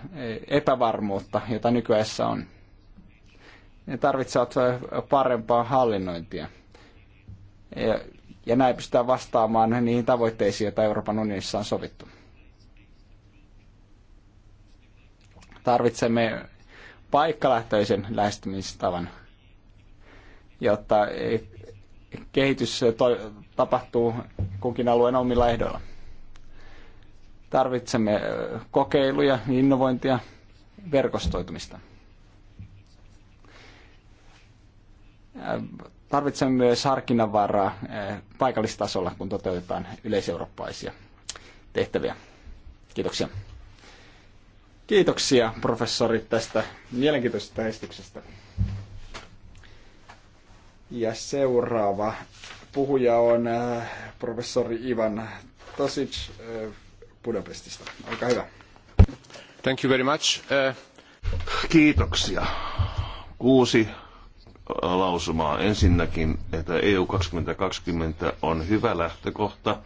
epävarmuutta, jota nykyessä on. Ne tarvitsevat parempaa hallinnointia. Ja näin pystytään vastaamaan niihin tavoitteisiin, joita Euroopan unionissa on sovittu. Tarvitsemme paikkalähtöisen lähestymistavan jotta kehitys tapahtuu kunkin alueen omilla ehdoilla. Tarvitsemme kokeiluja, innovointia, verkostoitumista. Tarvitsemme myös harkinnanvaraa paikallistasolla, kun toteutetaan yleiseurooppaisia tehtäviä. Kiitoksia. Kiitoksia professori tästä mielenkiintoisesta esityksestä. Ja seuraava puhuja on äh, professori Ivan Tosic äh, Budapestista. Olkaa hyvä. Thank you very much. Uh... Kiitoksia. Kuusi lausumaa. Ensinnäkin, että EU 2020 on hyvä lähtökohta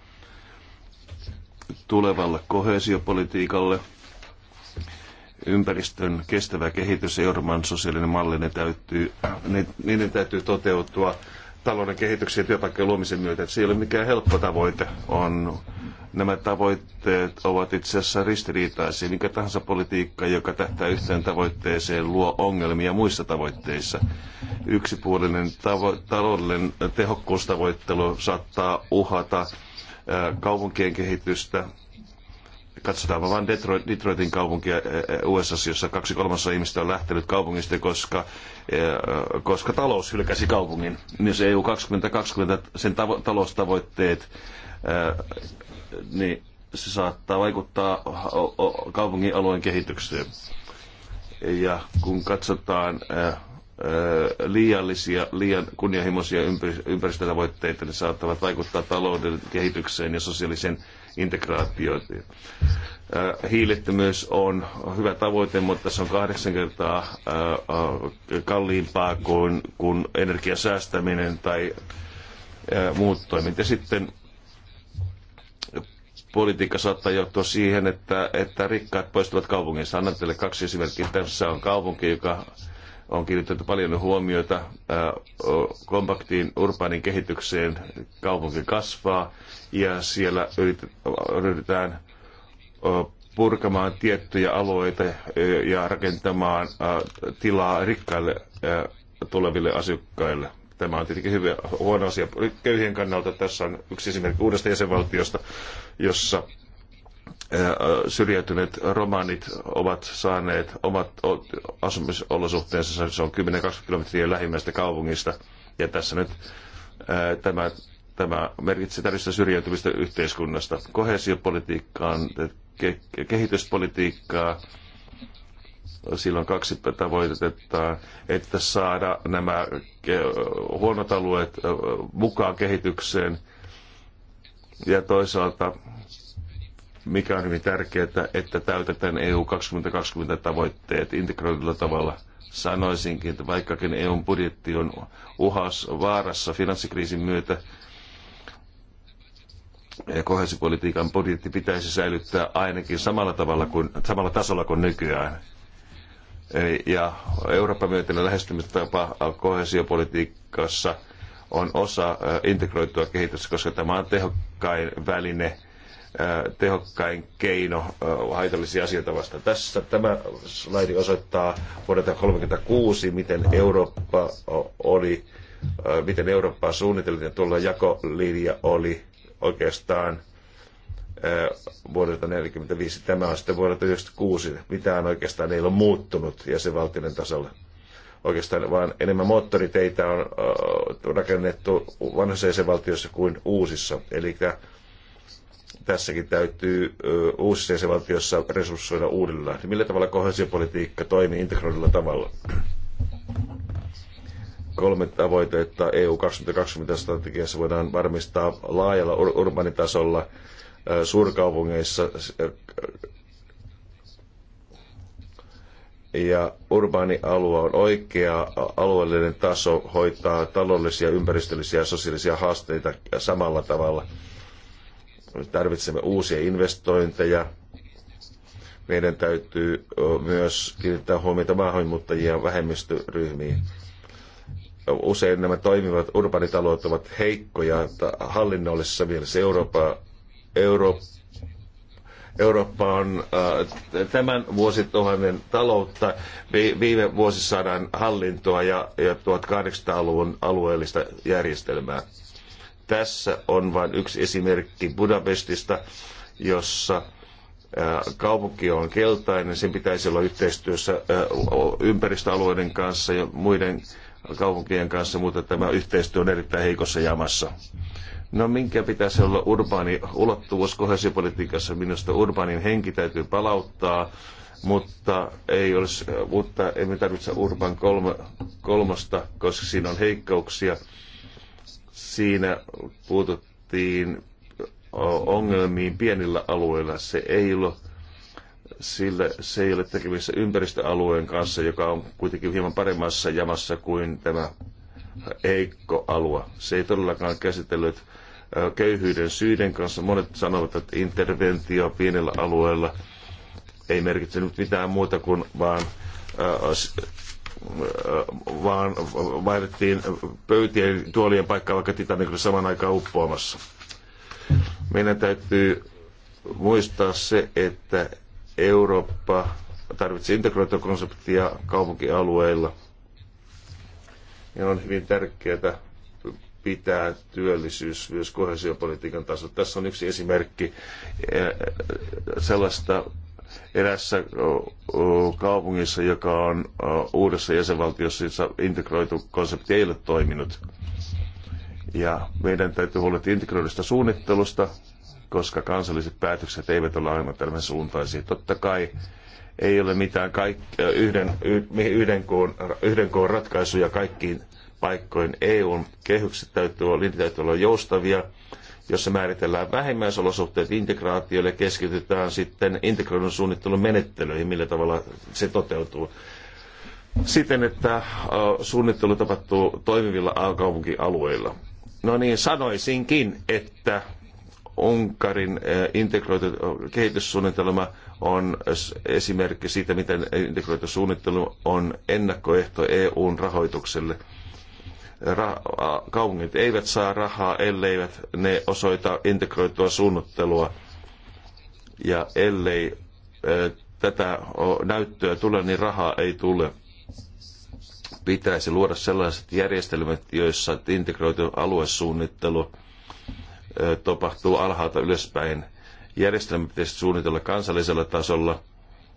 tulevalle kohesiopolitiikalle – ympäristön kestävä kehitys Euroopan sosiaalinen malli, ne täytyy, ne, niiden täytyy toteutua talouden kehityksen ja työpaikkojen luomisen myötä. Se ei ole mikään helppo tavoite. On, nämä tavoitteet ovat itse asiassa ristiriitaisia. Mikä tahansa politiikka, joka tähtää yhteen tavoitteeseen, luo ongelmia muissa tavoitteissa. Yksipuolinen tavo- taloudellinen tehokkuustavoittelu saattaa uhata kaupunkien kehitystä, Katsotaanpa vain Detroit, Detroitin kaupunkia USA, jossa kaksi kolmasosa ihmistä on lähtenyt kaupungista, koska, koska talous hylkäsi kaupungin. Myös EU 2020, sen tavo, taloustavoitteet, niin se saattaa vaikuttaa kaupungin alueen kehitykseen. Ja kun katsotaan liiallisia, liian kunnianhimoisia ympäristötavoitteita, ne saattavat vaikuttaa talouden kehitykseen ja sosiaalisen integraatioita. Äh, Hiilettömyys on hyvä tavoite, mutta se on kahdeksan kertaa äh, äh, kalliimpaa kuin, kuin energiasäästäminen tai muut toimit. Ja sitten politiikka saattaa johtua siihen, että, että rikkaat poistuvat kaupungeista. Annan teille kaksi esimerkkiä. Tässä on kaupunki, joka on kiinnittänyt paljon huomiota kompaktiin urbaanin kehitykseen. Kaupunki kasvaa ja siellä yritetään purkamaan tiettyjä alueita ja rakentamaan tilaa rikkaille tuleville asukkaille. Tämä on tietenkin hyvä, huono asia köyhien kannalta. Tässä on yksi esimerkki uudesta jäsenvaltiosta, jossa syrjäytyneet romanit ovat saaneet omat asumisolosuhteensa. Se on 10-20 kilometriä lähimmäistä kaupungista. Ja tässä nyt tämä Tämä merkitsee täydellistä syrjäytymistä yhteiskunnasta, kohesiopolitiikkaan, ke- kehityspolitiikkaa, silloin kaksi tavoitetta, että saada nämä huonot alueet mukaan kehitykseen ja toisaalta, mikä on hyvin tärkeää, että täytetään EU 2020 tavoitteet integroidulla tavalla. Sanoisinkin, että vaikkakin EUn budjetti on uhas vaarassa finanssikriisin myötä, kohesipolitiikan budjetti pitäisi säilyttää ainakin samalla, tavalla kuin, samalla tasolla kuin nykyään. Ja Euroopan myönteinen lähestymistapa kohesiopolitiikassa on osa integroitua kehitystä, koska tämä on tehokkain väline, tehokkain keino haitallisia asioita vastaan. Tässä tämä slaidi osoittaa vuodelta 1936, miten Eurooppa oli, miten Eurooppaa suunniteltiin ja tuolla jakolinja oli oikeastaan vuodelta 1945, tämä on sitten vuodelta 1996, mitään oikeastaan ei ole muuttunut jäsenvaltioiden tasolla. Oikeastaan vaan enemmän moottoriteitä on rakennettu vanhassa jäsenvaltiossa kuin uusissa. Eli tässäkin täytyy uusissa jäsenvaltioissa resurssoida uudelleen. Millä tavalla kohesiopolitiikka toimii integroidulla tavalla? kolme tavoitetta EU 2020-strategiassa voidaan varmistaa laajalla ur- urbanitasolla suurkaupungeissa ja urbaani alue on oikea alueellinen taso hoitaa taloudellisia, ympäristöllisiä ja sosiaalisia haasteita samalla tavalla. Tarvitsemme uusia investointeja. Meidän täytyy myös kiinnittää huomiota maahanmuuttajia vähemmistöryhmiin usein nämä toimivat urbanitaloudet ovat heikkoja hallinnollisessa mielessä. Eurooppa, Euro, Eurooppa on äh, tämän vuosituhannen taloutta, vi, viime vuosisadan hallintoa ja, ja 1800-luvun alueellista järjestelmää. Tässä on vain yksi esimerkki Budapestista, jossa äh, kaupunki on keltainen, sen pitäisi olla yhteistyössä äh, ympäristöalueiden kanssa ja muiden kaupunkien kanssa, mutta tämä yhteistyö on erittäin heikossa jamassa. No minkä pitäisi olla urbaani ulottuvuus kohesiopolitiikassa? Minusta urbaanin henki täytyy palauttaa, mutta ei olisi, mutta emme tarvitse urban kolme, kolmosta, koska siinä on heikkouksia. Siinä puututtiin ongelmiin pienillä alueilla. Se ei ollut sille se ei ole tekemisissä ympäristöalueen kanssa, joka on kuitenkin hieman paremmassa jamassa kuin tämä heikko alue. Se ei todellakaan käsitellyt köyhyyden syiden kanssa. Monet sanovat, että interventio pienellä alueella ei merkitse nyt mitään muuta kuin vaan, vaan vaihdettiin pöytien tuolien paikkaa, vaikka Titanic oli saman aikaan uppoamassa. Meidän täytyy muistaa se, että Eurooppa tarvitsee integroitua konseptia kaupunkialueilla. Ja on hyvin tärkeää pitää työllisyys myös kohesiopolitiikan tasolla. Tässä on yksi esimerkki e, sellaista erässä kaupungissa, joka on uudessa jäsenvaltiossa, jossa integroitu konsepti ei ole toiminut. Ja meidän täytyy huolehtia integroidusta suunnittelusta, koska kansalliset päätökset eivät ole aina tämän suuntaisia. Totta kai ei ole mitään kaikki, yhden, yhden, koon, yhden koon ratkaisuja kaikkiin paikkoihin. EUn kehykset täytyy olla, täytyy olla joustavia, jossa määritellään vähimmäisolosuhteet integraatiolle ja keskitytään sitten integroidun suunnittelun menettelyihin, millä tavalla se toteutuu. Siten, että suunnittelu tapahtuu toimivilla kaupunkialueilla. No niin, sanoisinkin, että Unkarin eh, integroitu kehityssuunnitelma on esimerkki siitä, miten integroitu suunnittelu on ennakkoehto EUn rahoitukselle. Ra- kaupungit eivät saa rahaa, elleivät ne osoita integroitua suunnittelua. Ja ellei eh, tätä näyttöä tule, niin rahaa ei tule. Pitäisi luoda sellaiset järjestelmät, joissa integroitu aluesuunnittelu – tapahtuu alhaalta ylöspäin. Järjestelmä pitäisi suunnitella kansallisella tasolla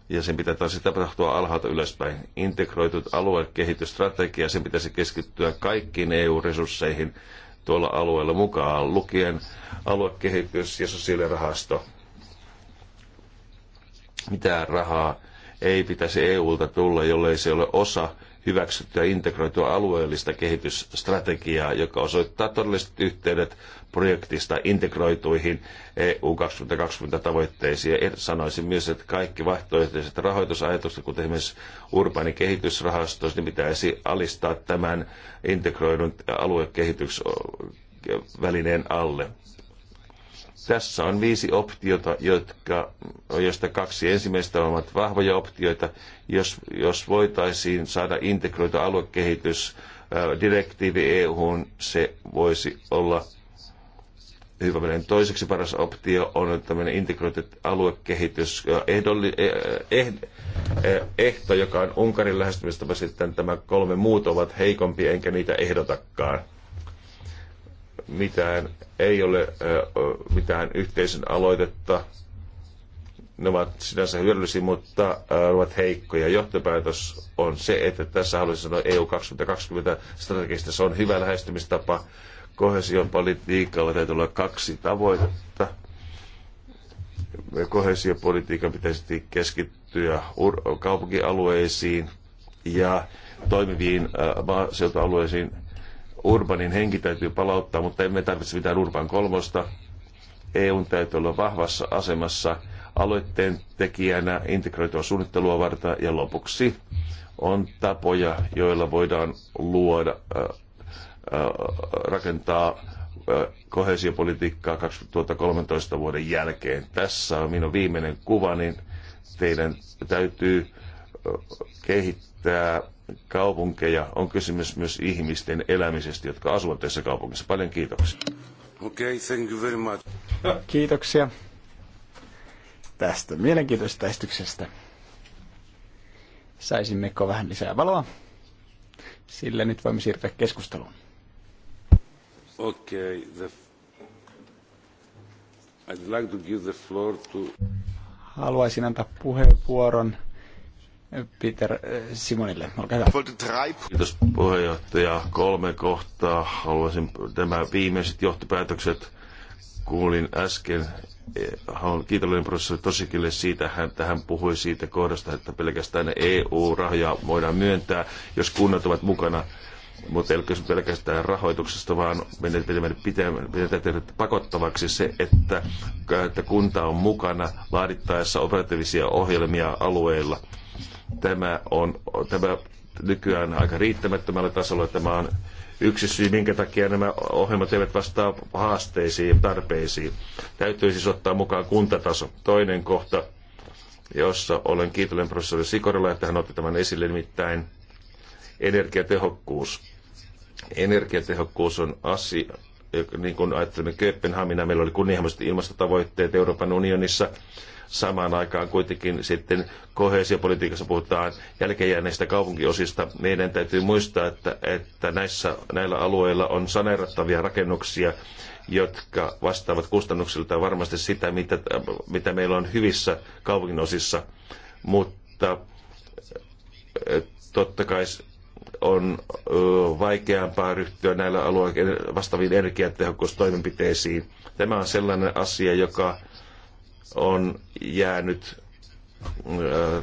ja sen pitää taas tapahtua alhaalta ylöspäin. Integroitut aluekehitysstrategia, sen pitäisi keskittyä kaikkiin EU-resursseihin tuolla alueella mukaan lukien aluekehitys ja sosiaalirahasto. mitä rahaa ei pitäisi EUlta tulla, jollei se ole osa hyväksyttyä integroitua alueellista kehitysstrategiaa, joka osoittaa todelliset yhteydet projektista integroituihin EU 2020 tavoitteisiin. Ja sanoisin myös, että kaikki vaihtoehtoiset rahoitusajatukset, kuten esimerkiksi urbaani kehitysrahasto, niin pitäisi alistaa tämän integroidun aluekehitysvälineen alle. Tässä on viisi optiota, jotka, joista kaksi ensimmäistä ovat vahvoja optioita. Jos, jos voitaisiin saada integroitu aluekehitys direktiivi EUhun, se voisi olla hyvä meidän toiseksi paras optio on tämmöinen integroitu aluekehitys, ehdolli, eh, eh, ehto, joka on Unkarin lähestymistapa sitten tämä kolme muut ovat heikompi, enkä niitä ehdotakaan. Mitään ei ole mitään yhteisen aloitetta. Ne ovat sinänsä hyödyllisiä, mutta ovat heikkoja. Johtopäätös on se, että tässä haluaisin sanoa EU 2020 strategista. Se on hyvä lähestymistapa Kohesiopolitiikalla täytyy olla kaksi tavoitetta. Kohesiopolitiikan pitäisi keskittyä kaupunkialueisiin ja toimiviin äh, maaseutualueisiin. Urbanin henki täytyy palauttaa, mutta emme tarvitse mitään Urban kolmosta. EUn täytyy olla vahvassa asemassa aloitteen tekijänä integroitua suunnittelua varten ja lopuksi on tapoja, joilla voidaan luoda äh, rakentaa kohesiopolitiikkaa 2013 vuoden jälkeen. Tässä on minun viimeinen kuva, niin teidän täytyy kehittää kaupunkeja. On kysymys myös ihmisten elämisestä, jotka asuvat tässä kaupungissa. Paljon kiitoksia. Okay, thank you very much. Kiitoksia tästä mielenkiintoisesta esityksestä. Saisimmeko vähän lisää valoa? Sillä nyt voimme siirtyä keskusteluun. Haluaisin antaa puheenvuoron Peter äh, Simonille. Olkaa hyvä. Kiitos puheenjohtaja. Kolme kohtaa. Haluaisin nämä viimeiset johtopäätökset. Kuulin äsken eh, Haluan kiitollinen professori Tosikille siitä, hän, hän puhui siitä kohdasta, että pelkästään EU-rahoja voidaan myöntää, jos kunnat ovat mukana mutta ei ole kysymys pelkästään rahoituksesta, vaan meidän pitää, pitää tehdä pakottavaksi se, että, että kunta on mukana laadittaessa operatiivisia ohjelmia alueilla. Tämä on tämä nykyään aika riittämättömällä tasolla. Tämä on yksi syy, minkä takia nämä ohjelmat eivät vastaa haasteisiin ja tarpeisiin. Täytyy siis ottaa mukaan kuntataso. Toinen kohta, jossa olen kiitollinen professori Sikorilla, että hän otti tämän esille, nimittäin energiatehokkuus. Energiatehokkuus on asia, niin kuin ajattelimme Kööpenhamina, meillä oli kunnianhimoiset ilmastotavoitteet Euroopan unionissa. Samaan aikaan kuitenkin sitten kohesiopolitiikassa puhutaan jälkeenjääneistä kaupunkiosista. Meidän täytyy muistaa, että, että näissä, näillä alueilla on saneerattavia rakennuksia, jotka vastaavat kustannuksilta varmasti sitä, mitä, mitä meillä on hyvissä kaupunginosissa. Mutta totta kai on vaikeampaa ryhtyä näillä alueilla vastaaviin energiatehokkuustoimenpiteisiin. Tämä on sellainen asia, joka on jäänyt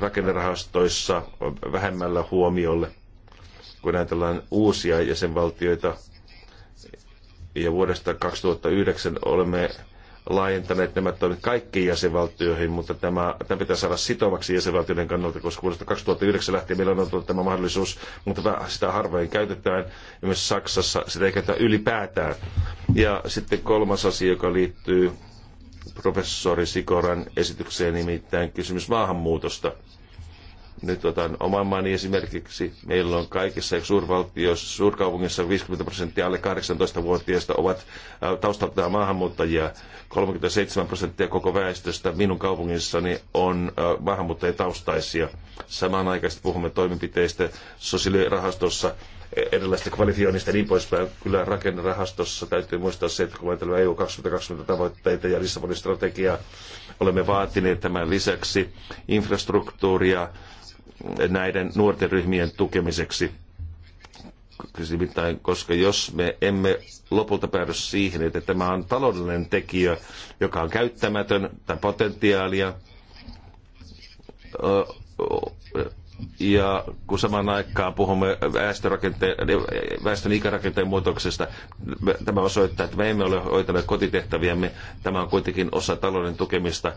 rakennerahastoissa vähemmällä huomiolle, kun ajatellaan uusia jäsenvaltioita. Ja vuodesta 2009 olemme laajentaneet nämä toimet kaikkiin jäsenvaltioihin, mutta tämä, tämä pitää saada sitovaksi jäsenvaltioiden kannalta, koska vuodesta 2009 lähtien meillä on ollut tuota tämä mahdollisuus, mutta sitä harvoin käytetään, ja myös Saksassa sitä ei käytetä ylipäätään. Ja sitten kolmas asia, joka liittyy professori Sikoran esitykseen, nimittäin kysymys maahanmuutosta. Nyt otan oman maani esimerkiksi. Meillä on kaikissa suurvaltioissa, suurkaupungissa 50 prosenttia alle 18-vuotiaista ovat taustaltaan maahanmuuttajia. 37 prosenttia koko väestöstä minun kaupungissani on maahanmuuttajataustaisia. Samanaikaisesti puhumme toimenpiteistä sosiaalirahastossa e, erilaisista kvalifioinnista ja niin poispäin. Kyllä rakennerahastossa täytyy muistaa se, että kun ajatellaan EU 2020 tavoitteita ja Lissabonin strategiaa, olemme vaatineet tämän lisäksi infrastruktuuria, näiden nuorten ryhmien tukemiseksi. Nimittäin, koska jos me emme lopulta päädy siihen, että tämä on taloudellinen tekijä, joka on käyttämätön tai potentiaalia, ja kun samaan aikaan puhumme väestön ikärakenteen muutoksesta, tämä osoittaa, että me emme ole hoitaneet kotitehtäviämme. Tämä on kuitenkin osa talouden tukemista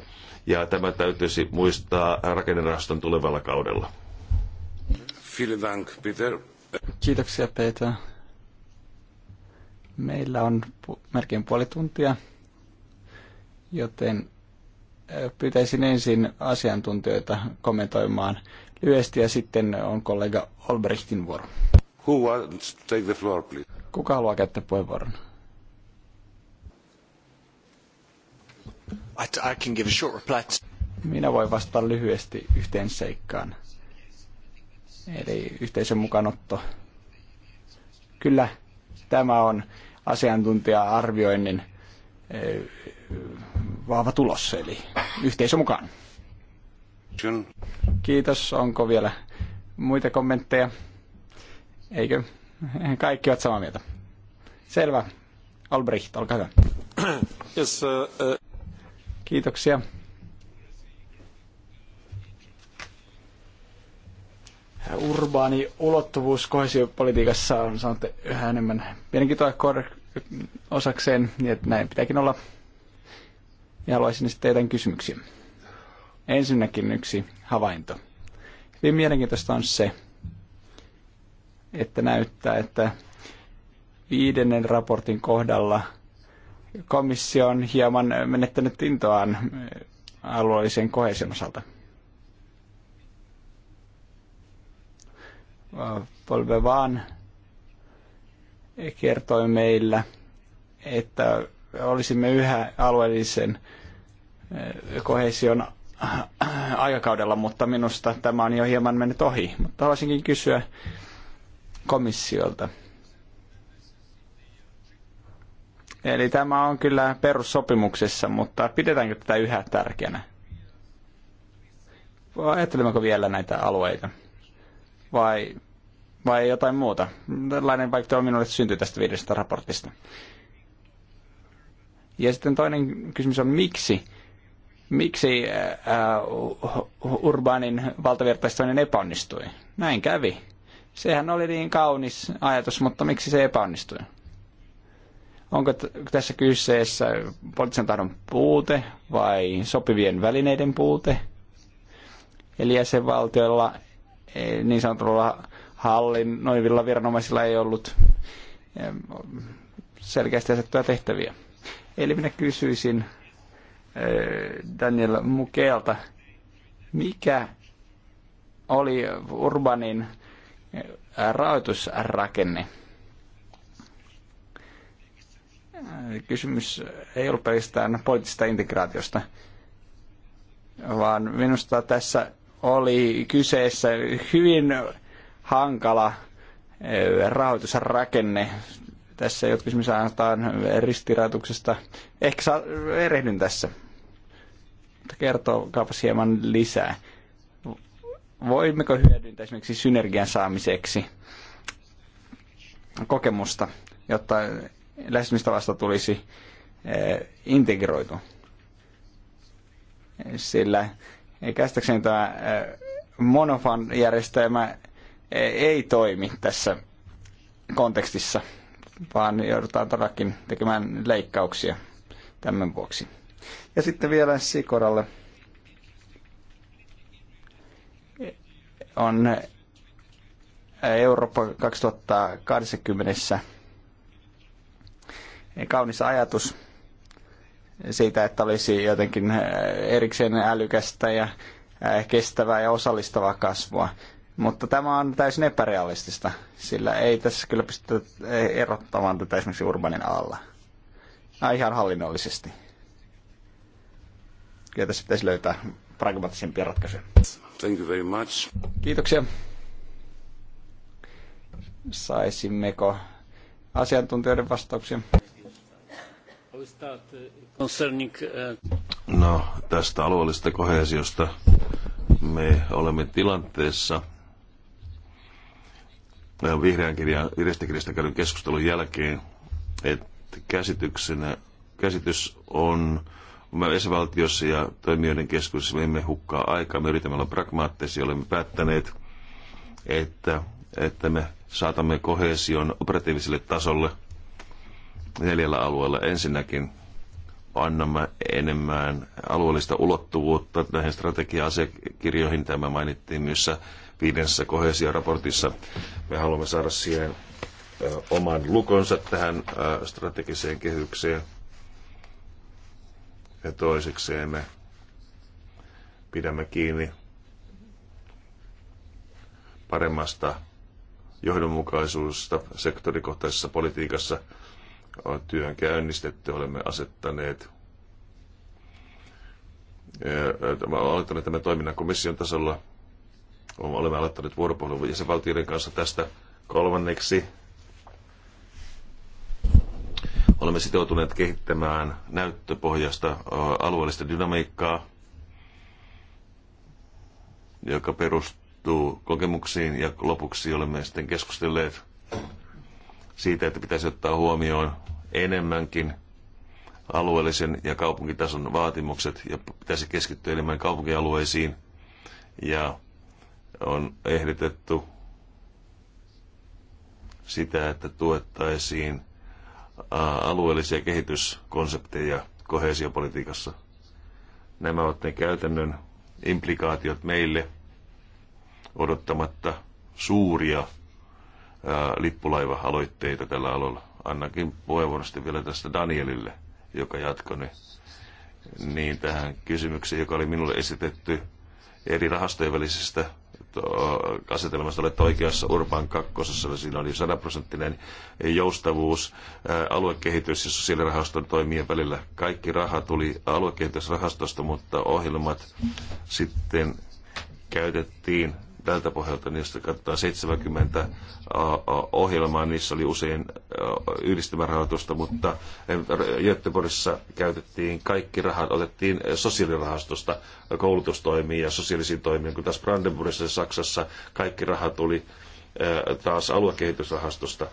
ja tämä täytyisi muistaa rakennerahaston tulevalla kaudella. Dank, Peter. Kiitoksia, Peter. Meillä on melkein puoli tuntia, joten pyytäisin ensin asiantuntijoita kommentoimaan lyhyesti ja sitten on kollega Olbrichtin vuoro. Who wants to take the floor, please? Kuka haluaa käyttää puheenvuoron? I, I can give a short reply. Minä voin vastata lyhyesti yhteen seikkaan. Eli yhteisön mukanotto. Kyllä, tämä on asiantuntija-arvioinnin eh, vahva tulos, eli yhteisö mukaan. Kiitos. Onko vielä muita kommentteja? Eikö? Kaikki ovat samaa mieltä. Selvä. Albrecht, olkaa hyvä. Yes, uh, uh. Kiitoksia. urbaani ulottuvuus kohesiopolitiikassa on sanottu yhä enemmän mielenkiintoa osakseen, niin että näin pitääkin olla. Ja haluaisin sitten teidän kysymyksiä. Ensinnäkin yksi havainto. Hyvin mielenkiintoista on se, että näyttää, että viidennen raportin kohdalla komissio on hieman menettänyt intoaan alueellisen kohesion osalta. Polve vaan kertoi meillä, että olisimme yhä alueellisen kohesion aikakaudella, mutta minusta tämä on jo hieman mennyt ohi. Mutta haluaisinkin kysyä komissiolta. Eli tämä on kyllä perussopimuksessa, mutta pidetäänkö tätä yhä tärkeänä? Vai ajattelemmeko vielä näitä alueita? Vai, vai jotain muuta? Tällainen on minulle syntyi tästä viidestä raportista. Ja sitten toinen kysymys on, miksi miksi äh, äh, Urbaanin valtavirtaistaminen epäonnistui. Näin kävi. Sehän oli niin kaunis ajatus, mutta miksi se epäonnistui? Onko tässä kyseessä poliittisen tahdon puute vai sopivien välineiden puute? Eli jäsenvaltioilla e, niin sanotulla hallinnoivilla viranomaisilla ei ollut selkeästi asettuja tehtäviä. Eli minä kysyisin Äh, Daniel Mukeelta, Mikä oli Urbanin äh, rahoitusrakenne? Äh, kysymys ei ollut pelkästään poliittisesta integraatiosta, vaan minusta tässä oli kyseessä hyvin hankala rahoitusrakenne. Tässä jotkut kysymys annetaan ristirajoituksesta. Ehkä saa, erehdyn tässä kertokaa hieman lisää. Voimmeko hyödyntää esimerkiksi synergian saamiseksi kokemusta, jotta lähestymistavasta tulisi eh, integroitu? Sillä käsittääkseni tämä eh, Monofan-järjestelmä eh, ei toimi tässä kontekstissa, vaan joudutaan todellakin tekemään leikkauksia tämän vuoksi. Ja sitten vielä Sikoralle. On Eurooppa 2020 kaunis ajatus siitä, että olisi jotenkin erikseen älykästä ja kestävää ja osallistavaa kasvua. Mutta tämä on täysin epärealistista, sillä ei tässä kyllä pystytä erottamaan tätä esimerkiksi urbanin alla. ihan hallinnollisesti. Kyllä tässä pitäisi löytää pragmaattisempia ratkaisuja. Thank you very much. Kiitoksia. Saisimmeko asiantuntijoiden vastauksia? Uh, no, tästä alueellisesta kohesiosta me olemme tilanteessa vihreän kirjan, vihreästä käydyn keskustelun jälkeen, että käsityksenä, käsitys on jäsenvaltiossa ja toimijoiden keskuudessa me emme hukkaa aikaa. Me yritämme olla pragmaattisia, olemme päättäneet, että, että me saatamme kohesion operatiiviselle tasolle neljällä alueella. Ensinnäkin annamme enemmän alueellista ulottuvuutta näihin strategia-asiakirjoihin. Tämä mainittiin myös viidensä kohesioraportissa. Me haluamme saada siihen oman lukonsa tähän strategiseen kehykseen – ja toisekseen me pidämme kiinni paremmasta johdonmukaisuudesta sektorikohtaisessa politiikassa on työn käynnistetty. Olemme asettaneet aloittaneet tämän toiminnan komission tasolla. Olemme aloittaneet vuoropuhelun jäsenvaltioiden kanssa tästä kolmanneksi Olemme sitoutuneet kehittämään näyttöpohjasta alueellista dynamiikkaa, joka perustuu kokemuksiin ja lopuksi olemme sitten keskustelleet siitä, että pitäisi ottaa huomioon enemmänkin alueellisen ja kaupunkitason vaatimukset ja pitäisi keskittyä enemmän kaupunkialueisiin ja on ehdotettu sitä, että tuettaisiin alueellisia kehityskonsepteja kohesiopolitiikassa. Nämä ovat ne käytännön implikaatiot meille odottamatta suuria lippulaiva-aloitteita tällä alalla. Annakin puheenvuorosti vielä tästä Danielille, joka jatkoi niin tähän kysymykseen, joka oli minulle esitetty eri rahastojen välisestä Äh, asetelmasta olette oikeassa Urban kakkosessa, siinä oli sataprosenttinen joustavuus äh, aluekehitys ja sosiaalirahaston toimien välillä. Kaikki raha tuli aluekehitysrahastosta, mutta ohjelmat sitten käytettiin tältä pohjalta, niin jos katsotaan 70 ohjelmaa, niissä oli usein yhdistymärahoitusta, mutta Göteborgissa käytettiin kaikki rahat, otettiin sosiaalirahastosta koulutustoimiin ja sosiaalisiin toimiin, kun taas Brandenburgissa ja Saksassa kaikki rahat tuli taas aluekehitysrahastosta.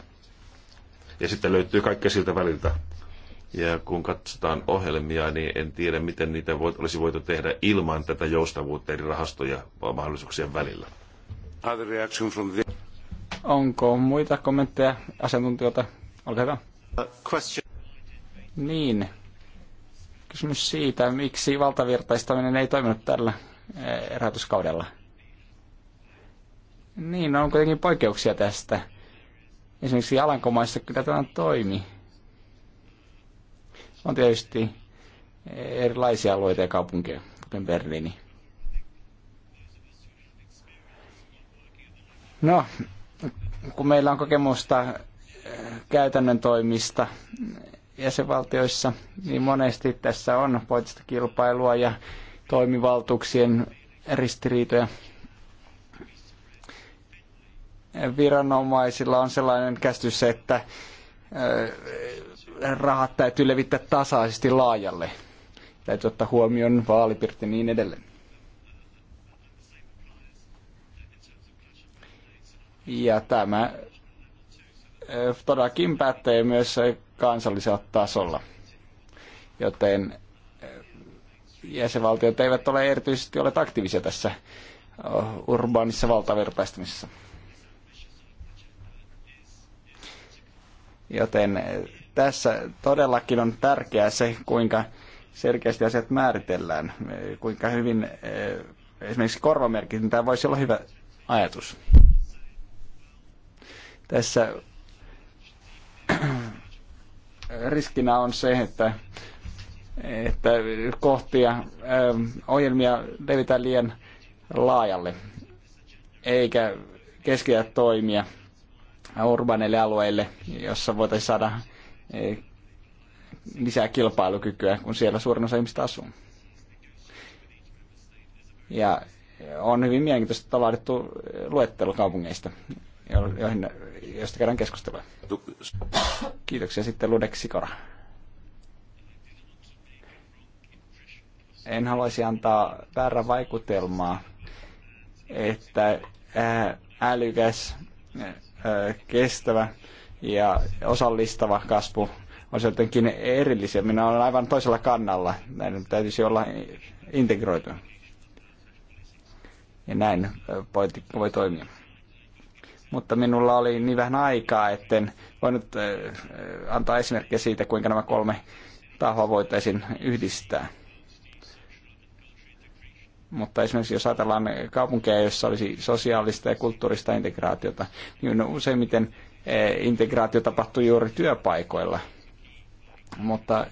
Ja sitten löytyy kaikkea siltä väliltä. Ja kun katsotaan ohjelmia, niin en tiedä, miten niitä voit, olisi voitu tehdä ilman tätä joustavuutta eri rahastoja mahdollisuuksien välillä. Other reaction from the... Onko muita kommentteja asiantuntijoilta? Olkaa hyvä. question. Niin. Kysymys siitä, miksi valtavirtaistaminen ei toiminut tällä eh, rahoituskaudella. Niin, on kuitenkin poikkeuksia tästä. Esimerkiksi Alankomaissa kyllä tämä toimi. On tietysti eh, erilaisia alueita ja kaupunkeja, kuten Berliini. No, kun meillä on kokemusta eh, käytännön toimista jäsenvaltioissa, niin monesti tässä on poliittista kilpailua ja toimivaltuuksien ristiriitoja. Viranomaisilla on sellainen käsitys, että eh, rahat täytyy levittää tasaisesti laajalle. Täytyy ottaa huomioon vaalipiirit niin edelleen. Ja tämä todellakin pätee myös kansallisella tasolla. Joten jäsenvaltiot eivät ole erityisesti ole aktiivisia tässä urbaanissa valtavirtaistamisessa. Joten tässä todellakin on tärkeää se, kuinka selkeästi asiat määritellään, kuinka hyvin esimerkiksi korvamerkintä voisi olla hyvä ajatus. Tässä riskinä on se, että, että kohtia, ähm, ohjelmia levitään liian laajalle, eikä keskeä toimia urbaneille alueille, jossa voitaisiin saada eh, lisää kilpailukykyä, kun siellä suurin osa ihmistä asuu. Ja on hyvin mielenkiintoista laadittu eh, luettelu kaupungeista, joihin josta käydään keskustelua. Kiitoksia sitten Ludek Sikora. En haluaisi antaa väärää vaikutelmaa, että älykäs, kestävä ja osallistava kasvu olisi jotenkin erillisiä. Minä olen aivan toisella kannalla. Näiden täytyisi olla integroitu. Ja näin voi toimia mutta minulla oli niin vähän aikaa, etten voinut äh, äh, antaa esimerkkejä siitä, kuinka nämä kolme tahoa voitaisiin yhdistää. Mutta esimerkiksi jos ajatellaan kaupunkeja, joissa olisi sosiaalista ja kulttuurista integraatiota, niin useimmiten äh, integraatio tapahtuu juuri työpaikoilla. Mutta,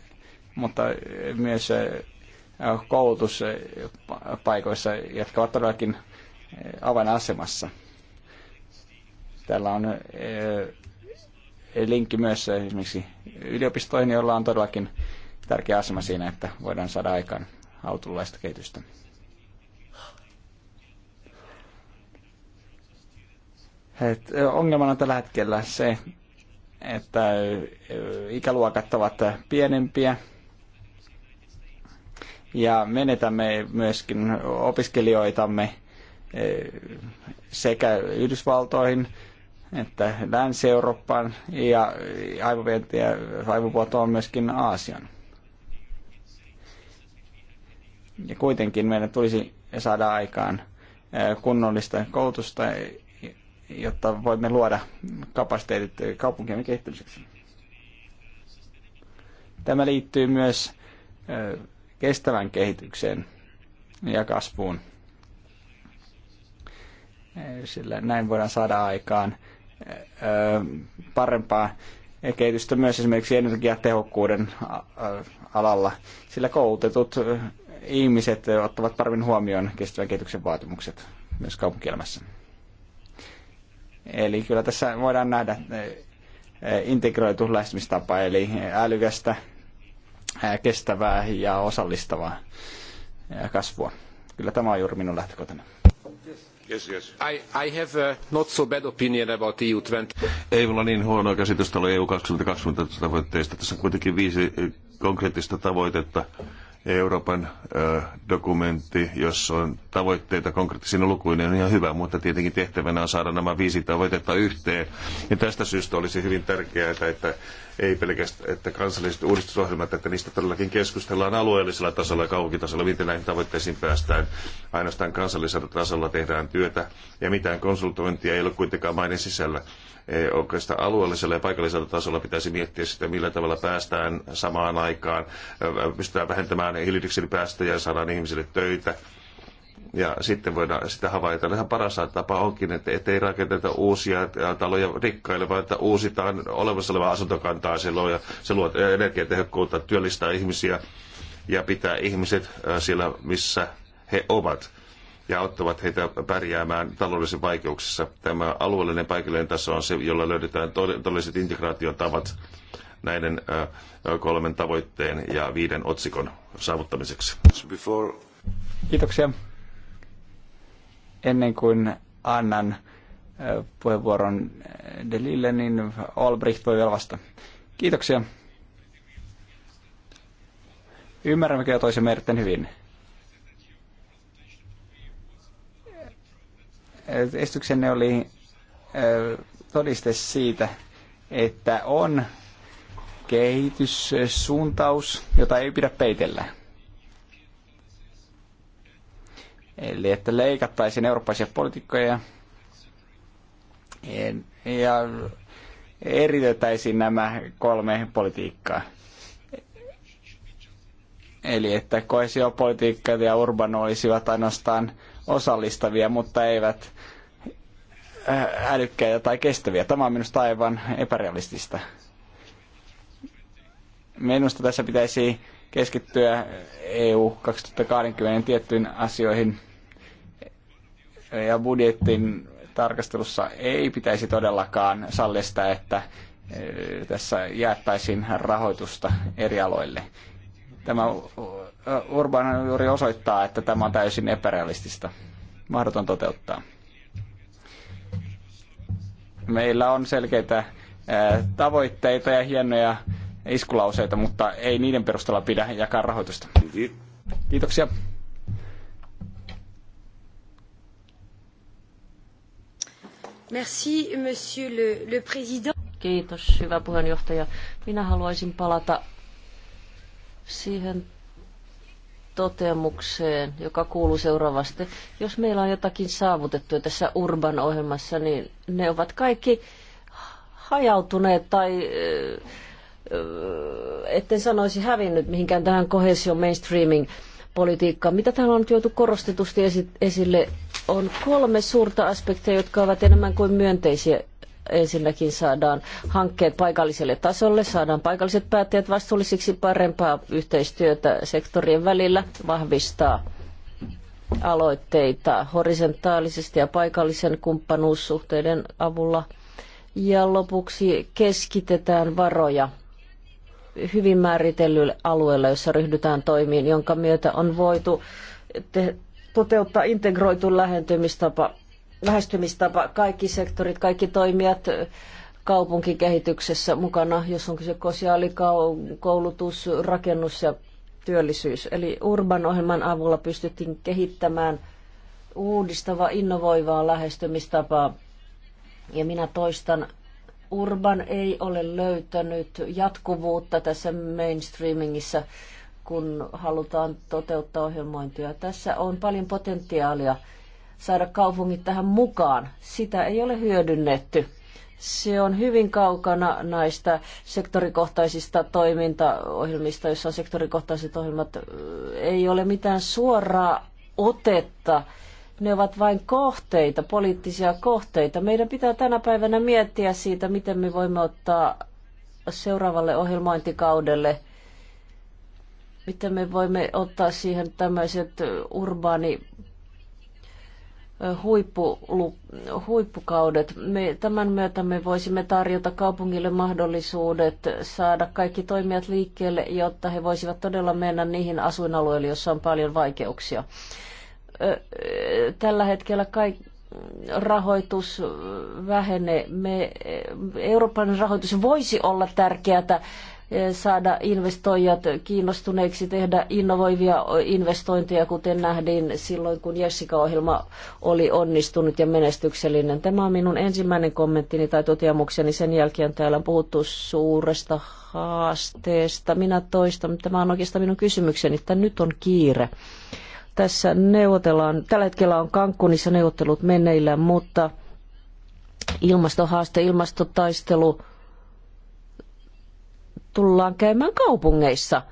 mutta myös koulutuspaikoissa, jotka ovat todellakin avainasemassa. Täällä on linkki myös esimerkiksi yliopistoihin, joilla on todellakin tärkeä asema siinä, että voidaan saada aikaan autunlaista kehitystä. Et ongelmana tällä hetkellä se, että ikäluokat ovat pienempiä ja menetämme myöskin opiskelijoitamme sekä Yhdysvaltoihin että Länsi-Eurooppaan ja ja aivovuoto on myöskin Aasian. Ja kuitenkin meidän tulisi saada aikaan kunnollista koulutusta, jotta voimme luoda kapasiteetit kaupunkien kehittämiseksi. Tämä liittyy myös kestävän kehitykseen ja kasvuun. Sillä näin voidaan saada aikaan parempaa kehitystä myös esimerkiksi energiatehokkuuden alalla, sillä koulutetut ihmiset ottavat paremmin huomioon kestävän kehityksen vaatimukset myös kaupunkielämässä. Eli kyllä tässä voidaan nähdä integroitu lähestymistapa, eli älykästä, kestävää ja osallistavaa kasvua. Kyllä tämä on juuri minun lähtökohtani. Yes, yes. I, I have not so bad opinion about EU 20. Ei mulla niin huonoa käsitystä ole EU 2020 tavoitteista. Tässä on kuitenkin viisi eh, konkreettista tavoitetta. Euroopan eh, dokumentti, jossa on tavoitteita konkreettisina lukuina, on ihan hyvä, mutta tietenkin tehtävänä on saada nämä viisi tavoitetta yhteen. Ja tästä syystä olisi hyvin tärkeää, että ei pelkästään, että kansalliset uudistusohjelmat, että niistä todellakin keskustellaan alueellisella tasolla ja kaupunkitasolla, miten näihin tavoitteisiin päästään. Ainoastaan kansallisella tasolla tehdään työtä ja mitään konsultointia ei ole kuitenkaan maiden sisällä. E, oikeastaan alueellisella ja paikallisella tasolla pitäisi miettiä sitä, millä tavalla päästään samaan aikaan, pystytään vähentämään hiilidioksidipäästöjä, saadaan ihmisille töitä, ja sitten voidaan sitä havaita. Ihan paras tapa onkin, että ettei rakenneta uusia taloja rikkaille, vaan että uusitaan olemassa olevaa asuntokantaa silloin ja se luo energiatehokkuutta, työllistää ihmisiä ja pitää ihmiset äh, siellä, missä he ovat ja auttavat heitä pärjäämään taloudellisissa vaikeuksissa. Tämä alueellinen paikallinen taso on se, jolla löydetään todelliset integraatiotavat näiden äh, kolmen tavoitteen ja viiden otsikon saavuttamiseksi. Kiitoksia. Ennen kuin annan puheenvuoron Delille, niin Albrecht voi vielä vastata. Kiitoksia. Ymmärrämmekö kyllä toisemme erittäin hyvin. Esityksenne oli todiste siitä, että on kehityssuuntaus, jota ei pidä peitellä. Eli että leikattaisiin eurooppalaisia poliitikkoja ja eritetäisiin nämä kolme politiikkaa. Eli että koesiopolitiikka ja urban olisivat ainoastaan osallistavia, mutta eivät älykkäitä tai kestäviä. Tämä on minusta aivan epärealistista. Minusta tässä pitäisi keskittyä EU 2020 tiettyihin asioihin – ja budjetin tarkastelussa ei pitäisi todellakaan sallia sitä, että eh, tässä jäättäisiin rahoitusta eri aloille. Tämä eh, Urban juuri osoittaa, että tämä on täysin epärealistista. Mahdoton toteuttaa. Meillä on selkeitä eh, tavoitteita ja hienoja iskulauseita, mutta ei niiden perusteella pidä jakaa rahoitusta. Kiitoksia. Merci, monsieur le, le président. Kiitos, hyvä puheenjohtaja. Minä haluaisin palata siihen toteamukseen, joka kuuluu seuraavasti. Jos meillä on jotakin saavutettuja tässä Urban-ohjelmassa, niin ne ovat kaikki hajautuneet tai etten sanoisi hävinnyt mihinkään tähän kohesio mainstreaming politiikkaan. Mitä täällä on nyt joutu korostetusti esille on kolme suurta aspektia, jotka ovat enemmän kuin myönteisiä. Ensinnäkin saadaan hankkeet paikalliselle tasolle, saadaan paikalliset päättäjät vastuullisiksi parempaa yhteistyötä sektorien välillä, vahvistaa aloitteita horisontaalisesti ja paikallisen kumppanuussuhteiden avulla. Ja lopuksi keskitetään varoja hyvin määritellylle alueelle, jossa ryhdytään toimiin, jonka myötä on voitu te- toteuttaa integroitu lähentymistapa, lähestymistapa. Kaikki sektorit, kaikki toimijat kaupunkikehityksessä mukana, jos on kyse koulutus, rakennus ja työllisyys. Eli Urban ohjelman avulla pystyttiin kehittämään uudistava, innovoivaa lähestymistapaa. Ja minä toistan, Urban ei ole löytänyt jatkuvuutta tässä mainstreamingissa kun halutaan toteuttaa ohjelmointia. Tässä on paljon potentiaalia saada kaupungit tähän mukaan. Sitä ei ole hyödynnetty. Se on hyvin kaukana näistä sektorikohtaisista toimintaohjelmista, joissa on sektorikohtaiset ohjelmat. Ei ole mitään suoraa otetta. Ne ovat vain kohteita, poliittisia kohteita. Meidän pitää tänä päivänä miettiä siitä, miten me voimme ottaa seuraavalle ohjelmointikaudelle – miten me voimme ottaa siihen tämmöiset urbaani huippulu, huippukaudet. Me, tämän myötä me voisimme tarjota kaupungille mahdollisuudet saada kaikki toimijat liikkeelle, jotta he voisivat todella mennä niihin asuinalueille, joissa on paljon vaikeuksia. Tällä hetkellä kaikki rahoitus vähenee. Me, Euroopan rahoitus voisi olla tärkeää saada investoijat kiinnostuneiksi tehdä innovoivia investointeja, kuten nähdin silloin, kun Jessica-ohjelma oli onnistunut ja menestyksellinen. Tämä on minun ensimmäinen kommenttini tai toteamukseni. Sen jälkeen täällä on puhuttu suuresta haasteesta. Minä toistan, tämä on oikeastaan minun kysymykseni, että nyt on kiire. Tässä neuvotellaan, tällä hetkellä on Kankkunissa neuvottelut meneillään, mutta ilmastohaaste, ilmastotaistelu – tullaan käymään kaupungeissa.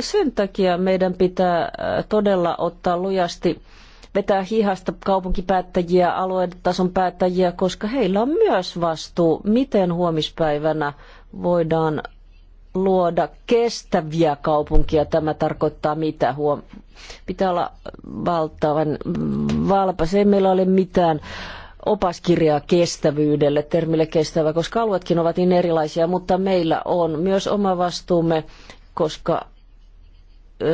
Sen takia meidän pitää äh, todella ottaa lujasti vetää hihasta kaupunkipäättäjiä, aluetason päättäjiä, koska heillä on myös vastuu, miten huomispäivänä voidaan luoda kestäviä kaupunkia. Tämä tarkoittaa mitä? Huom- pitää olla valtavan valpas. Ei meillä ole mitään äh, opaskirjaa kestävyydelle, termille kestävä, koska alueetkin ovat niin erilaisia, mutta meillä on myös oma vastuumme, koska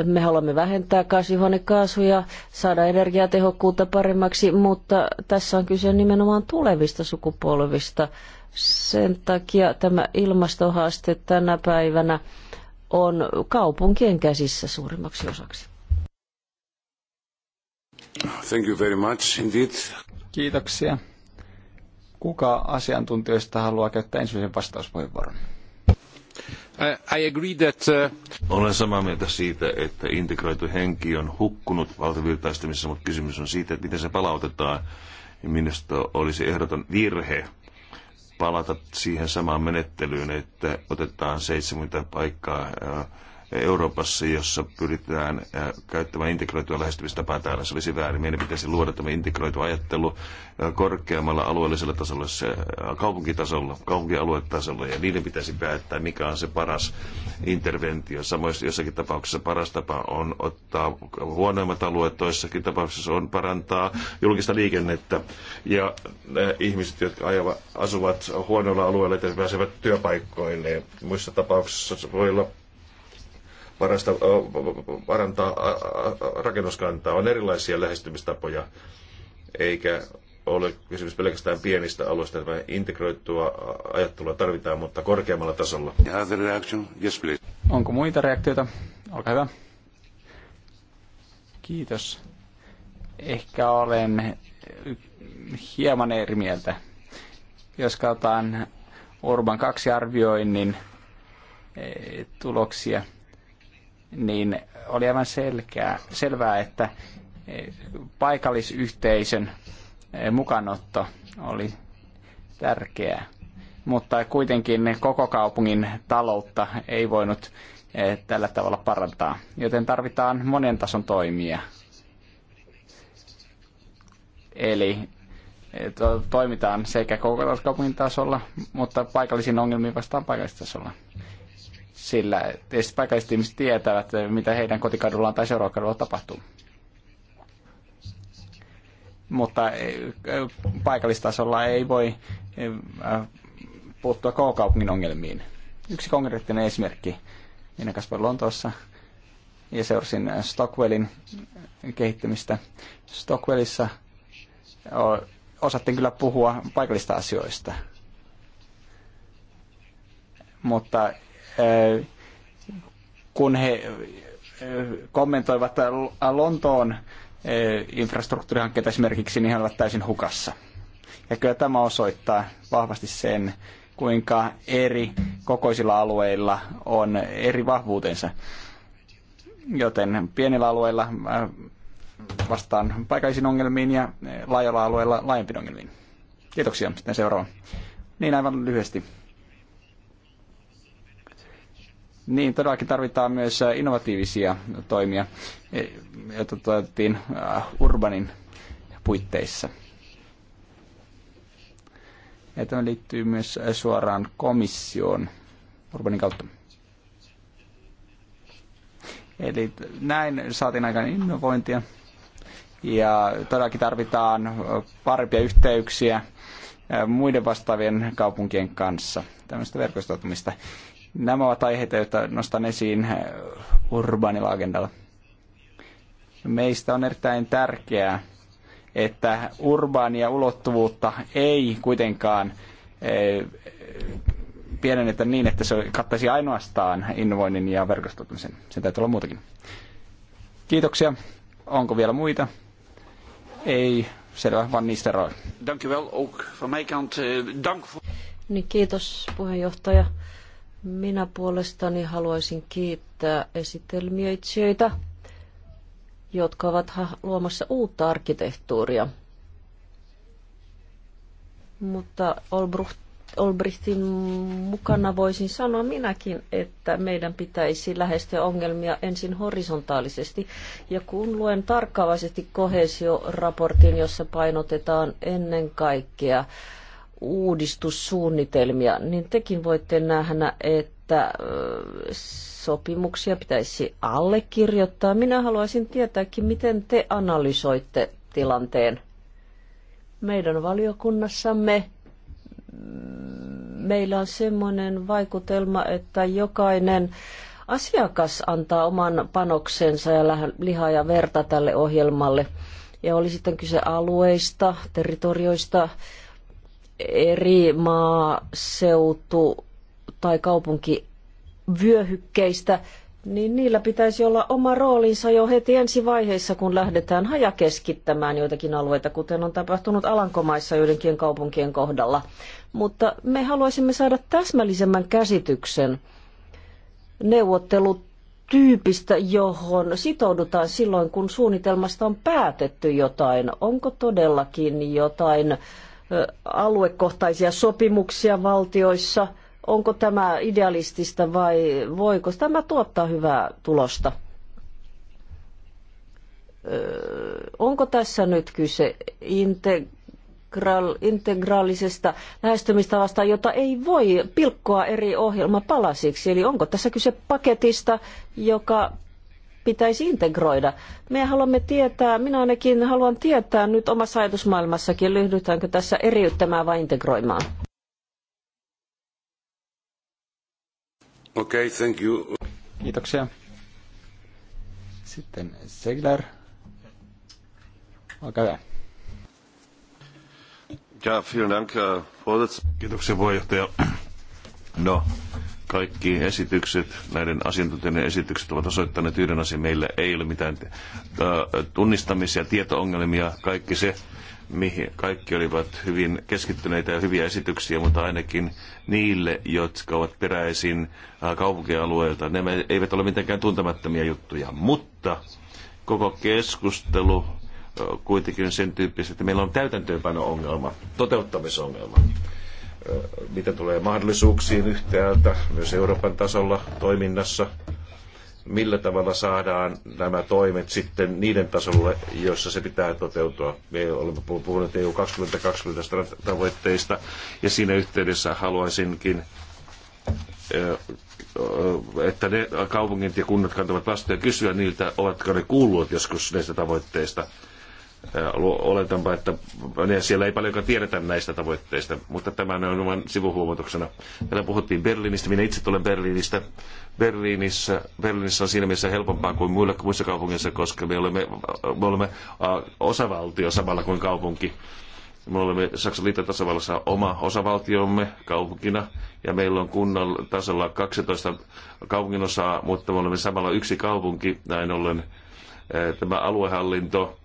me haluamme vähentää kasvihuonekaasuja, saada energiatehokkuutta paremmaksi, mutta tässä on kyse nimenomaan tulevista sukupolvista. Sen takia tämä ilmastohaaste tänä päivänä on kaupunkien käsissä suurimmaksi osaksi. Thank you very much indeed. Kiitoksia. Kuka asiantuntijoista haluaa käyttää ensimmäisen vastauspuheenvuoron? I agree that, uh... Olen samaa mieltä siitä, että integroitu henki on hukkunut valtavirtaistamisessa, mutta kysymys on siitä, että miten se palautetaan. Minusta olisi ehdoton virhe palata siihen samaan menettelyyn, että otetaan 70 paikkaa uh, Euroopassa, jossa pyritään käyttämään integroitua lähestymistapaa täällä. Se olisi väärin. Meidän pitäisi luoda tämä integroitu ajattelu korkeammalla alueellisella tasolla, se kaupunkitasolla, kaupunkialuetasolla, ja niiden pitäisi päättää, mikä on se paras interventio. Samoin jossakin tapauksessa paras tapa on ottaa huonoimmat alueet, toissakin tapauksessa on parantaa julkista liikennettä, ja ihmiset, jotka ajava, asuvat huonoilla alueilla, pääsevät työpaikkoilleen. Muissa tapauksissa voi olla varasta, varantaa rakennuskantaa. On erilaisia lähestymistapoja, eikä ole kysymys pelkästään pienistä alueista, vaan integroitua ajattelua tarvitaan, mutta korkeammalla tasolla. Yes, Onko muita reaktioita? Olkaa hyvä. Kiitos. Ehkä olen hieman eri mieltä. Jos katsotaan Orban kaksi arvioinnin eh, tuloksia, niin oli aivan selkeää, selvää, että e, paikallisyhteisön e, mukanotto oli tärkeää. Mutta kuitenkin koko kaupungin taloutta ei voinut e, tällä tavalla parantaa, joten tarvitaan monen tason toimia. Eli to, toimitaan sekä koko kaupungin tasolla, mutta paikallisiin ongelmiin vastaan paikallistasolla sillä tietysti paikalliset ihmiset tietävät, mitä heidän kotikadullaan tai seuraavalla tapahtuu. Mutta e, e, paikallistasolla ei voi e, puuttua koko kaupungin ongelmiin. Yksi konkreettinen esimerkki. Minä kasvoin Lontoossa ja seurasin Stockwellin kehittämistä. Stockwellissa osattiin kyllä puhua paikallista asioista, mutta kun he kommentoivat Lontoon infrastruktuurihankkeita esimerkiksi, niin he ovat täysin hukassa. Ja kyllä tämä osoittaa vahvasti sen, kuinka eri kokoisilla alueilla on eri vahvuutensa. Joten pienillä alueilla vastaan paikallisiin ongelmiin ja laajalla alueella laajempiin ongelmiin. Kiitoksia. Sitten seuraava. Niin aivan lyhyesti. Niin, todellakin tarvitaan myös äh, innovatiivisia toimia, e, joita tuotettiin äh, urbanin puitteissa. Ja tämä liittyy myös äh, suoraan komissioon urbanin kautta. Eli näin saatiin aikaan innovointia. Ja todellakin tarvitaan parempia yhteyksiä muiden vastaavien kaupunkien kanssa, tämmöistä verkostoitumista. Nämä ovat aiheita, joita nostan esiin eh, urbaanilla agendalla. Meistä on erittäin tärkeää, että urbaania ulottuvuutta ei kuitenkaan eh, pienennetä niin, että se kattaisi ainoastaan innovoinnin ja verkostoitumisen. Sen täytyy olla muutakin. Kiitoksia. Onko vielä muita? Ei. Selvä. vaan niistä Dank u Ook van mijn kant eh, dank voor... Niin, kiitos puheenjohtaja. Minä puolestani haluaisin kiittää esitelmiöitsijöitä, jotka ovat luomassa uutta arkkitehtuuria. Mutta Olbrichtin mukana voisin sanoa minäkin, että meidän pitäisi lähestyä ongelmia ensin horisontaalisesti. Ja kun luen tarkkaavaisesti kohesioraportin, jossa painotetaan ennen kaikkea äh, uudistussuunnitelmia, niin tekin voitte nähdä, että sopimuksia pitäisi allekirjoittaa. Minä haluaisin tietääkin, miten te analysoitte tilanteen meidän valiokunnassamme. Meillä on semmoinen vaikutelma, että jokainen asiakas antaa oman panoksensa ja lihaa ja verta tälle ohjelmalle. Ja oli sitten kyse alueista, territorioista, eri maaseutu- tai kaupunkivyöhykkeistä, niin niillä pitäisi olla oma roolinsa jo heti ensi vaiheessa, kun lähdetään hajakeskittämään joitakin alueita, kuten on tapahtunut Alankomaissa joidenkin kaupunkien kohdalla. Mutta me haluaisimme saada täsmällisemmän käsityksen neuvottelutyypistä, johon sitoudutaan silloin, kun suunnitelmasta on päätetty jotain. Onko todellakin jotain aluekohtaisia sopimuksia valtioissa. Onko tämä idealistista vai voiko tämä tuottaa hyvää tulosta? Onko tässä nyt kyse integral, integraalisesta lähestymistavasta, jota ei voi pilkkoa eri ohjelmapalasiksi? Eli onko tässä kyse paketista, joka pitäisi integroida. Me haluamme tietää, minä ainakin haluan tietää nyt omassa ajatusmaailmassakin, lyhdytäänkö tässä eriyttämään vai integroimaan. Okay, thank you. Kiitoksia. Sitten Segler. Olkaa hyvä. Ja, vielen Dank, Kiitoksia puheenjohtaja. No, kaikki esitykset, näiden asiantuntijoiden esitykset ovat osoittaneet yhden asian. Meillä ei ole mitään äh, tunnistamisia, tietoongelmia, kaikki se, mihin kaikki olivat hyvin keskittyneitä ja hyviä esityksiä, mutta ainakin niille, jotka ovat peräisin äh, kaupunkialueilta, ne eivät ole mitenkään tuntemattomia juttuja, mutta koko keskustelu äh, kuitenkin sen tyyppistä, että meillä on täytäntöönpano-ongelma, toteuttamisongelma mitä tulee mahdollisuuksiin yhtäältä myös Euroopan tasolla toiminnassa, millä tavalla saadaan nämä toimet sitten niiden tasolle, joissa se pitää toteutua. Me olemme puhuneet EU 2020 tavoitteista ja siinä yhteydessä haluaisinkin että ne kaupungit ja kunnat kantavat vastuun ja kysyä niiltä, ovatko ne kuulleet joskus näistä tavoitteista oletanpa, että siellä ei paljonkaan tiedetä näistä tavoitteista, mutta tämä on vain sivuhuomautuksena. Täällä puhuttiin Berliinistä, minä itse tulen Berliinistä. Berliinissä, Berliinissä on siinä mielessä helpompaa kuin muilla muissa kaupungeissa, koska me olemme, me olemme osavaltio samalla kuin kaupunki. Me olemme Saksan liittotasavallassa oma osavaltiomme kaupunkina ja meillä on kunnan tasolla 12 kaupunginosaa, mutta me olemme samalla yksi kaupunki, näin ollen tämä aluehallinto,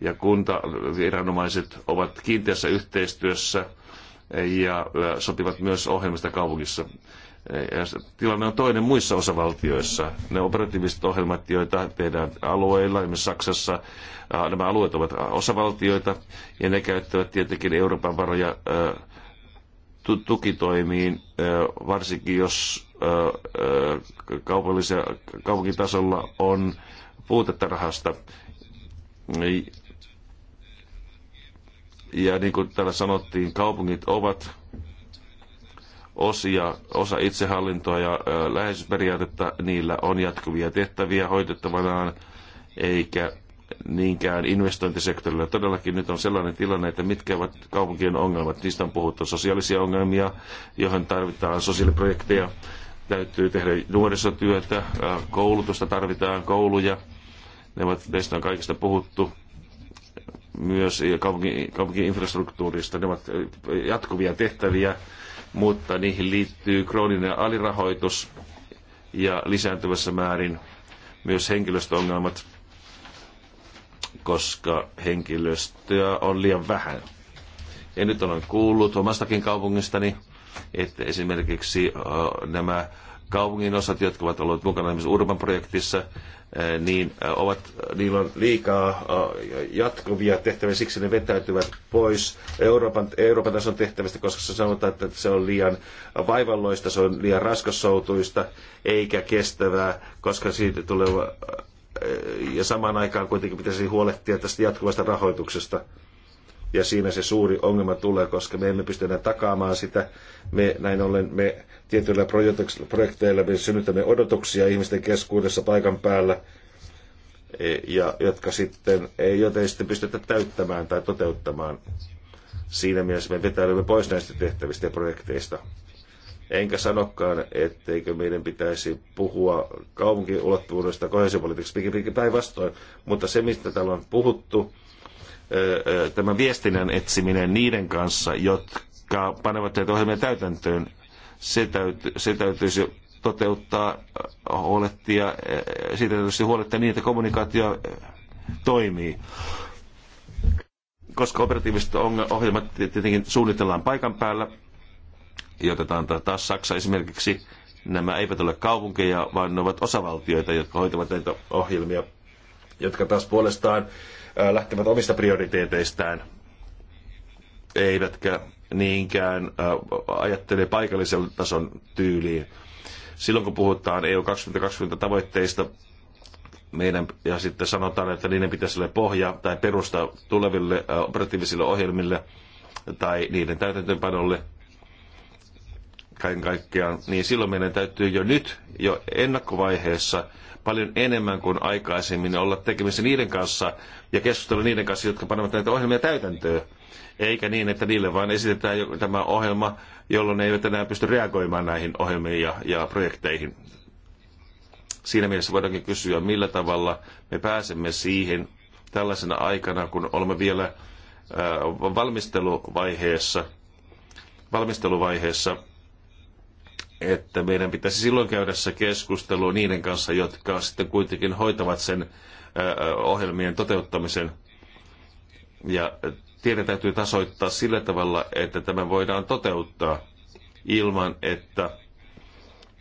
ja kuntaviranomaiset ovat kiinteässä yhteistyössä ja sopivat myös ohjelmista kaupungissa. Ja tilanne on toinen muissa osavaltioissa. Ne operatiiviset ohjelmat, joita tehdään alueilla, esimerkiksi Saksassa, nämä alueet ovat osavaltioita, ja ne käyttävät tietenkin Euroopan varoja tukitoimiin, varsinkin jos kaupallisia, kaupunkitasolla on puutetta rahasta ja niin kuin täällä sanottiin, kaupungit ovat osia, osa itsehallintoa ja ö, läheisyysperiaatetta, niillä on jatkuvia tehtäviä hoitettavanaan, eikä niinkään investointisektorilla. Todellakin nyt on sellainen tilanne, että mitkä ovat kaupunkien ongelmat. Niistä on puhuttu sosiaalisia ongelmia, johon tarvitaan sosiaaliprojekteja, täytyy tehdä nuorisotyötä, koulutusta tarvitaan, kouluja. Ne ovat, on kaikista puhuttu myös kaupunki, kaupunkiinfrastruktuurista. Ne ovat eh, jatkuvia tehtäviä, mutta niihin liittyy krooninen alirahoitus ja lisääntyvässä määrin myös henkilöstöongelmat, koska henkilöstöä on liian vähän. Ja nyt olen kuullut omastakin kaupungistani, että esimerkiksi eh, nämä kaupungin osat, jotka ovat olleet mukana esimerkiksi Urban-projektissa, niin ovat, niillä on liikaa jatkuvia tehtäviä, siksi ne vetäytyvät pois Euroopan, Euroopan tason tehtävistä, koska se sanotaan, että se on liian vaivalloista, se on liian raskassoutuista, eikä kestävää, koska siitä tulee ja samaan aikaan kuitenkin pitäisi huolehtia tästä jatkuvasta rahoituksesta. Ja siinä se suuri ongelma tulee, koska me emme pysty enää takaamaan sitä. Me näin ollen me tietyillä projekteilla me synnytämme odotuksia ihmisten keskuudessa paikan päällä, e, ja, jotka sitten, e, ei joten sitten pystytä täyttämään tai toteuttamaan. Siinä mielessä me vetäydymme pois näistä tehtävistä ja projekteista. Enkä sanokaan, etteikö meidän pitäisi puhua kaupunkiulottuvuudesta kohesiopolitiikasta, päinvastoin, mutta se, mistä täällä on puhuttu, tämän viestinnän etsiminen niiden kanssa, jotka panevat näitä ohjelmia täytäntöön, se, täytyy, se täytyisi toteuttaa, huolehtia, siitä täytyisi huolehtia niin, että kommunikaatio toimii. Koska operatiiviset ohjelmat tietenkin suunnitellaan paikan päällä, ja otetaan taas Saksa esimerkiksi, nämä eivät ole kaupunkeja, vaan ne ovat osavaltioita, jotka hoitavat näitä ohjelmia, jotka taas puolestaan lähtevät omista prioriteeteistään, eivätkä niinkään ajattele paikallisen tason tyyliin. Silloin kun puhutaan EU 2020 tavoitteista, meidän, ja sitten sanotaan, että niiden pitäisi olla pohja tai perusta tuleville operatiivisille ohjelmille tai niiden täytäntöönpanolle kaiken kaikkiaan, niin silloin meidän täytyy jo nyt, jo ennakkovaiheessa paljon enemmän kuin aikaisemmin olla tekemisissä niiden kanssa ja keskustella niiden kanssa, jotka panevat näitä ohjelmia täytäntöön. Eikä niin, että niille vaan esitetään tämä ohjelma, jolloin ne eivät enää pysty reagoimaan näihin ohjelmiin ja, ja projekteihin. Siinä mielessä voidaankin kysyä, millä tavalla me pääsemme siihen tällaisena aikana, kun olemme vielä valmisteluvaiheessa, valmisteluvaiheessa – että meidän pitäisi silloin käydä se keskustelu niiden kanssa, jotka sitten kuitenkin hoitavat sen ohjelmien toteuttamisen. Ja tiede täytyy tasoittaa sillä tavalla, että tämä voidaan toteuttaa ilman, että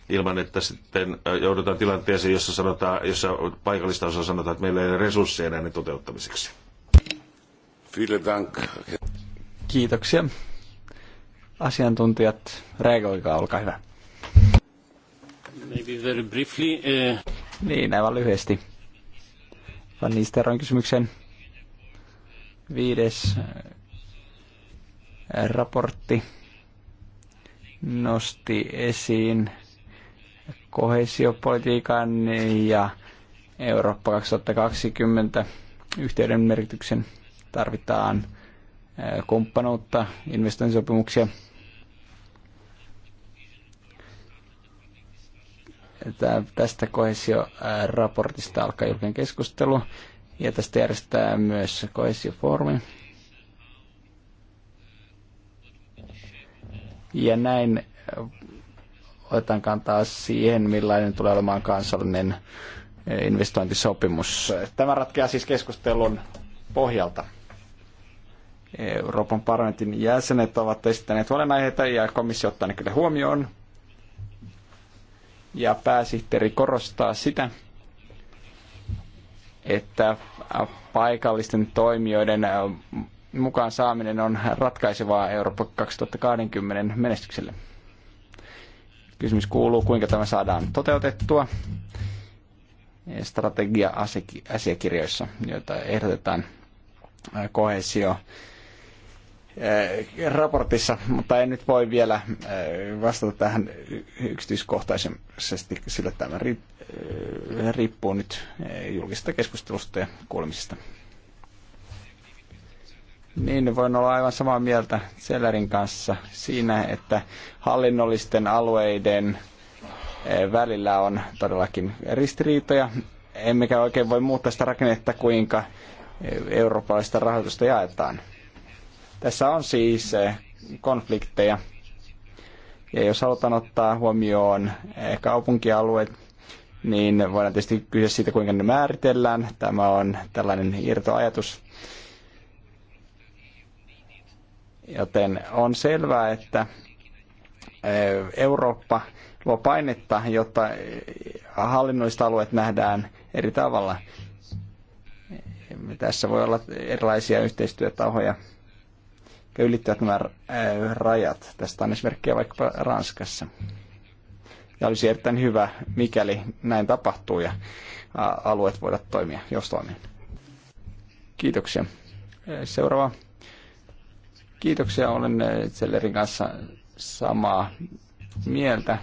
ilman, että sitten joudutaan tilanteeseen, jossa, sanotaan, jossa paikallista osaa sanotaan, että meillä ei ole resursseja näiden toteuttamiseksi. Kiitoksia. Asiantuntijat, reagoikaa, olkaa hyvä. Maybe very briefly. Uh... Niin, aivan lyhyesti. Van Nisteron kysymyksen. Viides eh, raportti nosti esiin kohesiopolitiikan ja Eurooppa 2020 yhteyden merkityksen. Tarvitaan eh, kumppanuutta, investointisopimuksia – Tästä Koesio-raportista alkaa julkinen keskustelu ja tästä järjestää myös Koesio-foorumi. Ja näin äh, otetaan kantaa siihen, millainen tulee olemaan kansallinen äh, investointisopimus. Tämä ratkeaa siis keskustelun pohjalta. Euroopan parlamentin jäsenet ovat esittäneet huolenaiheita ja komissio ottaa ne kyllä huomioon ja pääsihteeri korostaa sitä, että paikallisten toimijoiden äh, mukaan saaminen on ratkaisevaa Eurooppa 2020 menestykselle. Kysymys kuuluu, kuinka tämä saadaan toteutettua strategia-asiakirjoissa, joita ehdotetaan äh, kohesio Äh, raportissa, mutta en nyt voi vielä äh, vastata tähän yksityiskohtaisesti, sillä tämä äh, riippuu nyt julkisesta keskustelusta ja kuulemisesta. Niin, voin olla aivan samaa mieltä Sellerin kanssa siinä, että hallinnollisten alueiden välillä on todellakin ristiriitoja. Emmekä oikein voi muuttaa sitä rakennetta, kuinka eurooppalaista rahoitusta jaetaan. Tässä on siis eh, konflikteja. Ja jos halutaan ottaa huomioon eh, kaupunkialueet, niin voidaan tietysti kysyä siitä, kuinka ne määritellään. Tämä on tällainen irtoajatus. Joten on selvää, että eh, Eurooppa luo painetta, jotta hallinnolliset alueet nähdään eri tavalla. Tässä voi olla erilaisia yhteistyötahoja jotka ylittävät nämä äh, rajat. Tästä on esimerkkejä vaikkapa Ranskassa. Ja olisi erittäin hyvä, mikäli näin tapahtuu ja alueet voivat toimia, jos toimii. Kiitoksia. Äh, seuraava. Kiitoksia, olen äh, Zellerin kanssa samaa mieltä.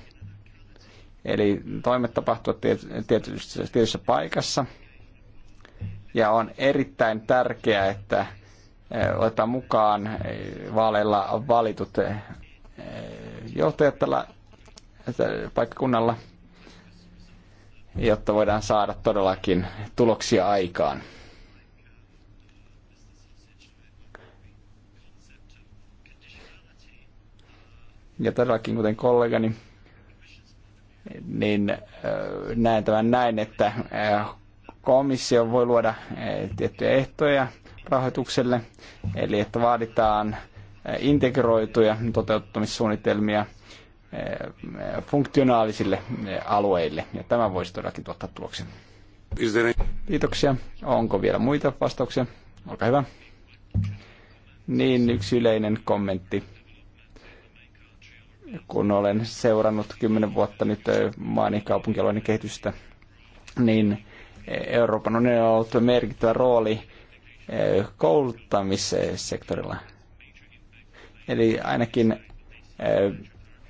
Eli toimet tapahtuvat tietyssä, tietyssä paikassa. Ja on erittäin tärkeää, että otetaan mukaan vaaleilla valitut johtajat tällä paikkakunnalla, jotta voidaan saada todellakin tuloksia aikaan. Ja todellakin, kuten kollegani, niin näen tämän näin, että komissio voi luoda tiettyjä ehtoja, rahoitukselle, eli että vaaditaan eh, integroituja toteuttamissuunnitelmia eh, funktionaalisille eh, alueille, ja tämä voisi todellakin tuottaa tuloksen. Kiitoksia. Onko vielä muita vastauksia? Olkaa hyvä. Niin, yksi yleinen kommentti. Kun olen seurannut kymmenen vuotta nyt maani kaupunkialueiden kehitystä, niin Euroopan unionilla on ollut merkittävä rooli Eh, kouluttamissektorilla. Eli ainakin eh,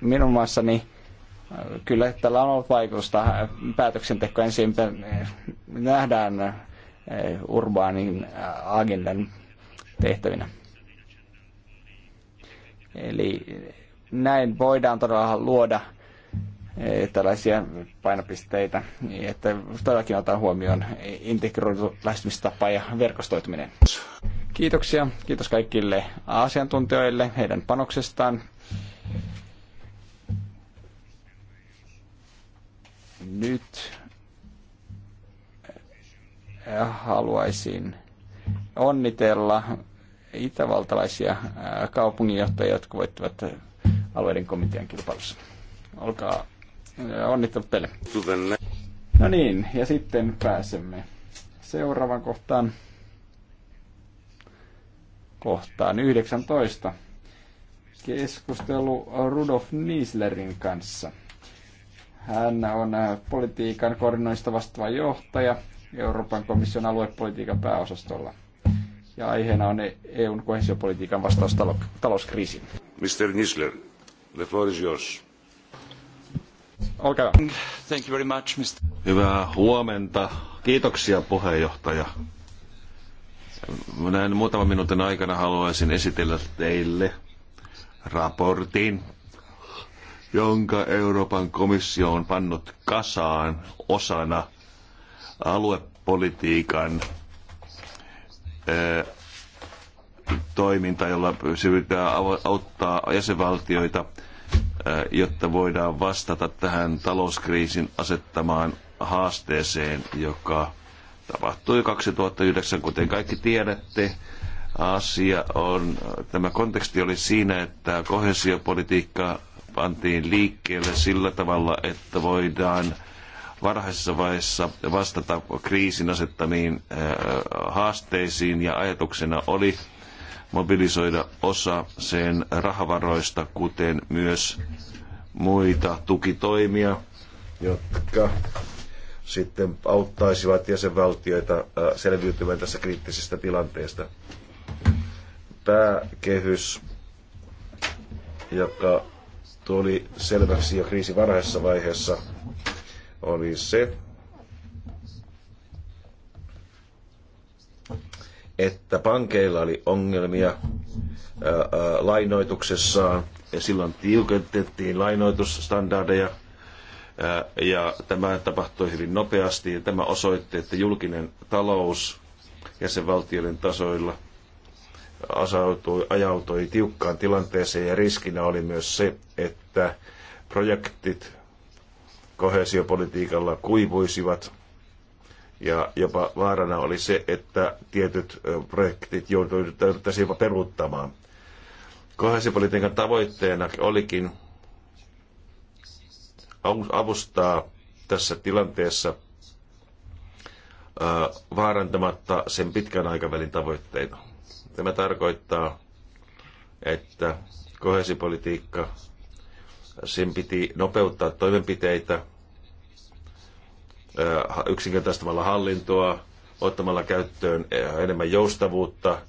minun maassani eh, kyllä tällä on ollut vaikutusta päätöksentekoon. Ensin nähdään urbaanin agendan tehtävinä. Eli näin voidaan todella luoda – tällaisia painopisteitä, niin että todellakin otetaan huomioon integroitu lähestymistapa ja verkostoituminen. Kiitoksia. Kiitos kaikille asiantuntijoille heidän panoksestaan. Nyt äh, haluaisin onnitella itävaltalaisia äh, kaupunginjohtajia, jotka voittivat alueiden komitean kilpailussa. Olkaa Onnittelut teille. No niin, ja sitten pääsemme seuraavan kohtaan. Kohtaan 19. Keskustelu Rudolf Nieslerin kanssa. Hän on äh, politiikan koordinoista vastaava johtaja Euroopan komission aluepolitiikan pääosastolla. Ja aiheena on e- EUn kohesiopolitiikan vastaus talouskriisiin. Mr. Nisler, the floor is yours. Olkaa hyvä. Thank you very much, Mr. Hyvää huomenta. Kiitoksia puheenjohtaja. Näin muutaman minuutin aikana haluaisin esitellä teille raportin, jonka Euroopan komissio on pannut kasaan osana aluepolitiikan eh, toiminta, jolla pyritään auttaa jäsenvaltioita – jotta voidaan vastata tähän talouskriisin asettamaan haasteeseen, joka tapahtui 2009, kuten kaikki tiedätte. Asia on, tämä konteksti oli siinä, että kohesiopolitiikka pantiin liikkeelle sillä tavalla, että voidaan varhaisessa vaiheessa vastata kriisin asettamiin haasteisiin ja ajatuksena oli mobilisoida osa sen rahavaroista, kuten myös muita tukitoimia, jotka sitten auttaisivat jäsenvaltioita selviytymään tässä kriittisestä tilanteesta. Pääkehys, joka tuli selväksi jo kriisin varhaisessa vaiheessa, oli se, että pankeilla oli ongelmia lainoituksessaan ja silloin tiukentettiin lainoitusstandardeja ja tämä tapahtui hyvin nopeasti ja tämä osoitti, että julkinen talous jäsenvaltioiden tasoilla asautui, ajautui tiukkaan tilanteeseen ja riskinä oli myös se, että projektit kohesiopolitiikalla kuivuisivat ja jopa vaarana oli se, että tietyt projektit jouduttaisiin jopa peruuttamaan. Kohesipolitiikan tavoitteena olikin avustaa tässä tilanteessa vaarantamatta sen pitkän aikavälin tavoitteita. Tämä tarkoittaa, että kohesipolitiikka, sen piti nopeuttaa toimenpiteitä – yksinkertaistamalla hallintoa, ottamalla käyttöön enemmän joustavuutta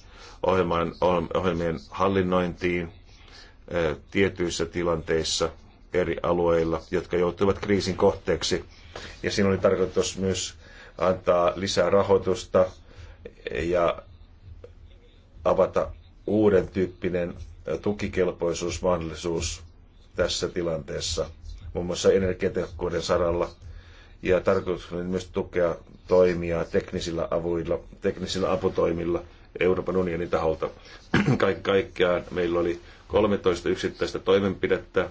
ohjelman, ohjelmien hallinnointiin tietyissä tilanteissa eri alueilla, jotka joutuivat kriisin kohteeksi. Ja siinä oli tarkoitus myös antaa lisää rahoitusta ja avata uuden tyyppinen tukikelpoisuusmahdollisuus tässä tilanteessa, muun muassa energiatehokkuuden saralla – ja tarkoitus oli myös tukea toimia teknisillä avuilla, teknisillä aputoimilla Euroopan unionin taholta. Kaik- kaikkiaan meillä oli 13 yksittäistä toimenpidettä,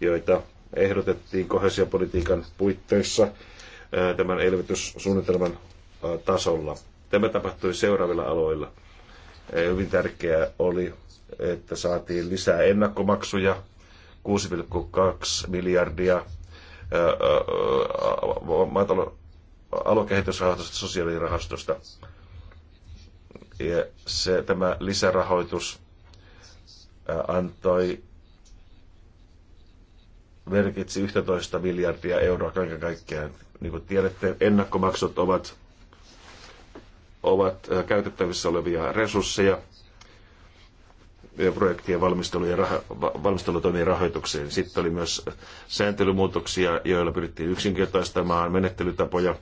joita ehdotettiin kohesiopolitiikan puitteissa tämän elvytyssuunnitelman tasolla. Tämä tapahtui seuraavilla aloilla. Hyvin tärkeää oli, että saatiin lisää ennakkomaksuja 6,2 miljardia maatalo- aluekehitysrahastosta, sosiaalirahastosta. Ja se, tämä lisärahoitus antoi merkitsi 11 miljardia euroa kaiken kaikkiaan. Niin kuin tiedätte, ennakkomaksut ovat, ovat käytettävissä olevia resursseja – projektien valmistelu- ja raho- valmistelutoimien rahoitukseen. Sitten oli myös sääntelymuutoksia, joilla pyrittiin yksinkertaistamaan menettelytapoja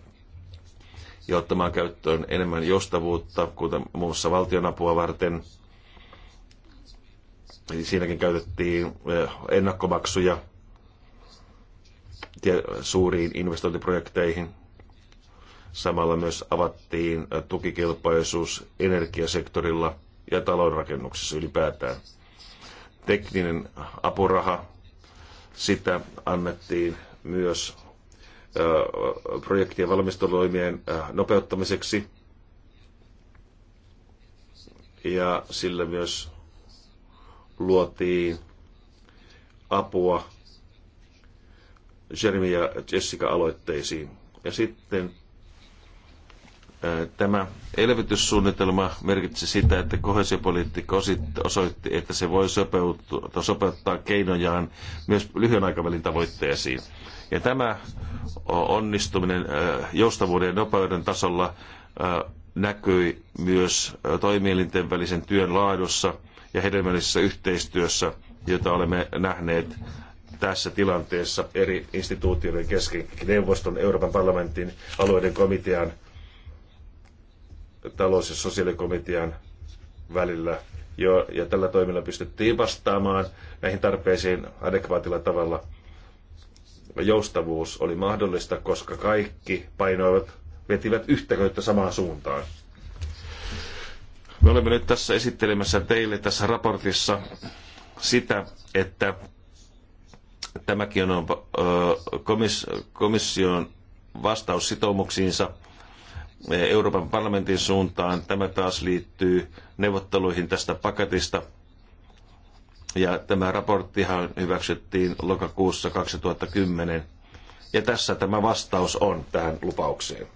ja ottamaan käyttöön enemmän joustavuutta, kuten muun muassa valtionapua varten. Siinäkin käytettiin eh, ennakkomaksuja suuriin investointiprojekteihin. Samalla myös avattiin eh, tukikelpoisuus energiasektorilla – ja talonrakennuksessa ylipäätään. Tekninen apuraha, sitä annettiin myös projektien valmisteluimien nopeuttamiseksi. Ja sillä myös luotiin apua Jeremy ja Jessica aloitteisiin. Ja sitten Tämä elvytyssuunnitelma merkitsi sitä, että kohesiopolitiikka osoitti, että se voi sopeuttaa, sopeuttaa keinojaan myös lyhyen aikavälin tavoitteisiin. Ja tämä onnistuminen joustavuuden ja nopeuden tasolla näkyi myös toimielinten välisen työn laadussa ja hedelmällisessä yhteistyössä, jota olemme nähneet tässä tilanteessa eri instituutioiden kesken, neuvoston, Euroopan parlamentin, alueiden komitean talous- ja sosiaalikomitean välillä. Jo, ja tällä toimilla pystyttiin vastaamaan näihin tarpeisiin adekvaatilla tavalla. Joustavuus oli mahdollista, koska kaikki painoivat, vetivät yhtä köyttä samaan suuntaan. Me olemme nyt tässä esittelemässä teille tässä raportissa sitä, että tämäkin on komission vastaus sitoumuksiinsa – Euroopan parlamentin suuntaan. Tämä taas liittyy neuvotteluihin tästä paketista. Ja tämä raporttihan hyväksyttiin lokakuussa 2010. Ja tässä tämä vastaus on tähän lupaukseen.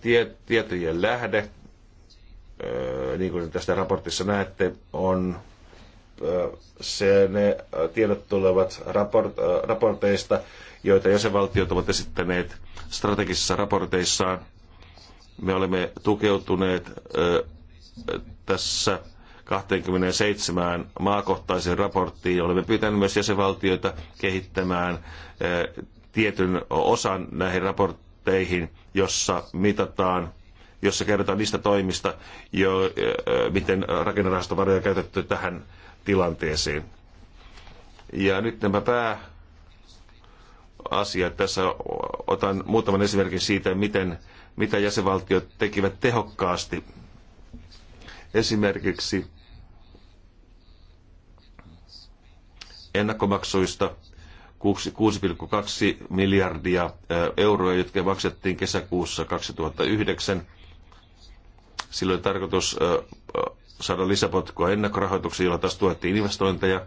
Tie, tietojen lähde, niin kuin tästä raportissa näette, on se, ne tiedot tulevat raport, raporteista, joita jäsenvaltiot ovat esittäneet strategisissa raporteissaan. Me olemme tukeutuneet tässä 27 maakohtaiseen raporttiin. Olemme pyytäneet myös jäsenvaltioita kehittämään tietyn osan näihin raportteihin, jossa mitataan jossa kerrotaan niistä toimista, jo, miten rakennerahastovaroja on käytetty tähän tilanteeseen. Ja nyt nämä pää asia. Tässä otan muutaman esimerkin siitä, miten, mitä jäsenvaltiot tekivät tehokkaasti. Esimerkiksi ennakkomaksuista 6,2 miljardia euroa, jotka maksettiin kesäkuussa 2009. Silloin oli tarkoitus saada lisäpotkua ennakkorahoituksiin, jolla taas tuettiin investointeja.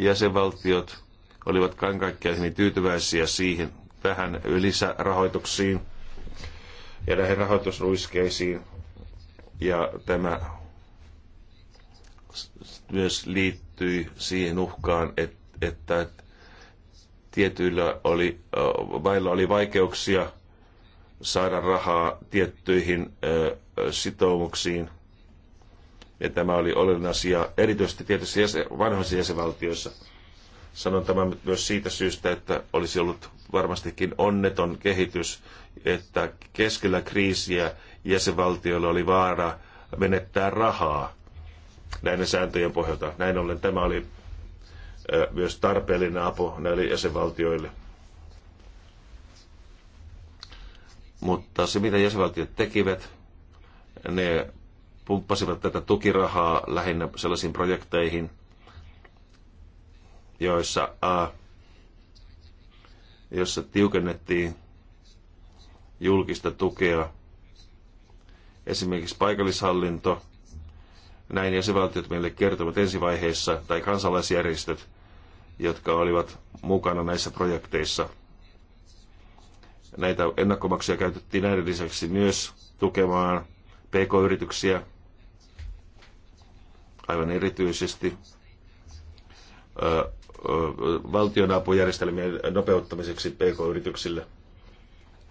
Jäsenvaltiot olivat kaikkiaan hyvin tyytyväisiä siihen tähän lisärahoituksiin ja näihin rahoitusruiskeisiin. Ja tämä myös liittyi siihen uhkaan, että tietyillä oli, vailla oli vaikeuksia saada rahaa tiettyihin sitoumuksiin. Ja tämä oli oleellinen asia, erityisesti tietysti vanhoissa jäsenvaltioissa Sanon tämän myös siitä syystä, että olisi ollut varmastikin onneton kehitys, että keskellä kriisiä jäsenvaltioilla oli vaara menettää rahaa näiden sääntöjen pohjalta. Näin ollen tämä oli myös tarpeellinen apu näille jäsenvaltioille. Mutta se, mitä jäsenvaltiot tekivät, ne pumppasivat tätä tukirahaa lähinnä sellaisiin projekteihin, joissa, äh, jossa tiukennettiin julkista tukea, esimerkiksi paikallishallinto, näin jäsenvaltiot meille kertovat ensivaiheessa, tai kansalaisjärjestöt, jotka olivat mukana näissä projekteissa. Näitä ennakkomaksuja käytettiin näiden lisäksi myös tukemaan pk-yrityksiä, aivan erityisesti valtionapujärjestelmien nopeuttamiseksi PK-yrityksille.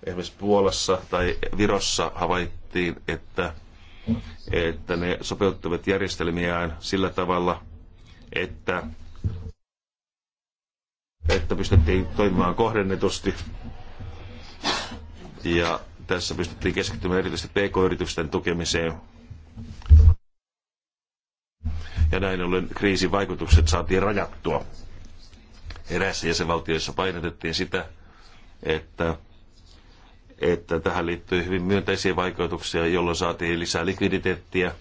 Esimerkiksi Puolassa tai Virossa havaittiin, että, että ne sopeuttavat järjestelmiään sillä tavalla, että, että pystyttiin toimimaan kohdennetusti ja tässä pystyttiin keskittymään erityisesti PK-yritysten tukemiseen. Ja näin ollen kriisin vaikutukset saatiin rajattua eräissä jäsenvaltioissa painotettiin sitä, että, että tähän liittyy hyvin myönteisiä vaikutuksia, jolloin saatiin lisää likviditeettiä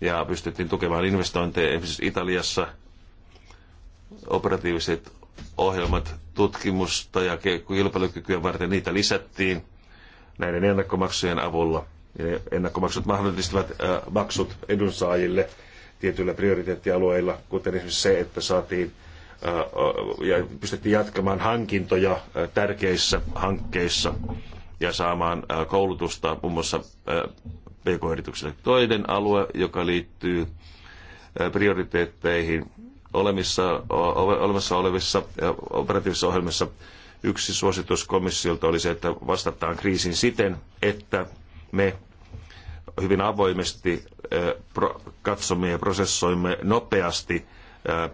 ja pystyttiin tukemaan investointeja. Esimerkiksi Italiassa operatiiviset ohjelmat tutkimusta ja kilpailukykyä varten niitä lisättiin näiden ennakkomaksujen avulla. Ja ennakkomaksut mahdollistivat maksut edunsaajille tietyillä prioriteettialueilla, kuten esimerkiksi se, että saatiin ja pystyttiin jatkamaan hankintoja tärkeissä hankkeissa ja saamaan koulutusta muun muassa pk-yrityksille. Toinen alue, joka liittyy prioriteetteihin olemissa, olemassa olevissa operatiivisissa ohjelmissa, yksi suositus komissiolta oli se, että vastataan kriisiin siten, että me hyvin avoimesti katsomme ja prosessoimme nopeasti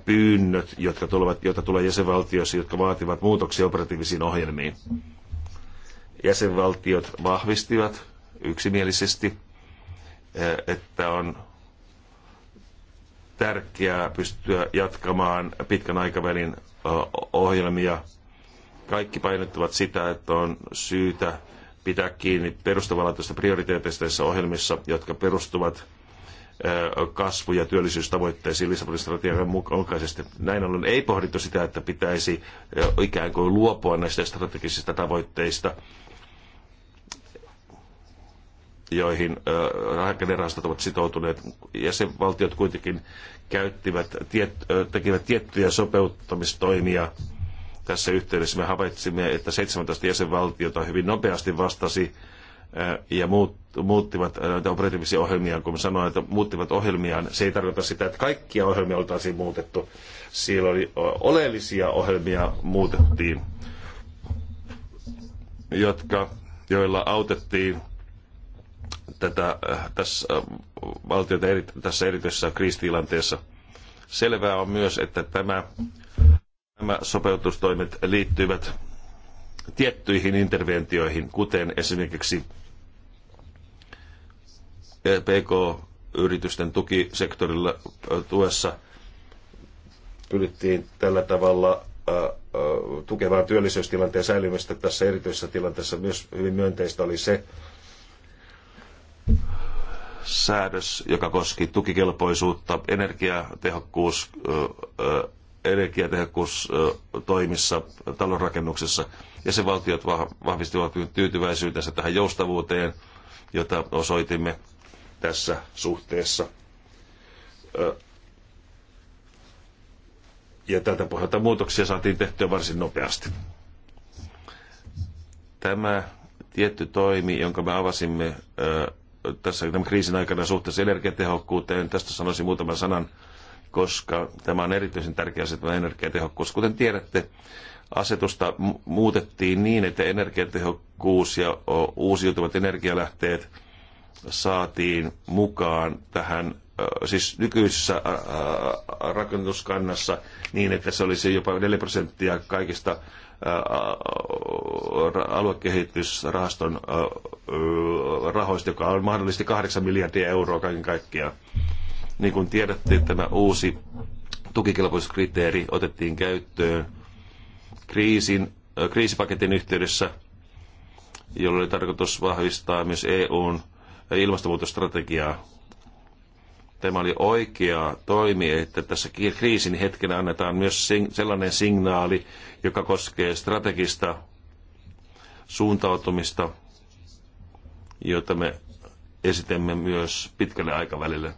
pyynnöt, jotka tulevat, joita tulee jäsenvaltioissa, jotka vaativat muutoksia operatiivisiin ohjelmiin. Jäsenvaltiot vahvistivat yksimielisesti, että on tärkeää pystyä jatkamaan pitkän aikavälin ohjelmia. Kaikki painottavat sitä, että on syytä pitää kiinni perustavanlaatuista prioriteeteista ohjelmissa, jotka perustuvat kasvu- ja työllisyystavoitteisiin Lissabonin strategian mukaisesti. Näin ollen ei pohdittu sitä, että pitäisi ikään kuin luopua näistä strategisista tavoitteista, joihin rakennerahastot ovat sitoutuneet. Jäsenvaltiot kuitenkin käyttivät, tiet, tekivät tiettyjä sopeuttamistoimia. Tässä yhteydessä me havaitsimme, että 17 jäsenvaltiota hyvin nopeasti vastasi ja muut, muuttivat äh, näitä operatiivisia ohjelmia, kun sanoin, että muuttivat ohjelmiaan, se ei tarkoita sitä, että kaikkia ohjelmia oltaisiin muutettu. Siellä oli oleellisia ohjelmia muutettiin, jotka, joilla autettiin tätä, äh, tässä äh, valtiota eri, tässä erityisessä kriisitilanteessa. Selvää on myös, että tämä, nämä sopeutustoimet liittyvät tiettyihin interventioihin, kuten esimerkiksi eh, PK-yritysten tukisektorilla eh, tuessa pyrittiin tällä tavalla eh, tukemaan työllisyystilanteen säilymistä tässä erityisessä tilanteessa. Myös hyvin myönteistä oli se säädös, joka koski tukikelpoisuutta energiatehokkuus energiatehokkuustoimissa talonrakennuksessa. Ja se vahvistivat tyytyväisyytensä tähän joustavuuteen, jota osoitimme tässä suhteessa. Ja tältä pohjalta muutoksia saatiin tehtyä varsin nopeasti. Tämä tietty toimi, jonka me avasimme tässä tämän kriisin aikana suhteessa energiatehokkuuteen, tästä sanoisin muutaman sanan koska tämä on erityisen tärkeä asia, tämä energiatehokkuus. Kuten tiedätte, asetusta muutettiin niin, että energiatehokkuus ja uusiutuvat energialähteet saatiin mukaan tähän siis nykyisessä rakennuskannassa niin, että se olisi jopa 4 prosenttia kaikista aluekehitysrahaston rahoista, joka on mahdollisesti 8 miljardia euroa kaiken kaikkiaan. Niin kuin tiedätte, tämä uusi tukikelpoisuuskriteeri otettiin käyttöön kriisin, kriisipaketin yhteydessä, jolla oli tarkoitus vahvistaa myös EUn ilmastonmuutostrategiaa. Tämä oli oikea toimi, että tässä kriisin hetkenä annetaan myös sellainen signaali, joka koskee strategista suuntautumista, jota me esitämme myös pitkälle aikavälille.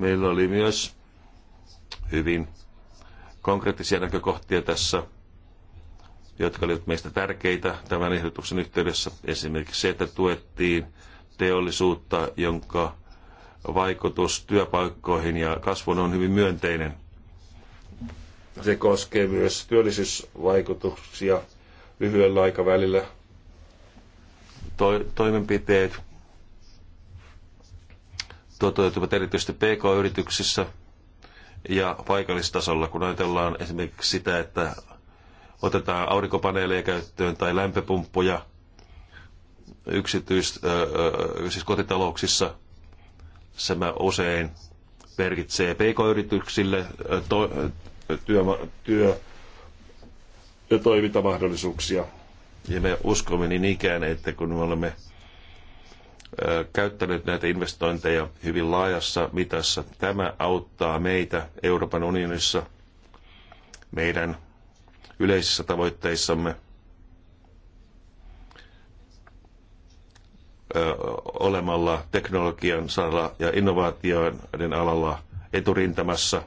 Meillä oli myös hyvin konkreettisia näkökohtia tässä, jotka olivat meistä tärkeitä tämän ehdotuksen yhteydessä. Esimerkiksi se, että tuettiin teollisuutta, jonka vaikutus työpaikkoihin ja kasvun on hyvin myönteinen. Se koskee myös työllisyysvaikutuksia lyhyellä aikavälillä. To- toimenpiteet toteutuvat erityisesti PK-yrityksissä ja paikallistasolla, kun ajatellaan esimerkiksi sitä, että otetaan aurinkopaneeleja käyttöön tai lämpöpumppuja yksityis, äh, siis kotitalouksissa. Tämä usein merkitsee pk-yrityksille to, työ, työ ja toimintamahdollisuuksia. Ja me uskomme niin ikään, että kun me olemme käyttänyt näitä investointeja hyvin laajassa mitassa. Tämä auttaa meitä Euroopan unionissa meidän yleisissä tavoitteissamme olemalla teknologian saralla ja innovaatioiden alalla eturintamassa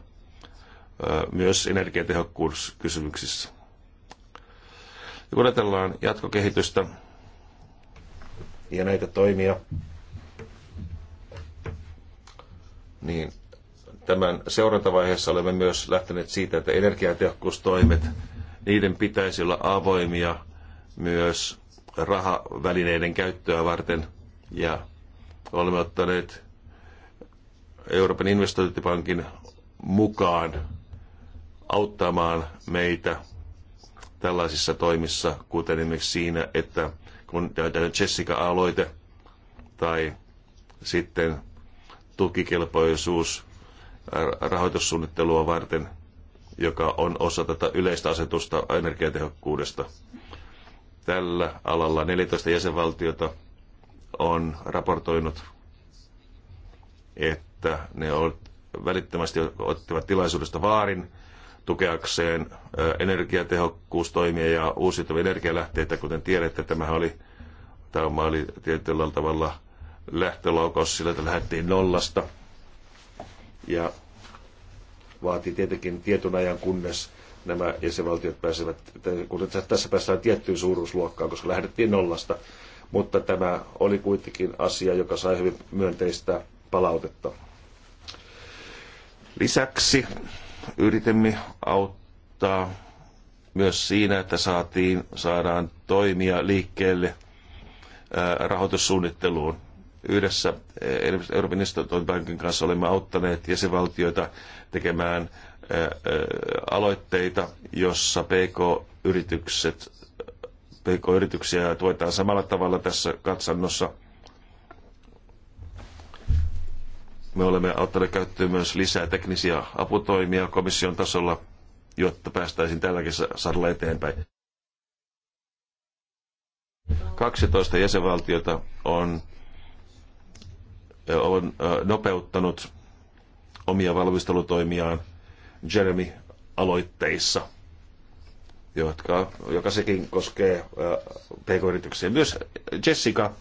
myös energiatehokkuuskysymyksissä. Ja kun ajatellaan jatkokehitystä, ja näitä toimia, niin tämän seurantavaiheessa olemme myös lähteneet siitä, että energiatehokkuustoimet, niiden pitäisi olla avoimia myös rahavälineiden käyttöä varten. Ja olemme ottaneet Euroopan investointipankin mukaan auttamaan meitä tällaisissa toimissa, kuten esimerkiksi siinä, että kun tämä Jessica-aloite tai sitten tukikelpoisuus äh, rahoitussuunnittelua varten, joka on osa tätä yleistä asetusta energiatehokkuudesta. Tällä alalla 14 jäsenvaltiota on raportoinut, että ne välittömästi ottivat tilaisuudesta vaarin tukeakseen energiatehokkuustoimia ja uusiutuvia energialähteitä. Kuten tiedätte, tämä oli, tämä oli tietyllä tavalla lähtölaukaus sillä, että lähdettiin nollasta. Ja vaati tietenkin tietyn ajan, kunnes nämä jäsenvaltiot pääsevät, kun tässä päästään tiettyyn suuruusluokkaan, koska lähdettiin nollasta. Mutta tämä oli kuitenkin asia, joka sai hyvin myönteistä palautetta. Lisäksi Yritimme auttaa myös siinä, että saatiin, saadaan toimia liikkeelle rahoitussuunnitteluun. Yhdessä Euroopan investointipankin kanssa olemme auttaneet jäsenvaltioita tekemään aloitteita, jossa PK-yritykset, PK-yrityksiä tuetaan samalla tavalla tässä katsannossa – Me olemme ottaneet käyttöön myös lisää teknisiä aputoimia komission tasolla, jotta päästäisiin tälläkin saralla eteenpäin. 12 jäsenvaltiota on, on nopeuttanut omia valmistelutoimiaan Jeremy-aloitteissa, jotka, joka sekin koskee pk-yrityksiä. Myös Jessica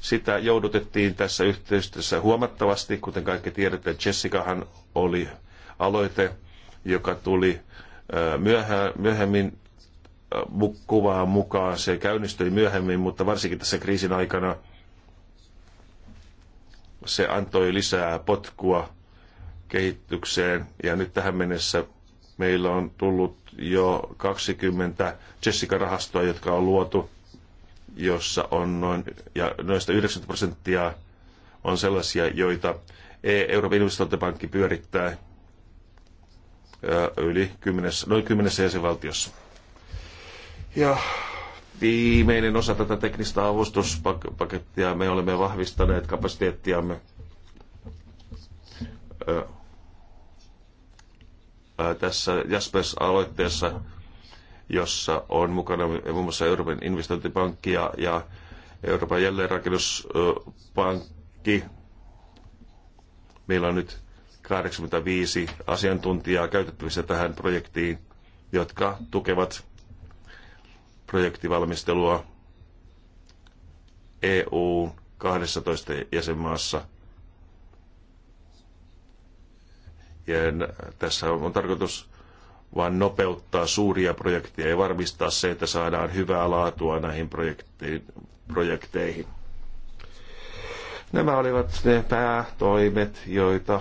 sitä joudutettiin tässä yhteistyössä huomattavasti, kuten kaikki tiedätte, Jessicahan oli aloite, joka tuli myöhemmin kuvaan mukaan. Se käynnistyi myöhemmin, mutta varsinkin tässä kriisin aikana se antoi lisää potkua kehitykseen. Ja nyt tähän mennessä meillä on tullut jo 20 Jessica-rahastoa, jotka on luotu jossa on noin, ja noista 90 prosenttia on sellaisia, joita e- Euroopan investointipankki pyörittää yli 10, noin kymmenessä jäsenvaltiossa. Ja viimeinen osa tätä teknistä avustuspakettia me olemme vahvistaneet kapasiteettiamme tässä Jaspers-aloitteessa jossa on mukana muun muassa Euroopan investointipankki ja, ja Euroopan jälleenrakennuspankki. Meillä on nyt 85 asiantuntijaa käytettävissä tähän projektiin, jotka tukevat projektivalmistelua EU 12 jäsenmaassa. Ja tässä on tarkoitus vaan nopeuttaa suuria projekteja ja varmistaa se, että saadaan hyvää laatua näihin projekteihin. Nämä olivat ne päätoimet, joita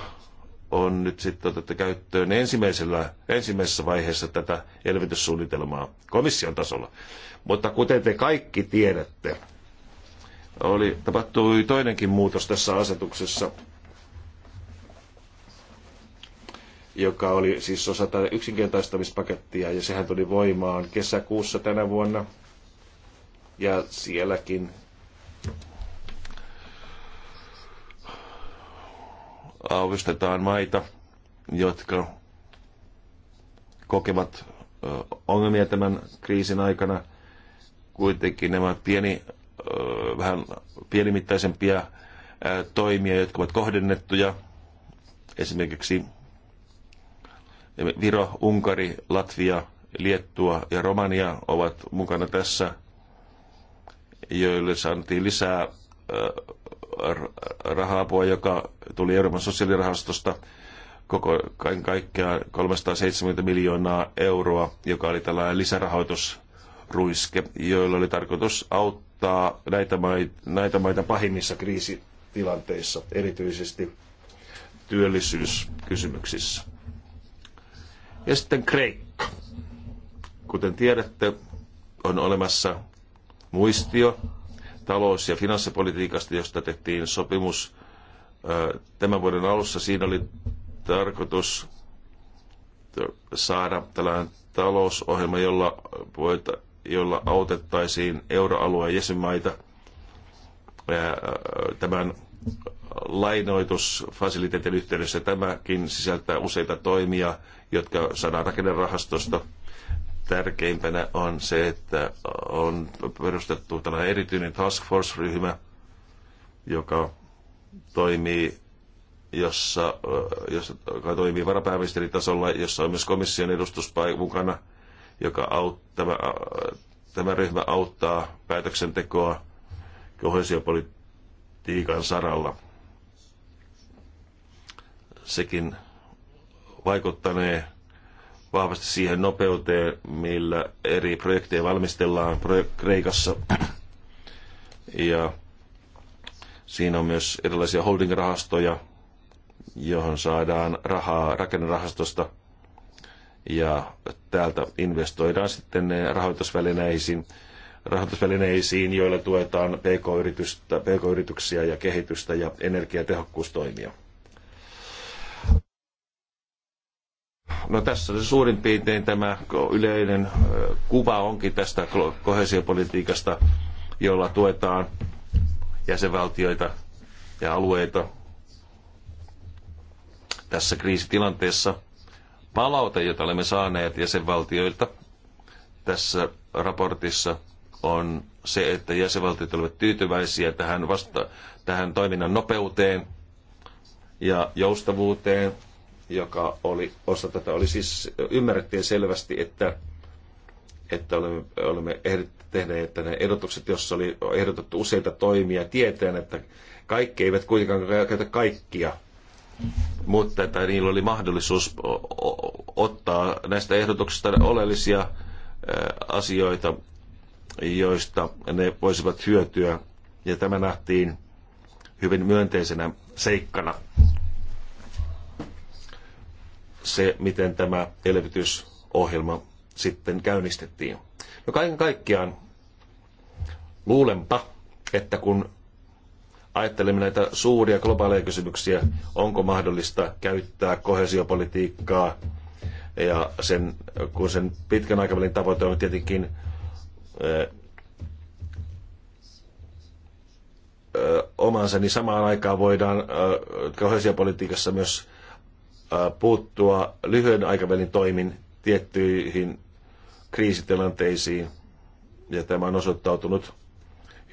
on nyt sitten otettu käyttöön ensimmäisellä, ensimmäisessä vaiheessa tätä elvytyssuunnitelmaa komission tasolla. Mutta kuten te kaikki tiedätte, oli, tapahtui toinenkin muutos tässä asetuksessa joka oli siis osa tätä yksinkertaistamispakettia, ja sehän tuli voimaan kesäkuussa tänä vuonna. Ja sielläkin avustetaan maita, jotka kokevat ongelmia tämän kriisin aikana. Kuitenkin nämä pieni, vähän pienimittaisempia toimia, jotka ovat kohdennettuja, esimerkiksi Viro, Unkari, Latvia, Liettua ja Romania ovat mukana tässä, joille saatiin lisää äh, raha-apua, joka tuli Euroopan sosiaalirahastosta koko kaiken kaikkiaan 370 miljoonaa euroa, joka oli tällainen lisärahoitusruiske, joilla oli tarkoitus auttaa näitä maita, näitä maita pahimmissa kriisitilanteissa, erityisesti työllisyyskysymyksissä. Ja sitten Kreikka. Kuten tiedätte, on olemassa muistio talous- ja finanssipolitiikasta, josta tehtiin sopimus tämän vuoden alussa. Siinä oli tarkoitus saada tällainen talousohjelma, jolla, voita, jolla autettaisiin euroalueen jäsenmaita tämän lainoitusfasiliteetin yhteydessä tämäkin sisältää useita toimia, jotka saadaan rakennerahastosta. Tärkeimpänä on se, että on perustettu tällainen erityinen task force-ryhmä, joka toimii jossa, jossa, joka toimii varapääministeritasolla, jossa on myös komission edustus mukana, joka aut, tämä, tämä ryhmä auttaa päätöksentekoa kohesiopolitiikan saralla sekin vaikuttanee vahvasti siihen nopeuteen, millä eri projekteja valmistellaan Kreikassa. Ja siinä on myös erilaisia holdingrahastoja, johon saadaan rahaa rakennerahastosta ja täältä investoidaan sitten rahoitusvälineisiin, rahoitusvälineisiin joilla tuetaan pk-yrityksiä ja kehitystä ja energiatehokkuustoimia. No tässä se suurin piirtein tämä yleinen kuva onkin tästä kohesiopolitiikasta, jolla tuetaan jäsenvaltioita ja alueita tässä kriisitilanteessa. Palaute, jota olemme saaneet jäsenvaltioilta tässä raportissa, on se, että jäsenvaltiot olivat tyytyväisiä tähän, vasta, tähän toiminnan nopeuteen ja joustavuuteen joka oli osa tätä, oli siis, ymmärrettiin selvästi, että, että olemme, olemme tehneet että ne ehdotukset, joissa oli ehdotettu useita toimia tieteen, että kaikki eivät kuitenkaan käytä kaikkia, mutta että niillä oli mahdollisuus ottaa näistä ehdotuksista oleellisia asioita, joista ne voisivat hyötyä. Ja tämä nähtiin hyvin myönteisenä seikkana se, miten tämä elvytysohjelma sitten käynnistettiin. No kaiken kaikkiaan luulenpa, että kun ajattelemme näitä suuria globaaleja kysymyksiä, onko mahdollista käyttää kohesiopolitiikkaa ja sen, kun sen pitkän aikavälin tavoite on tietenkin ö, ö, omansa, niin samaan aikaan voidaan ö, kohesiopolitiikassa myös Äh, puuttua lyhyen aikavälin toimin tiettyihin kriisitilanteisiin, ja tämä on osoittautunut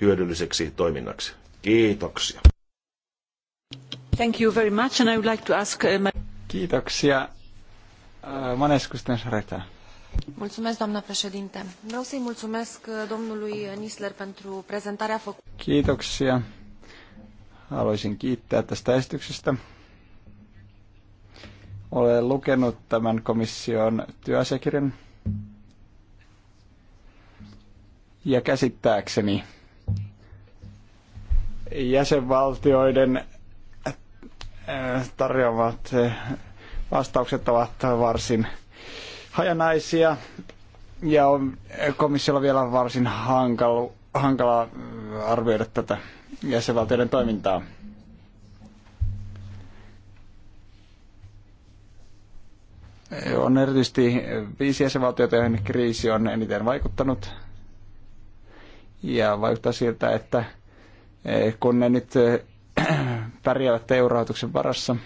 hyödylliseksi toiminnaksi. Kiitoksia. Thank you very much, and I would like to ask... Uh, My... Kiitoksia. Äh, Manescu Stensareta. Mulțumesc, doamnă președinte. Vreau să-i mulțumesc uh, domnului Nisler pentru prezentarea făcută. Kiitoksia. Haluaisin kiittää tästä esityksestä. Olen lukenut tämän komission työasiakirjan ja käsittääkseni jäsenvaltioiden äh, tarjoamat äh, vastaukset ovat varsin hajanaisia ja on komissiolla vielä varsin hankala, hankala äh, arvioida tätä jäsenvaltioiden toimintaa. On erityisesti viisi jäsenvaltiota, joihin kriisi on eniten vaikuttanut. Ja vaikuttaa siltä, että eh, kun ne nyt eh, pärjäävät EU-rahoituksen varassa,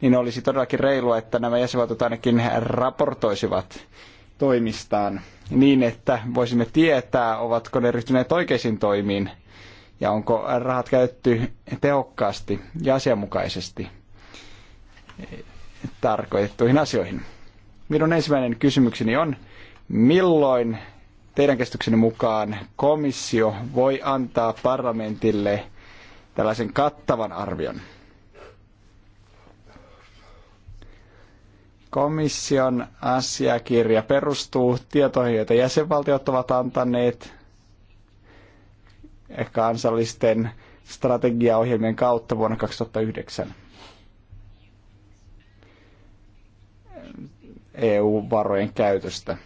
niin olisi todellakin reilua, että nämä jäsenvaltiot ainakin raportoisivat toimistaan niin, että voisimme tietää, ovatko ne ryhtyneet oikeisiin toimiin ja onko rahat käytetty tehokkaasti ja asianmukaisesti eh, tarkoitettuihin asioihin. Minun ensimmäinen kysymykseni on, milloin teidän käsityksenne mukaan komissio voi antaa parlamentille tällaisen kattavan arvion? Komission asiakirja perustuu tietoihin, joita jäsenvaltiot ovat antaneet kansallisten strategiaohjelmien kautta vuonna 2009. EU-varojen käytöstä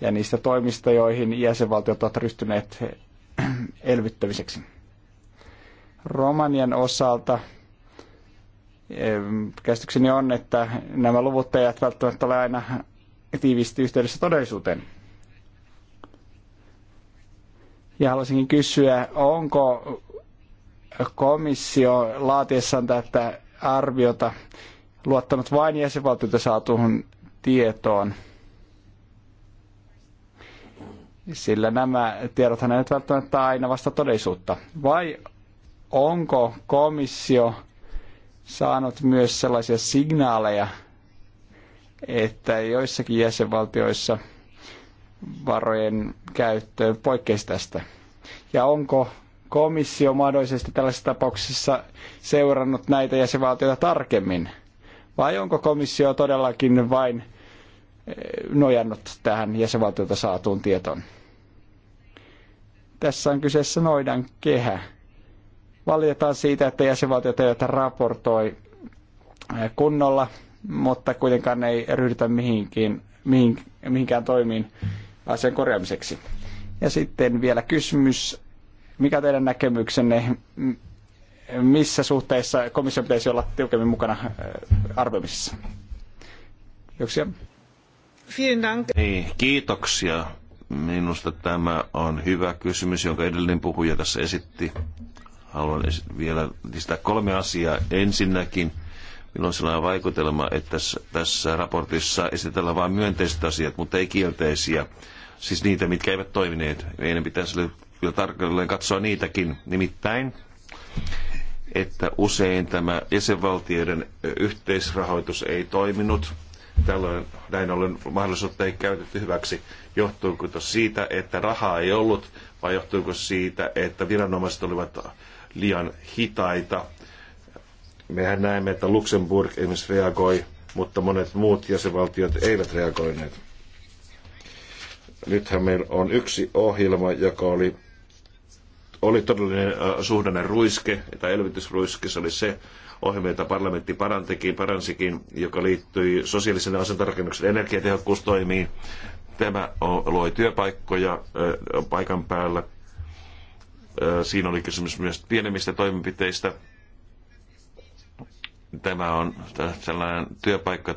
ja niistä toimista, joihin jäsenvaltiot ovat ryhtyneet elvyttämiseksi. Romanian osalta käsitykseni on, että nämä luvut eivät välttämättä ole aina tiiviisti yhteydessä todellisuuteen. Ja haluaisinkin kysyä, onko komissio laatiessaan tätä arviota luottanut vain jäsenvaltiota saatuun tietoon. Sillä nämä tiedothan eivät välttämättä aina vasta todellisuutta. Vai onko komissio saanut myös sellaisia signaaleja, että joissakin jäsenvaltioissa varojen käyttö poikkeisi tästä? Ja onko komissio mahdollisesti tällaisessa tapauksessa seurannut näitä jäsenvaltioita tarkemmin? vai onko komissio todellakin vain eh, nojannut tähän jäsenvaltiolta saatuun tietoon? Tässä on kyseessä noidan kehä. Valitetaan siitä, että jäsenvaltiot eivät raportoi eh, kunnolla, mutta kuitenkaan ei ryhdytä mihinkin, mihin, mihinkään toimiin asian korjaamiseksi. Ja sitten vielä kysymys, mikä teidän näkemyksenne missä suhteessa komission pitäisi olla tiukemmin mukana äh, arvioimisessa? Kiitoksia. Niin, kiitoksia. Minusta tämä on hyvä kysymys, jonka edellinen puhuja tässä esitti. Haluan vielä lisätä kolme asiaa. Ensinnäkin, minulla on sellainen vaikutelma, että tässä, tässä raportissa esitellään vain myönteiset asiat, mutta ei kielteisiä. Siis niitä, mitkä eivät toimineet. Meidän pitäisi kyllä tarkalleen katsoa niitäkin. Nimittäin että usein tämä jäsenvaltioiden yhteisrahoitus ei toiminut. Tällöin näin ollen mahdollisuutta ei käytetty hyväksi. Johtuuko siitä, että rahaa ei ollut, vai johtuuko siitä, että viranomaiset olivat liian hitaita? Mehän näemme, että Luxemburg esimerkiksi reagoi, mutta monet muut jäsenvaltiot eivät reagoineet. Nythän meillä on yksi ohjelma, joka oli oli todellinen äh, suhdannen ruiske tai elvytysruiske. Se oli se ohjelma, jota parlamentti parantikin, paransikin, joka liittyi sosiaalisen asentorakennuksen energiatehokkuustoimiin. Tämä loi työpaikkoja äh, paikan päällä. Äh, siinä oli kysymys myös pienemmistä toimenpiteistä. Tämä on sellainen työpaikka,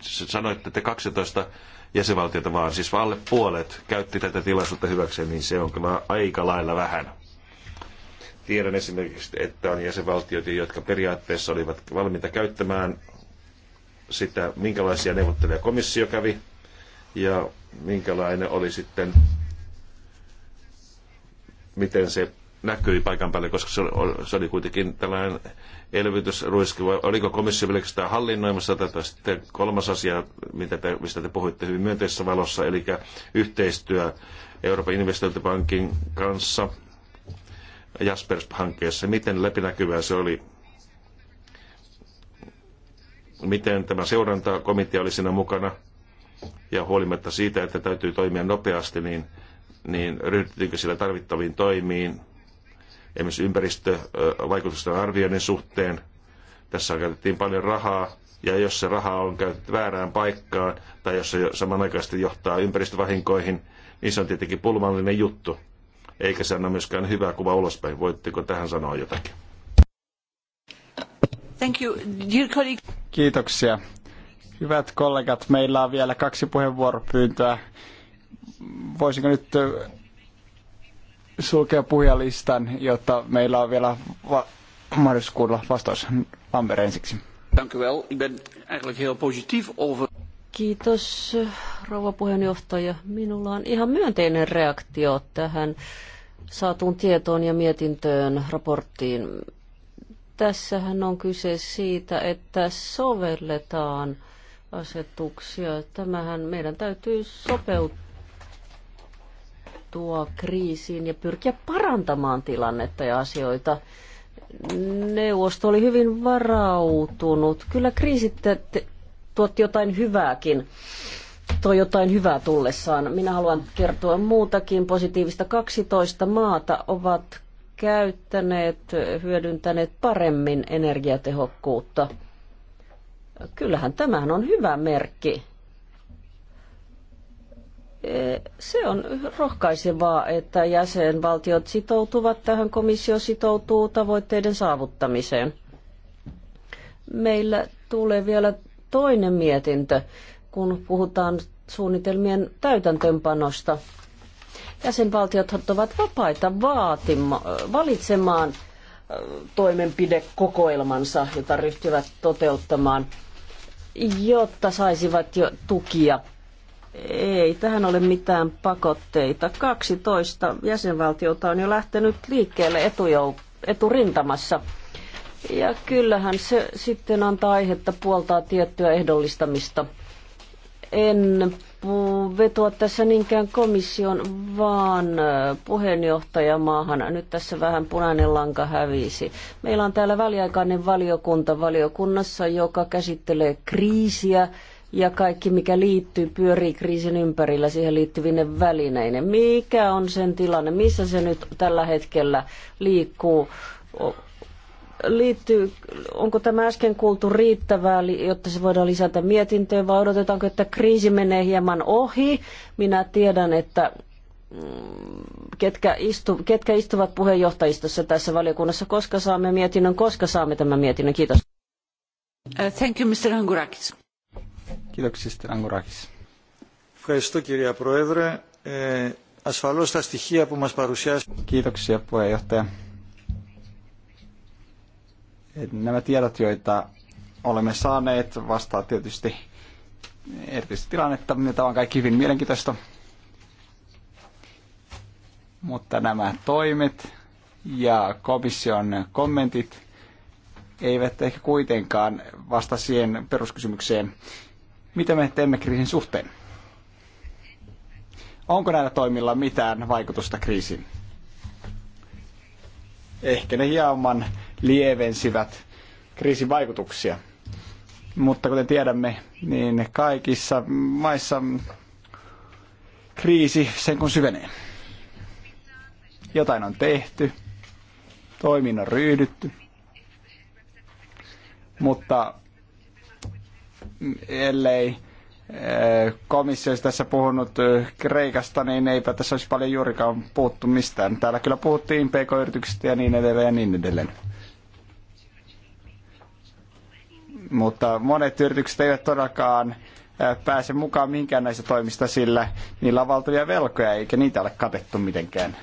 sanoitte te 12 jäsenvaltiota vaan, siis alle puolet käytti tätä tilaisuutta hyväkseen, niin se on kyllä aika lailla vähän. Tiedän esimerkiksi, että on jäsenvaltioita, jotka periaatteessa olivat valmiita käyttämään sitä, minkälaisia neuvotteluja komissio kävi ja minkälainen oli sitten, miten se näkyi paikan päälle, koska se oli, se oli kuitenkin tällainen elvytysruiski. Oliko komissio vielä hallinnoimassa tätä? Sitten kolmas asia, mitä te, mistä te puhuitte hyvin myönteisessä valossa, eli yhteistyö Euroopan investointipankin kanssa Jaspers-hankkeessa. Miten läpinäkyvää se oli? Miten tämä seurantakomitea oli siinä mukana? Ja huolimatta siitä, että täytyy toimia nopeasti, niin, niin ryhdyttiinkö sillä tarvittaviin toimiin? Esimerkiksi ympäristövaikutusten arvioinnin suhteen. Tässä käytettiin paljon rahaa, ja jos se raha on käytetty väärään paikkaan, tai jos se samanaikaisesti johtaa ympäristövahinkoihin, niin se on tietenkin pulmallinen juttu eikä se anna myöskään hyvää kuvaa ulospäin. Voitteko tähän sanoa jotakin? Thank you. Dear colleague. Kiitoksia. Hyvät kollegat, meillä on vielä kaksi puheenvuoropyyntöä. Voisinko nyt sulkea puhujalistan, jotta meillä on vielä va- mahdollisuus kuulla vastaus Lambert ensiksi. Dank u wel. Ik ben eigenlijk heel positief over... Kiitos, rouva puheenjohtaja. Minulla on ihan myönteinen reaktio tähän saatuun tietoon ja mietintöön raporttiin. Tässähän on kyse siitä, että sovelletaan asetuksia. Tämähän meidän täytyy sopeutua kriisiin ja pyrkiä parantamaan tilannetta ja asioita neuvosto oli hyvin varautunut. Kyllä kriisit tuotti jotain hyvääkin toi jotain hyvää tullessaan. Minä haluan kertoa muutakin positiivista. 12 maata ovat käyttäneet, hyödyntäneet paremmin energiatehokkuutta. Kyllähän tämähän on hyvä merkki. E, se on rohkaisevaa, että jäsenvaltiot sitoutuvat tähän, komissio sitoutuu tavoitteiden saavuttamiseen. Meillä tulee vielä toinen mietintö, kun puhutaan suunnitelmien täytäntöönpanosta. Jäsenvaltiot ovat vapaita vaatima, valitsemaan toimenpidekokoelmansa, jota ryhtyvät toteuttamaan, jotta saisivat jo tukia. Ei tähän ole mitään pakotteita. 12 jäsenvaltiota on jo lähtenyt liikkeelle eturintamassa. Ja kyllähän se sitten antaa aihetta puoltaa tiettyä ehdollistamista. En vetoa tässä niinkään komission, vaan puheenjohtajamaahan. Nyt tässä vähän punainen lanka hävisi. Meillä on täällä väliaikainen valiokunta valiokunnassa, joka käsittelee kriisiä ja kaikki, mikä liittyy, pyörii kriisin ympärillä siihen liittyvinne välineinen. Mikä on sen tilanne? Missä se nyt tällä hetkellä liikkuu? liittyy, onko tämä äsken kuultu riittävää, jotta se voidaan lisätä mietintöön, vai odotetaanko, että kriisi menee hieman ohi? Minä tiedän, että mm, ketkä, istu, ketkä istuvat puheenjohtajistossa tässä valiokunnassa, koska saamme mietinnön, koska saamme tämän mietinnön. Kiitos. Uh, thank you, Mr. Angurakis. Kiitoksia, Mr. Angurakis. Ευχαριστώ, κυρία Πρόεδρε. Ε, ασφαλώς τα στοιχεία που μας Kiitoksia, puheenjohtaja Nämä tiedot, joita olemme saaneet, vastaa tietysti erityistä tilannetta, mitä on kaikki hyvin mielenkiintoista. Mutta nämä toimet ja komission kommentit eivät ehkä kuitenkaan vasta siihen peruskysymykseen, mitä me teemme kriisin suhteen. Onko näillä toimilla mitään vaikutusta kriisiin? Ehkä ne hieman lievensivät kriisin vaikutuksia. Mutta kuten tiedämme, niin kaikissa maissa kriisi sen kun syvenee. Jotain on tehty, toiminnan on ryhdytty, mutta ellei eh, komissio olisi tässä puhunut eh, Kreikasta, niin eipä tässä olisi paljon juurikaan puhuttu mistään. Täällä kyllä puhuttiin pk-yrityksistä ja niin edelleen ja niin edelleen. mutta monet yritykset eivät todellakaan pääse mukaan minkään näistä toimista, sillä niillä on valtavia velkoja eikä niitä ole katettu mitenkään.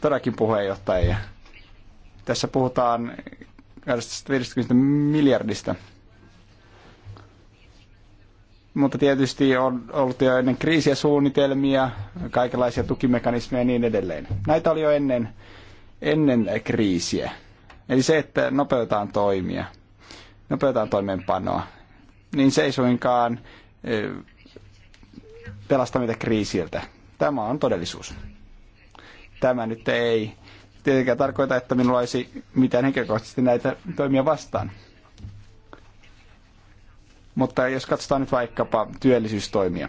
Todellakin puheenjohtajia. Tässä puhutaan 250 miljardista. Mutta tietysti on ollut jo ennen kriisiä suunnitelmia, kaikenlaisia tukimekanismeja ja niin edelleen. Näitä oli jo ennen, ennen kriisiä. Eli se, että nopeutetaan toimia – nopeutetaan toimeenpanoa. Niin se ei suinkaan pelasta meitä kriisiltä. Tämä on todellisuus. Tämä nyt ei tietenkään tarkoita, että minulla olisi mitään henkilökohtaisesti näitä toimia vastaan. Mutta jos katsotaan nyt vaikkapa työllisyystoimia,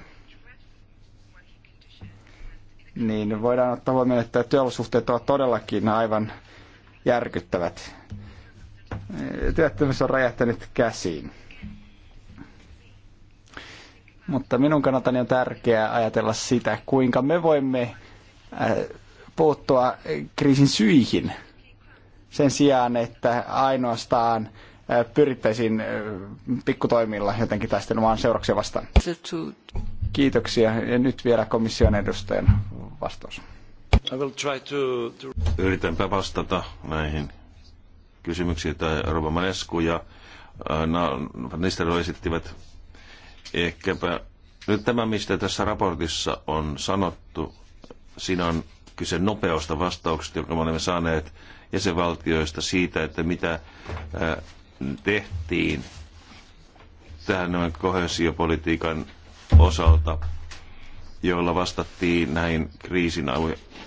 niin voidaan ottaa huomioon, että työolosuhteet ovat todellakin aivan järkyttävät työttömyys on räjähtänyt käsiin. Mutta minun kannaltani on tärkeää ajatella sitä, kuinka me voimme äh, puuttua kriisin syihin sen sijaan, että ainoastaan äh, pyrittäisiin äh, pikkutoimilla jotenkin taistelemaan seurauksia vastaan. Kiitoksia. Ja nyt vielä komission edustajan vastaus. I will try to... Yritänpä vastata näihin kysymyksiä, tai Rova Manesku ja äh, Nistelö esittivät. Ehkäpä nyt tämä, mistä tässä raportissa on sanottu, siinä on kyse nopeasta vastauksesta, jonka me olemme saaneet jäsenvaltioista siitä, että mitä äh, tehtiin tähän noin kohesiopolitiikan osalta, joilla vastattiin näihin kriisin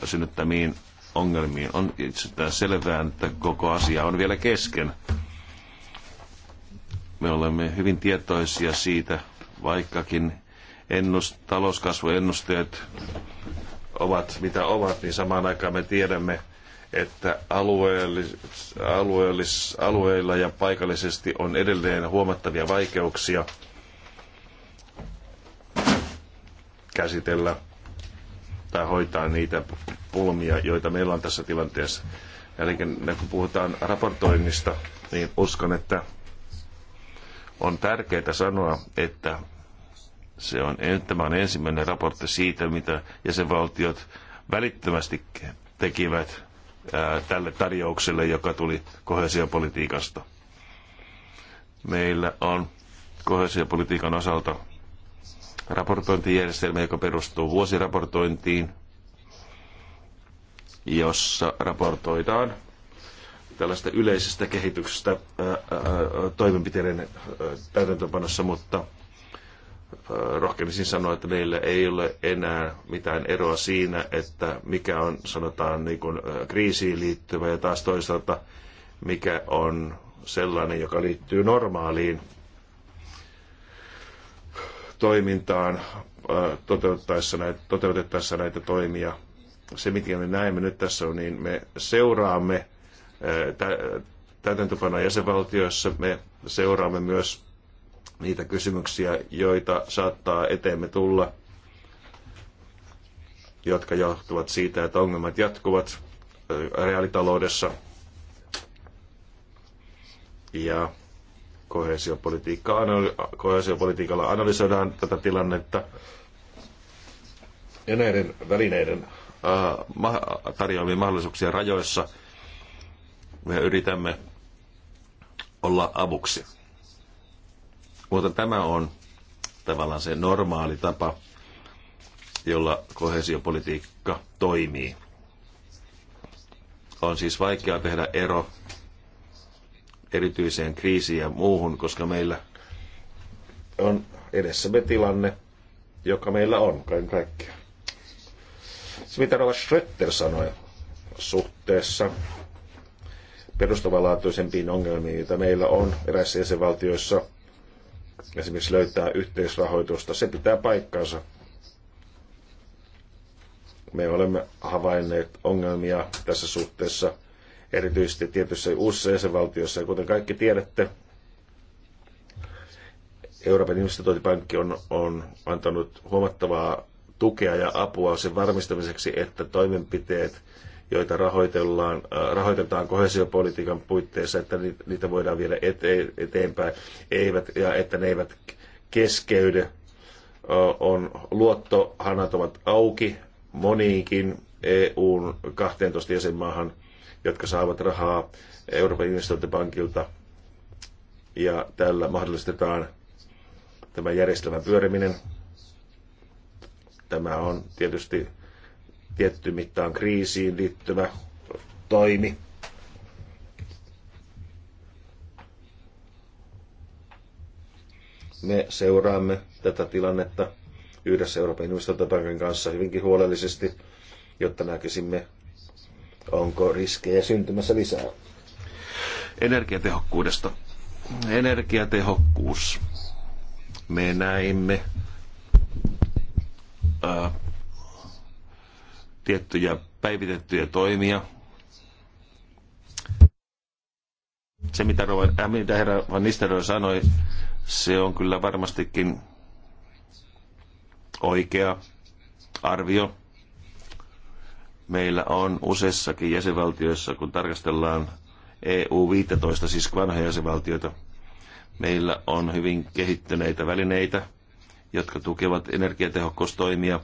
synnyttämiin ongelmiin. On itsestään selvää, että koko asia on vielä kesken. Me olemme hyvin tietoisia siitä, vaikkakin ennust, talouskasvuennusteet ovat mitä ovat, niin samaan aikaan me tiedämme, että alueellis, alueellis, alueilla ja paikallisesti on edelleen huomattavia vaikeuksia käsitellä tai hoitaa niitä pulmia, joita meillä on tässä tilanteessa. Eli kun puhutaan raportoinnista, niin uskon, että on tärkeää sanoa, että se on, tämä on ensimmäinen raportti siitä, mitä jäsenvaltiot välittömästi tekivät ää, tälle tarjoukselle, joka tuli kohesiopolitiikasta. Meillä on kohesiopolitiikan osalta raportointijärjestelmä, joka perustuu vuosiraportointiin, jossa raportoidaan tällaista yleisestä kehityksestä ää, ää, toimenpiteiden täytäntöpanossa, mutta rohkenisin sanoa, että meillä ei ole enää mitään eroa siinä, että mikä on sanotaan niin kuin, kriisiin liittyvä ja taas toisaalta mikä on sellainen, joka liittyy normaaliin toimintaan toteutettaessa näitä, toteutettaessa näitä toimia. Se, mitä me näemme nyt tässä on, niin me seuraamme täytäntöpanoa jäsenvaltioissa, me seuraamme myös niitä kysymyksiä, joita saattaa eteemme tulla, jotka johtuvat siitä, että ongelmat jatkuvat reaalitaloudessa. Ja kohesiopolitiikkaa. koheesiopolitiikalla analysoidaan tätä tilannetta ja näiden välineiden äh, tarjoamia mahdollisuuksia rajoissa me yritämme olla avuksi. Mutta tämä on tavallaan se normaali tapa, jolla kohesiopolitiikka toimii. On siis vaikea tehdä ero erityiseen kriisiin ja muuhun, koska meillä on edessämme tilanne, joka meillä on kaiken kaikkiaan. Se mitä Rova Schröter sanoi suhteessa perustavanlaatuisempiin ongelmiin, joita meillä on eräissä jäsenvaltioissa, esimerkiksi löytää yhteisrahoitusta, se pitää paikkansa. Me olemme havainneet ongelmia tässä suhteessa erityisesti tietyissä uusissa jäsenvaltioissa. Kuten kaikki tiedätte, Euroopan investointipankki on, on antanut huomattavaa tukea ja apua sen varmistamiseksi, että toimenpiteet, joita rahoitellaan, äh, rahoitetaan kohesiopolitiikan puitteissa, että niitä voidaan viedä eteenpäin, eivät, ja että ne eivät keskeydy. Äh, on, luottohanat ovat auki moniinkin EUn 12 jäsenmaahan jotka saavat rahaa Euroopan investointipankilta. Ja tällä mahdollistetaan tämä järjestelmän pyöriminen. Tämä on tietysti tietty mittaan kriisiin liittyvä toimi. Me seuraamme tätä tilannetta yhdessä Euroopan investointipankin kanssa hyvinkin huolellisesti, jotta näkisimme, Onko riskejä syntymässä lisää? Energiatehokkuudesta. Energiatehokkuus. Me näimme ää, äh, tiettyjä päivitettyjä toimia, se, mitä, Rovan, äh, mitä herra Van Nistelrooy sanoi, se on kyllä varmastikin oikea arvio meillä on useissakin jäsenvaltioissa, kun tarkastellaan EU-15, siis vanhoja jäsenvaltioita, meillä on hyvin kehittyneitä välineitä, jotka tukevat energiatehokkuustoimia.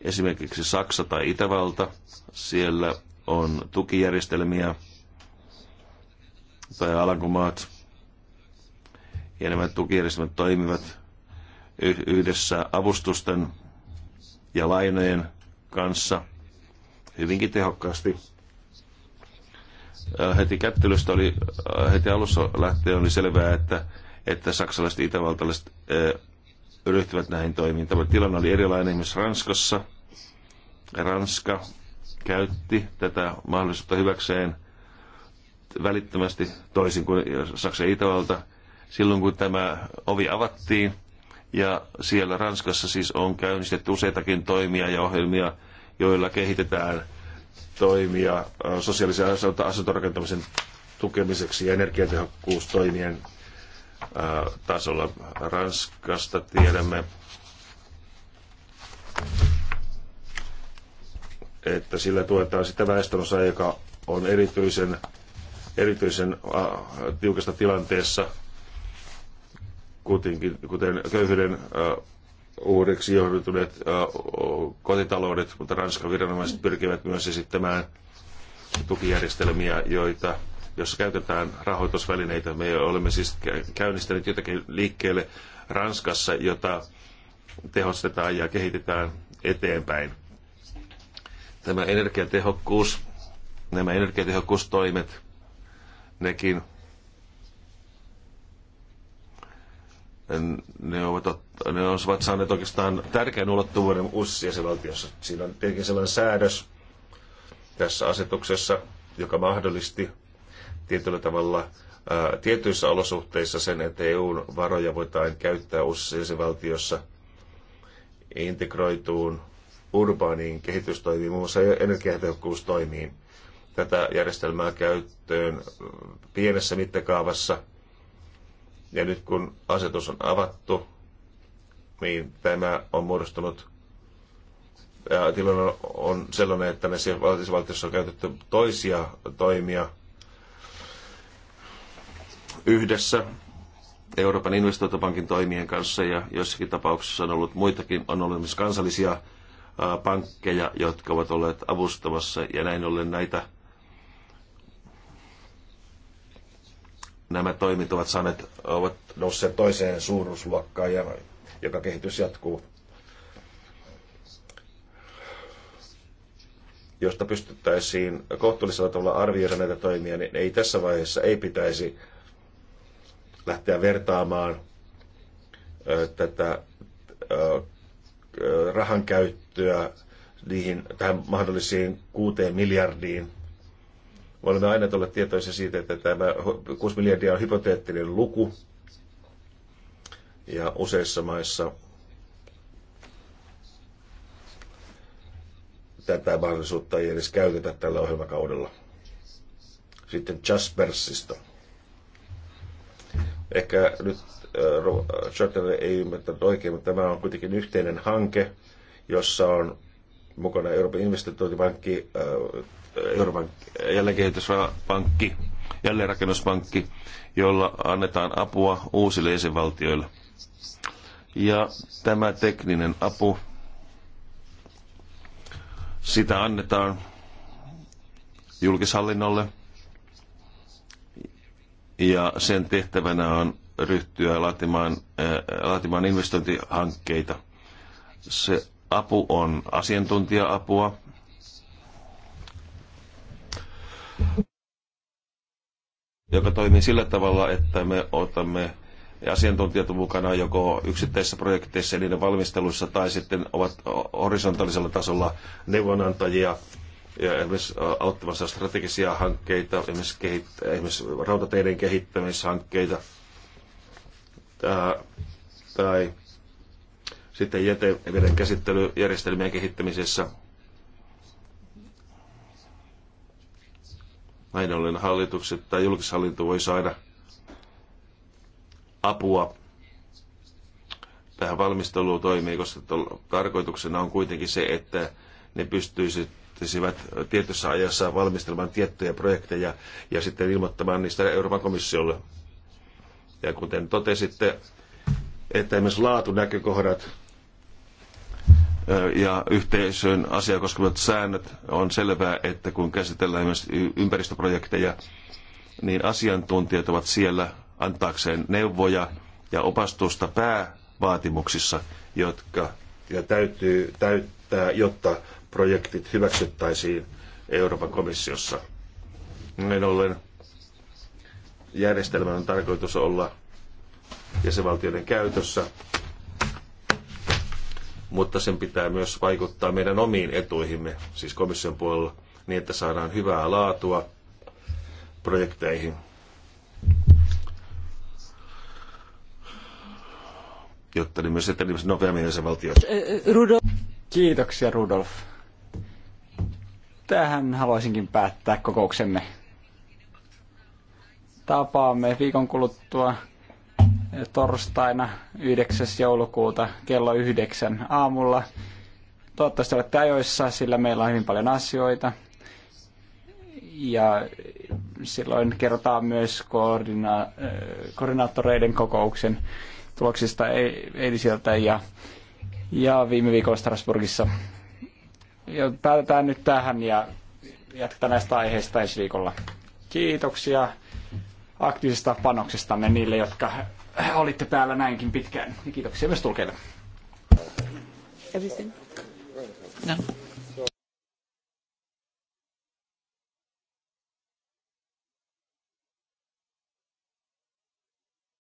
Esimerkiksi Saksa tai Itävalta, siellä on tukijärjestelmiä, tai Alankomaat, ja nämä tukijärjestelmät toimivat yhdessä avustusten ja lainojen kanssa – hyvinkin tehokkaasti. Äh, heti kättelystä oli, äh, heti alussa lähtien oli selvää, että, että saksalaiset ja itävaltalaiset äh, ryhtyvät näihin toimiin. Tämä tilanne oli erilainen myös Ranskassa. Ranska käytti tätä mahdollisuutta hyväkseen välittömästi toisin kuin Saksa ja Itävalta silloin, kun tämä ovi avattiin. Ja siellä Ranskassa siis on käynnistetty useitakin toimia ja ohjelmia joilla kehitetään toimia sosiaalisen asuntorakentamisen tukemiseksi ja energiatehokkuustoimien tasolla. Ranskasta tiedämme, että sillä tuetaan sitä väestönosaa, joka on erityisen, erityisen tiukasta tilanteessa, kuten köyhyyden uudeksi johdutuneet kotitaloudet, mutta Ranskan viranomaiset pyrkivät myös esittämään tukijärjestelmiä, joita, jossa käytetään rahoitusvälineitä. Me olemme siis käynnistäneet jotakin liikkeelle Ranskassa, jota tehostetaan ja kehitetään eteenpäin. Tämä energiatehokkuus, nämä energiatehokkuustoimet, nekin ne ovat ne olisivat saaneet oikeastaan tärkeän ulottuvuuden uusissa jäsenvaltiossa. Siinä on tietenkin sellainen säädös tässä asetuksessa, joka mahdollisti tietyllä tavalla ää, tietyissä olosuhteissa sen, että EUn varoja voitaan käyttää uusissa jäsenvaltiossa integroituun urbaaniin kehitystoimiin, muun muassa energiatehokkuustoimiin. Tätä järjestelmää käyttöön pienessä mittakaavassa. Ja nyt kun asetus on avattu niin tämä on muodostunut tilanne on sellainen, että näissä valtioissa on käytetty toisia toimia yhdessä Euroopan investointipankin toimien kanssa ja joissakin tapauksissa on ollut muitakin, on ollut myös kansallisia pankkeja, jotka ovat olleet avustamassa ja näin ollen näitä nämä toimit ovat saaneet, ovat nousseet toiseen suuruusluokkaan ja joka kehitys jatkuu. josta pystyttäisiin kohtuullisella tavalla arvioida näitä toimia, niin ei tässä vaiheessa ei pitäisi lähteä vertaamaan tätä rahan käyttöä niihin, tähän mahdollisiin kuuteen miljardiin. Me olemme aina olleet tietoisia siitä, että tämä 6 miljardia on hypoteettinen luku, ja useissa maissa tätä mahdollisuutta ei edes käytetä tällä ohjelmakaudella. Sitten Jaspersista. Ehkä nyt äh, äh, Schotter ei ymmärtänyt oikein, mutta tämä on kuitenkin yhteinen hanke, jossa on mukana Euroopan investointipankki, äh, Euroopan jälleenkehityspankki, jälleenrakennuspankki, jolla annetaan apua uusille jäsenvaltioille – ja tämä tekninen apu, sitä annetaan julkishallinnolle ja sen tehtävänä on ryhtyä laatimaan, ää, äh, laatimaan investointihankkeita. Se apu on asiantuntija-apua. joka toimii sillä tavalla, että me otamme asiantuntijat mukana joko yksittäisissä projekteissa ja niiden valmisteluissa tai sitten ovat horisontaalisella tasolla neuvonantajia ja esimerkiksi auttamassa strategisia hankkeita, esimerkiksi, kehittää, esimerkiksi rautateiden kehittämishankkeita tai, tai sitten jäteveden käsittelyjärjestelmien kehittämisessä. Näin ollen hallitukset tai julkishallinto voi saada apua tähän valmisteluun toimii, koska tarkoituksena on kuitenkin se, että ne pystyisivät tietyssä ajassa valmistelemaan tiettyjä projekteja ja sitten ilmoittamaan niistä Euroopan komissiolle. Ja kuten totesitte, että esimerkiksi laatunäkökohdat ja yhteisön asiaa koskevat säännöt on selvää, että kun käsitellään myös ympäristöprojekteja, niin asiantuntijat ovat siellä antaakseen neuvoja ja opastusta päävaatimuksissa, jotka ja täytyy täyttää, jotta projektit hyväksyttäisiin Euroopan komissiossa. Näin ollen järjestelmän on tarkoitus olla jäsenvaltioiden käytössä, mutta sen pitää myös vaikuttaa meidän omiin etuihimme, siis komission puolella, niin että saadaan hyvää laatua projekteihin. jotta ne myös etenevät nopeammin jäsenvaltioissa. Rudolf. Kiitoksia Rudolf. Tähän haluaisinkin päättää kokouksemme. Tapaamme viikon kuluttua torstaina 9. joulukuuta kello 9 aamulla. Toivottavasti olette ajoissa, sillä meillä on hyvin paljon asioita. Ja silloin kerrotaan myös koordina- koordinaattoreiden kokouksen tuloksista eilisiltä ja, ja viime viikolla Strasbourgissa. Ja päätetään nyt tähän ja jatketaan näistä aiheista ensi viikolla. Kiitoksia aktiivisesta panoksestanne niille, jotka olitte täällä näinkin pitkään. Ja kiitoksia myös tulkeille. Everything? No.